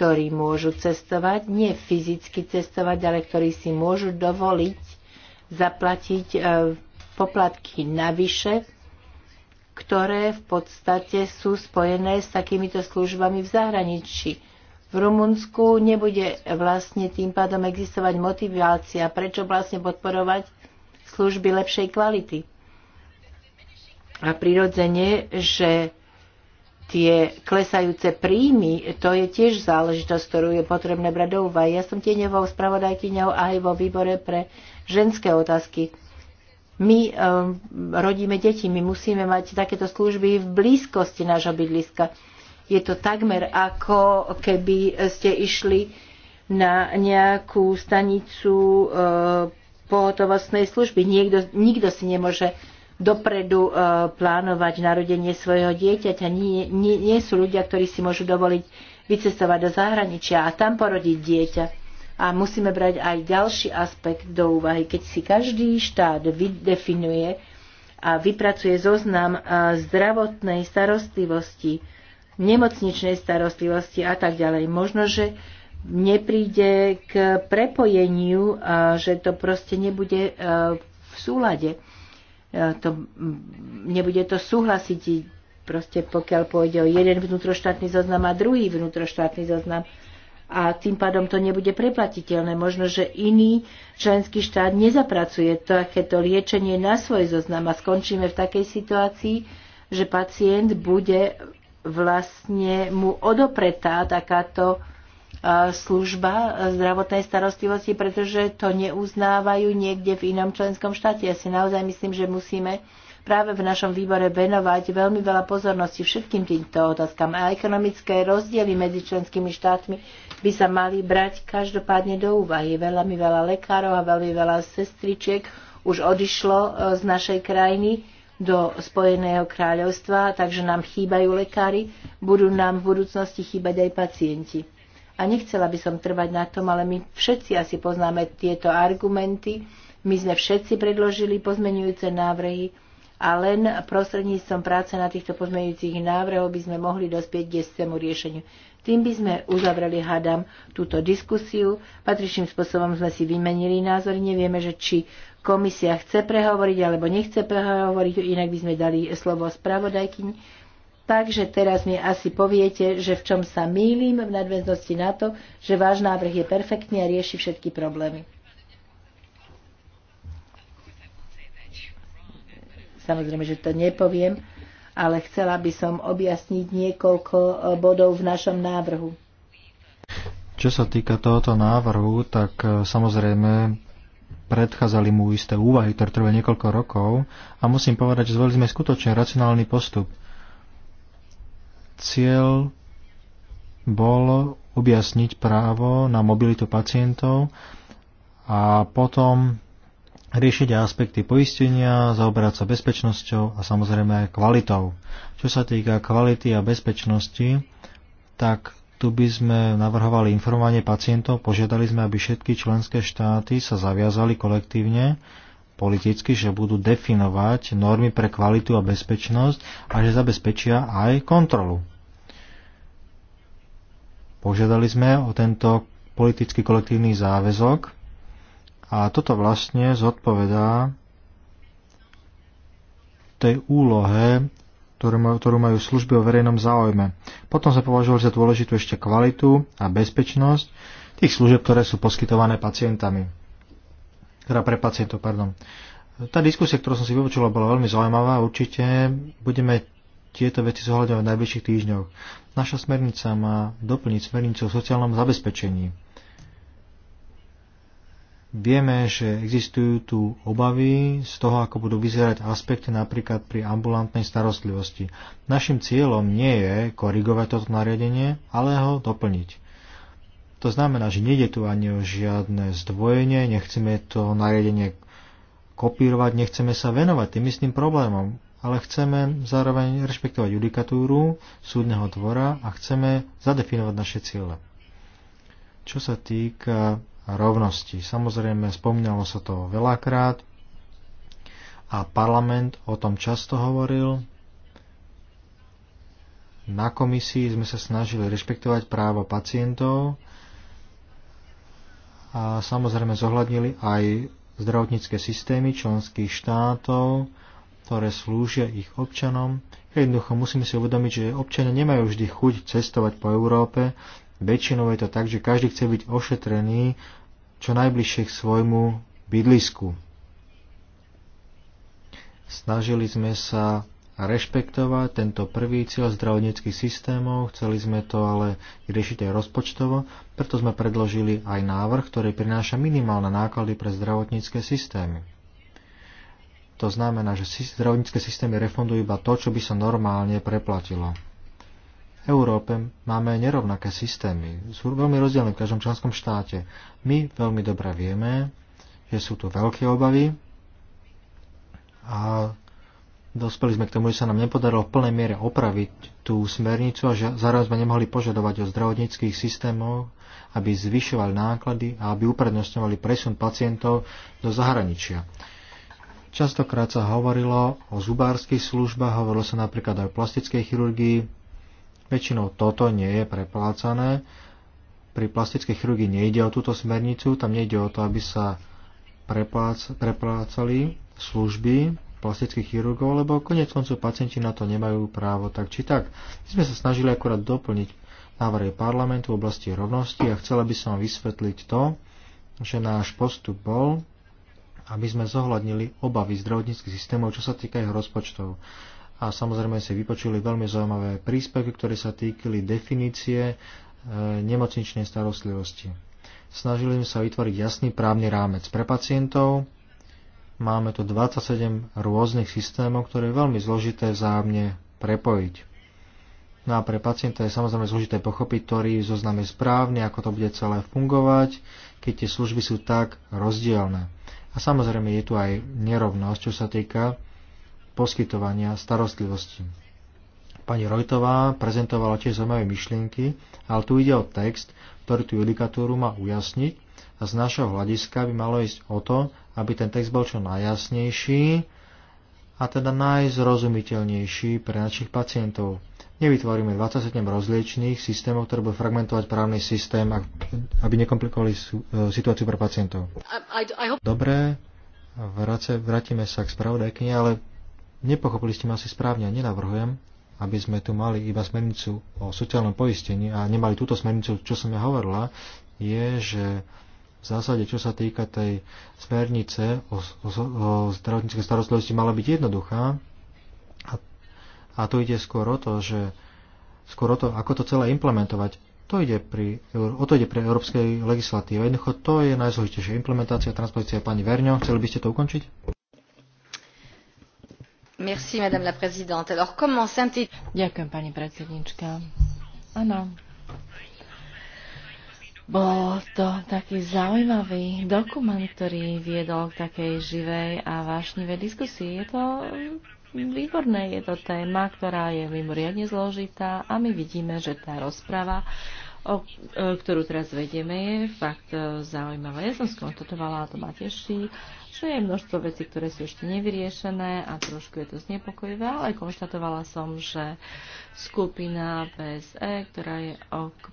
ktorí môžu cestovať, nie fyzicky cestovať, ale ktorí si môžu dovoliť zaplatiť e, poplatky navyše, ktoré v podstate sú spojené s takýmito službami v zahraničí. V Rumunsku nebude vlastne tým pádom existovať motivácia, prečo vlastne podporovať služby lepšej kvality. A prirodzene, že tie klesajúce príjmy, to je tiež záležitosť, ktorú je potrebné brať do úvahy. Ja som tieňovou spravodajkyňou aj vo výbore pre ženské otázky. My um, rodíme deti, my musíme mať takéto služby v blízkosti nášho bydliska. Je to takmer ako keby ste išli na nejakú stanicu uh, pohotovostnej služby. Niekto, nikto si nemôže dopredu e, plánovať narodenie svojho dieťaťa. Nie, nie, nie sú ľudia, ktorí si môžu dovoliť vycestovať do zahraničia a tam porodiť dieťa. A musíme brať aj ďalší aspekt do úvahy. Keď si každý štát vydefinuje a vypracuje zoznam e, zdravotnej starostlivosti, nemocničnej starostlivosti a tak ďalej, možno, že nepríde k prepojeniu, že to proste nebude e, v súlade. E, to, nebude to súhlasiť, proste pokiaľ pôjde o jeden vnútroštátny zoznam a druhý vnútroštátny zoznam. A tým pádom to nebude preplatiteľné. Možno, že iný členský štát nezapracuje takéto liečenie na svoj zoznam a skončíme v takej situácii, že pacient bude vlastne mu odopretá takáto služba zdravotnej starostlivosti, pretože to neuznávajú niekde v inom členskom štáte. Ja si naozaj myslím, že musíme práve v našom výbore venovať veľmi veľa pozornosti všetkým týmto otázkam. A ekonomické rozdiely medzi členskými štátmi by sa mali brať každopádne do úvahy. Veľmi veľa lekárov a veľmi veľa sestričiek už odišlo e, z našej krajiny do Spojeného kráľovstva, takže nám chýbajú lekári, budú nám v budúcnosti chýbať aj pacienti. A nechcela by som trvať na tom, ale my všetci asi poznáme tieto argumenty. My sme všetci predložili pozmenujúce návrhy a len prostredníctvom práce na týchto pozmenujúcich návrhov by sme mohli dospieť k istému riešeniu. Tým by sme uzavreli, hádam, túto diskusiu. Patričným spôsobom sme si vymenili názor. Nevieme, že či komisia chce prehovoriť alebo nechce prehovoriť, inak by sme dali slovo spravodajkyni Takže teraz mi asi poviete, že v čom sa mýlim v nadväznosti na to, že váš návrh je perfektný a rieši všetky problémy. Samozrejme, že to nepoviem, ale chcela by som objasniť niekoľko eh, bodov v našom návrhu. Čo sa týka tohoto návrhu, tak eh, samozrejme predchádzali mu isté úvahy, ktoré trvajú niekoľko rokov a musím povedať, že zvolili sme skutočne racionálny postup. Cieľ bol objasniť právo na mobilitu pacientov a potom riešiť aspekty poistenia, zaoberať sa bezpečnosťou a samozrejme aj kvalitou. Čo sa týka kvality a bezpečnosti, tak tu by sme navrhovali informovanie pacientov, požiadali sme, aby všetky členské štáty sa zaviazali kolektívne politicky, že budú definovať normy pre kvalitu a bezpečnosť a že zabezpečia aj kontrolu. Požiadali sme o tento politický kolektívny záväzok a toto vlastne zodpovedá tej úlohe, ktorú majú, ktorú majú služby o verejnom záujme. Potom sa považovali za dôležitú ešte kvalitu a bezpečnosť tých služieb, ktoré sú poskytované pacientami teda pre pacientov, pardon. Tá diskusia, ktorú som si vypočula, bola veľmi zaujímavá. Určite budeme tieto veci zohľadňovať v najbližších týždňoch. Naša smernica má doplniť smernicu o sociálnom zabezpečení. Vieme, že existujú tu obavy z toho, ako budú vyzerať aspekty napríklad pri ambulantnej starostlivosti. Našim cieľom nie je korigovať toto nariadenie, ale ho doplniť. To znamená, že nejde tu ani o žiadne zdvojenie, nechceme to nariadenie kopírovať, nechceme sa venovať tým istým problémom, ale chceme zároveň rešpektovať judikatúru súdneho dvora a chceme zadefinovať naše ciele. Čo sa týka rovnosti, samozrejme spomínalo sa to veľakrát a parlament o tom často hovoril, na komisii sme sa snažili rešpektovať právo pacientov a samozrejme zohľadnili aj zdravotnícke systémy členských štátov, ktoré slúžia ich občanom. Jednoducho musíme si uvedomiť, že občania nemajú vždy chuť cestovať po Európe. Väčšinou je to tak, že každý chce byť ošetrený čo najbližšie k svojmu bydlisku. Snažili sme sa rešpektovať tento prvý cieľ zdravotníckých systémov. Chceli sme to ale riešiť aj rozpočtovo, preto sme predložili aj návrh, ktorý prináša minimálne náklady pre zdravotnícke systémy. To znamená, že zdravotnícke systémy refundujú iba to, čo by sa normálne preplatilo. V Európe máme nerovnaké systémy. Sú veľmi rozdielne v každom členskom štáte. My veľmi dobre vieme, že sú tu veľké obavy a Dospeli sme k tomu, že sa nám nepodarilo v plnej miere opraviť tú smernicu a že zároveň sme nemohli požadovať o zdravotníckých systémoch, aby zvyšovali náklady a aby uprednostňovali presun pacientov do zahraničia. Častokrát sa hovorilo o zubárskych službách, hovorilo sa napríklad aj o plastickej chirurgii. Väčšinou toto nie je preplácané. Pri plastickej chirurgii nejde o túto smernicu, tam nejde o to, aby sa preplácali služby plastických chirurgov, lebo konec koncov pacienti na to nemajú právo tak či tak. My sme sa snažili akurát doplniť návrhy parlamentu v oblasti rovnosti a chcela by som vysvetliť to, že náš postup bol, aby sme zohľadnili obavy zdravotníckých systémov, čo sa týka ich rozpočtov. A samozrejme si vypočuli veľmi zaujímavé príspevky, ktoré sa týkali definície e, nemocničnej starostlivosti. Snažili sme sa vytvoriť jasný právny rámec pre pacientov, Máme tu 27 rôznych systémov, ktoré je veľmi zložité vzájomne prepojiť. No a pre pacienta je samozrejme zložité pochopiť, ktorý zoznam je správny, ako to bude celé fungovať, keď tie služby sú tak rozdielne. A samozrejme je tu aj nerovnosť, čo sa týka poskytovania starostlivosti. Pani Rojtová prezentovala tiež zaujímavé myšlienky, ale tu ide o text, ktorý tú judikatúru má ujasniť a z našho hľadiska by malo ísť o to, aby ten text bol čo najjasnejší a teda najzrozumiteľnejší pre našich pacientov. Nevytvoríme 27 rozliečných systémov, ktoré budú fragmentovať právny systém, aby nekomplikovali e, situáciu pre pacientov. Dobre, vrátime sa k spravodajkyni, ale nepochopili ste ma asi správne a nenavrhujem, aby sme tu mali iba smernicu o sociálnom poistení a nemali túto smernicu, čo som ja hovorila, je, že v zásade, čo sa týka tej smernice o, o, o zdravotníckej starostlivosti, mala byť jednoduchá. A, a tu ide skôr o to, že skôr o to, ako to celé implementovať. To ide pri, o to ide pri európskej legislatíve. Jednoducho to je najzložitejšia implementácia, transpozícia. Pani Verňo, chceli by ste to ukončiť? Merci, madame la présidente. Alors, comment synthétiser... Ďakujem, pani predsednička. Áno, bol to taký zaujímavý dokument, ktorý viedol k takej živej a vášnivej diskusii. Je to výborné, je to téma, ktorá je mimoriadne zložitá a my vidíme, že tá rozprava, o, e, ktorú teraz vedieme, je fakt e, zaujímavá. Ja som skonstatovala, a to ma teší, že je množstvo vecí, ktoré sú ešte nevyriešené a trošku je to znepokojivé, ale konštatovala som, že skupina PSE, ktorá je,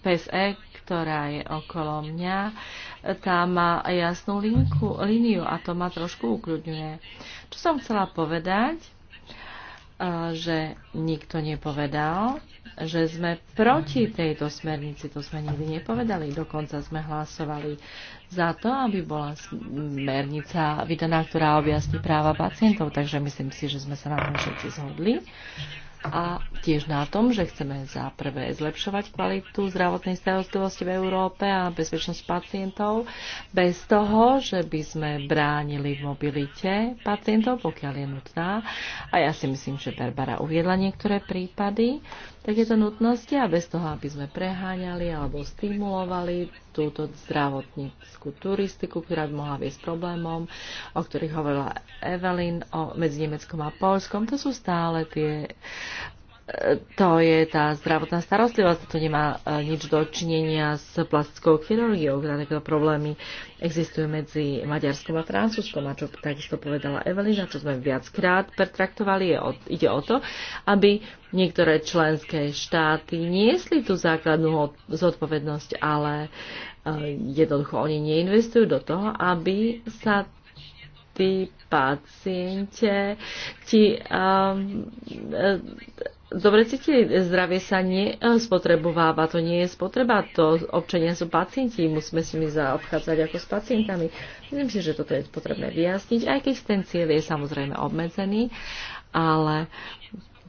PSE, ktorá je okolo mňa, tá má jasnú linku, líniu a to ma trošku ukľudňuje. Čo som chcela povedať, e, že nikto nepovedal, že sme proti tejto smernici, to sme nikdy nepovedali, dokonca sme hlasovali za to, aby bola smernica vydaná, ktorá objasní práva pacientov, takže myslím si, že sme sa na tom všetci zhodli a tiež na tom, že chceme za prvé zlepšovať kvalitu zdravotnej starostlivosti v Európe a bezpečnosť pacientov bez toho, že by sme bránili v mobilite pacientov, pokiaľ je nutná. A ja si myslím, že Barbara uviedla niektoré prípady takéto nutnosti a bez toho, aby sme preháňali alebo stimulovali túto zdravotníckú turistiku, ktorá by mohla viesť problémom, o ktorých hovorila Evelyn, o, medzi Nemeckom a Polskom. To sú stále tie to je tá zdravotná starostlivosť, to nemá e, nič dočinenia s plastickou chirurgiou, teda takéto problémy existujú medzi Maďarskom a Francúzskom a čo takisto povedala Evelina, čo sme viackrát pertraktovali, je o, ide o to, aby niektoré členské štáty niesli tú základnú zodpovednosť, ale e, jednoducho oni neinvestujú do toho, aby sa tí paciente, tí um, dobre cítite, zdravie sa nespotrebováva, to nie je spotreba, to občania sú pacienti, musíme si my zaobchádzať ako s pacientami. Myslím si, že toto je potrebné vyjasniť, aj keď ten cieľ je samozrejme obmedzený, ale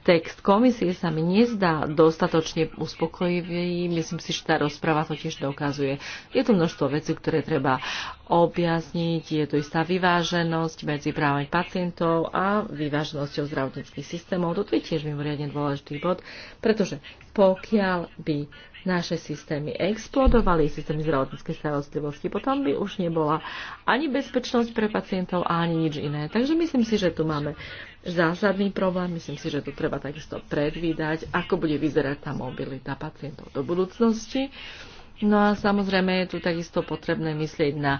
Text komisie sa mi nezdá dostatočne uspokojivý. Myslím si, že tá rozpráva to tiež dokazuje. Je tu množstvo vecí, ktoré treba objasniť. Je tu istá vyváženosť medzi právami pacientov a vyváženosťou zdravotníckých systémov. Toto je tiež mimoriadne dôležitý bod, pretože pokiaľ by naše systémy explodovali, systémy zdravotníckej starostlivosti. Potom by už nebola ani bezpečnosť pre pacientov, ani nič iné. Takže myslím si, že tu máme zásadný problém. Myslím si, že tu treba takisto predvídať, ako bude vyzerať tá mobilita pacientov do budúcnosti. No a samozrejme je tu takisto potrebné myslieť na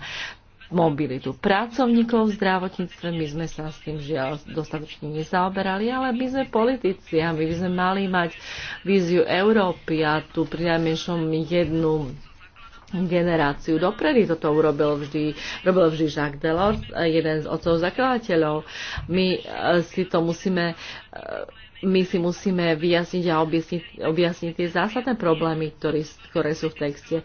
mobilitu pracovníkov v zdravotníctve. My sme sa s tým žiaľ dostatočne nezaoberali, ale my sme politici a my by sme mali mať víziu Európy a tu pri najmenšom jednu generáciu dopredy. Toto urobil vždy, robil vždy Jacques Delors, jeden z otcov zakladateľov. My e, si to musíme e, my si musíme vyjasniť a objasniť, objasniť tie zásadné problémy, ktoré, ktoré sú v texte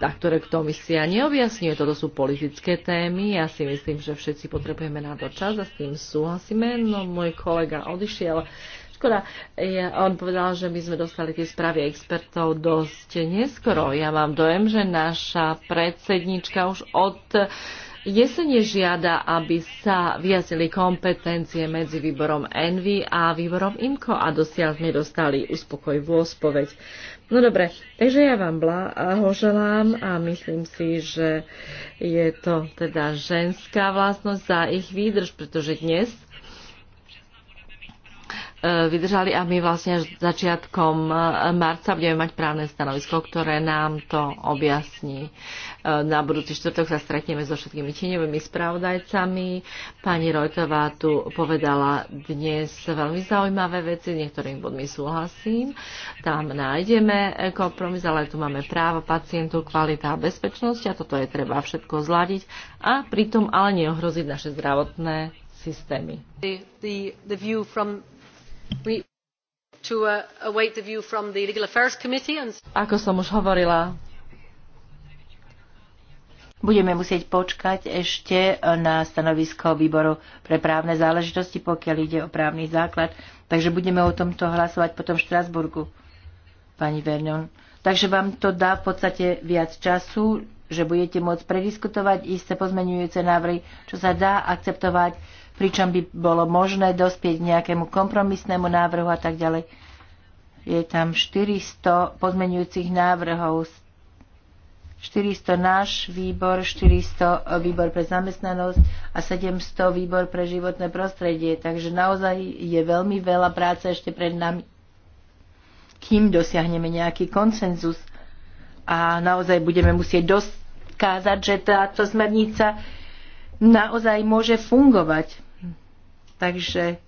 a ktoré komisia neobjasňuje. Toto sú politické témy. Ja si myslím, že všetci potrebujeme na to čas a s tým súhlasíme. No, môj kolega odišiel. Škoda, ja, on povedal, že my sme dostali tie správy expertov dosť neskoro. Ja mám dojem, že naša predsednička už od uh, Jesenie žiada, aby sa vyjasnili kompetencie medzi výborom Envy a výborom Imko a dosiaľ sme dostali uspokojivú ospoveď. No dobre, takže ja vám ho želám a myslím si, že je to teda ženská vlastnosť za ich výdrž, pretože dnes e, vydržali a my vlastne až začiatkom e, marca budeme mať právne stanovisko, ktoré nám to objasní. E, na budúci štvrtok sa stretneme so všetkými tieňovými spravodajcami. Pani Rojtová tu povedala dnes veľmi zaujímavé veci, niektorým bodmi súhlasím. Tam nájdeme kompromis, ale tu máme právo pacientov, kvalita a bezpečnosť a toto je treba všetko zladiť a pritom ale neohroziť naše zdravotné systémy. The, the, the view from, to, uh, await the view from the Legal Affairs Committee and... Ako som už hovorila, Budeme musieť počkať ešte na stanovisko výboru pre právne záležitosti, pokiaľ ide o právny základ. Takže budeme o tomto hlasovať potom v Štrasburgu, pani Vernon. Takže vám to dá v podstate viac času, že budete môcť prediskutovať isté pozmenujúce návrhy, čo sa dá akceptovať, pričom by bolo možné dospieť k nejakému kompromisnému návrhu a tak ďalej. Je tam 400 pozmenujúcich návrhov z 400 náš výbor, 400 eh, výbor pre zamestnanosť a 700 výbor pre životné prostredie. Takže naozaj je veľmi veľa práce ešte pred nami, kým dosiahneme nejaký konsenzus a naozaj budeme musieť doskázať, že táto smernica naozaj môže fungovať. Takže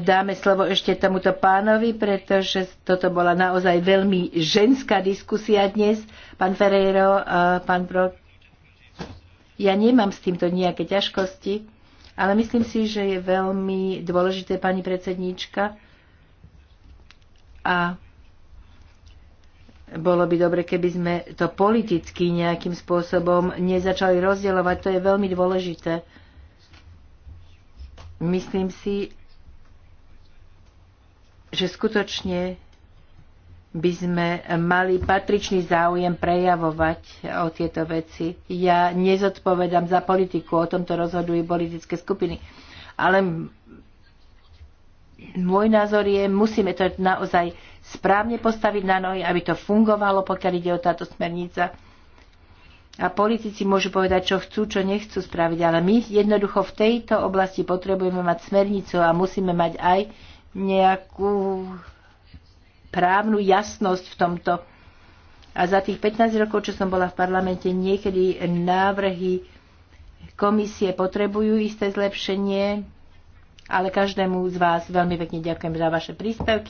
dáme slovo ešte tomuto pánovi, pretože toto bola naozaj veľmi ženská diskusia dnes. Pán Ferreiro, pán Brok, ja nemám s týmto nejaké ťažkosti, ale myslím si, že je veľmi dôležité, pani predsedníčka, a bolo by dobre, keby sme to politicky nejakým spôsobom nezačali rozdielovať. To je veľmi dôležité. Myslím si, že skutočne by sme mali patričný záujem prejavovať o tieto veci. Ja nezodpovedám za politiku, o tomto rozhodujú politické skupiny. Ale môj názor je, musíme to naozaj správne postaviť na nohy, aby to fungovalo, pokiaľ ide o táto smernica. A politici môžu povedať, čo chcú, čo nechcú spraviť, ale my jednoducho v tejto oblasti potrebujeme mať smernicu a musíme mať aj nejakú právnu jasnosť v tomto. A za tých 15 rokov, čo som bola v parlamente, niekedy návrhy komisie potrebujú isté zlepšenie, ale každému z vás veľmi pekne ďakujem za vaše príspevky.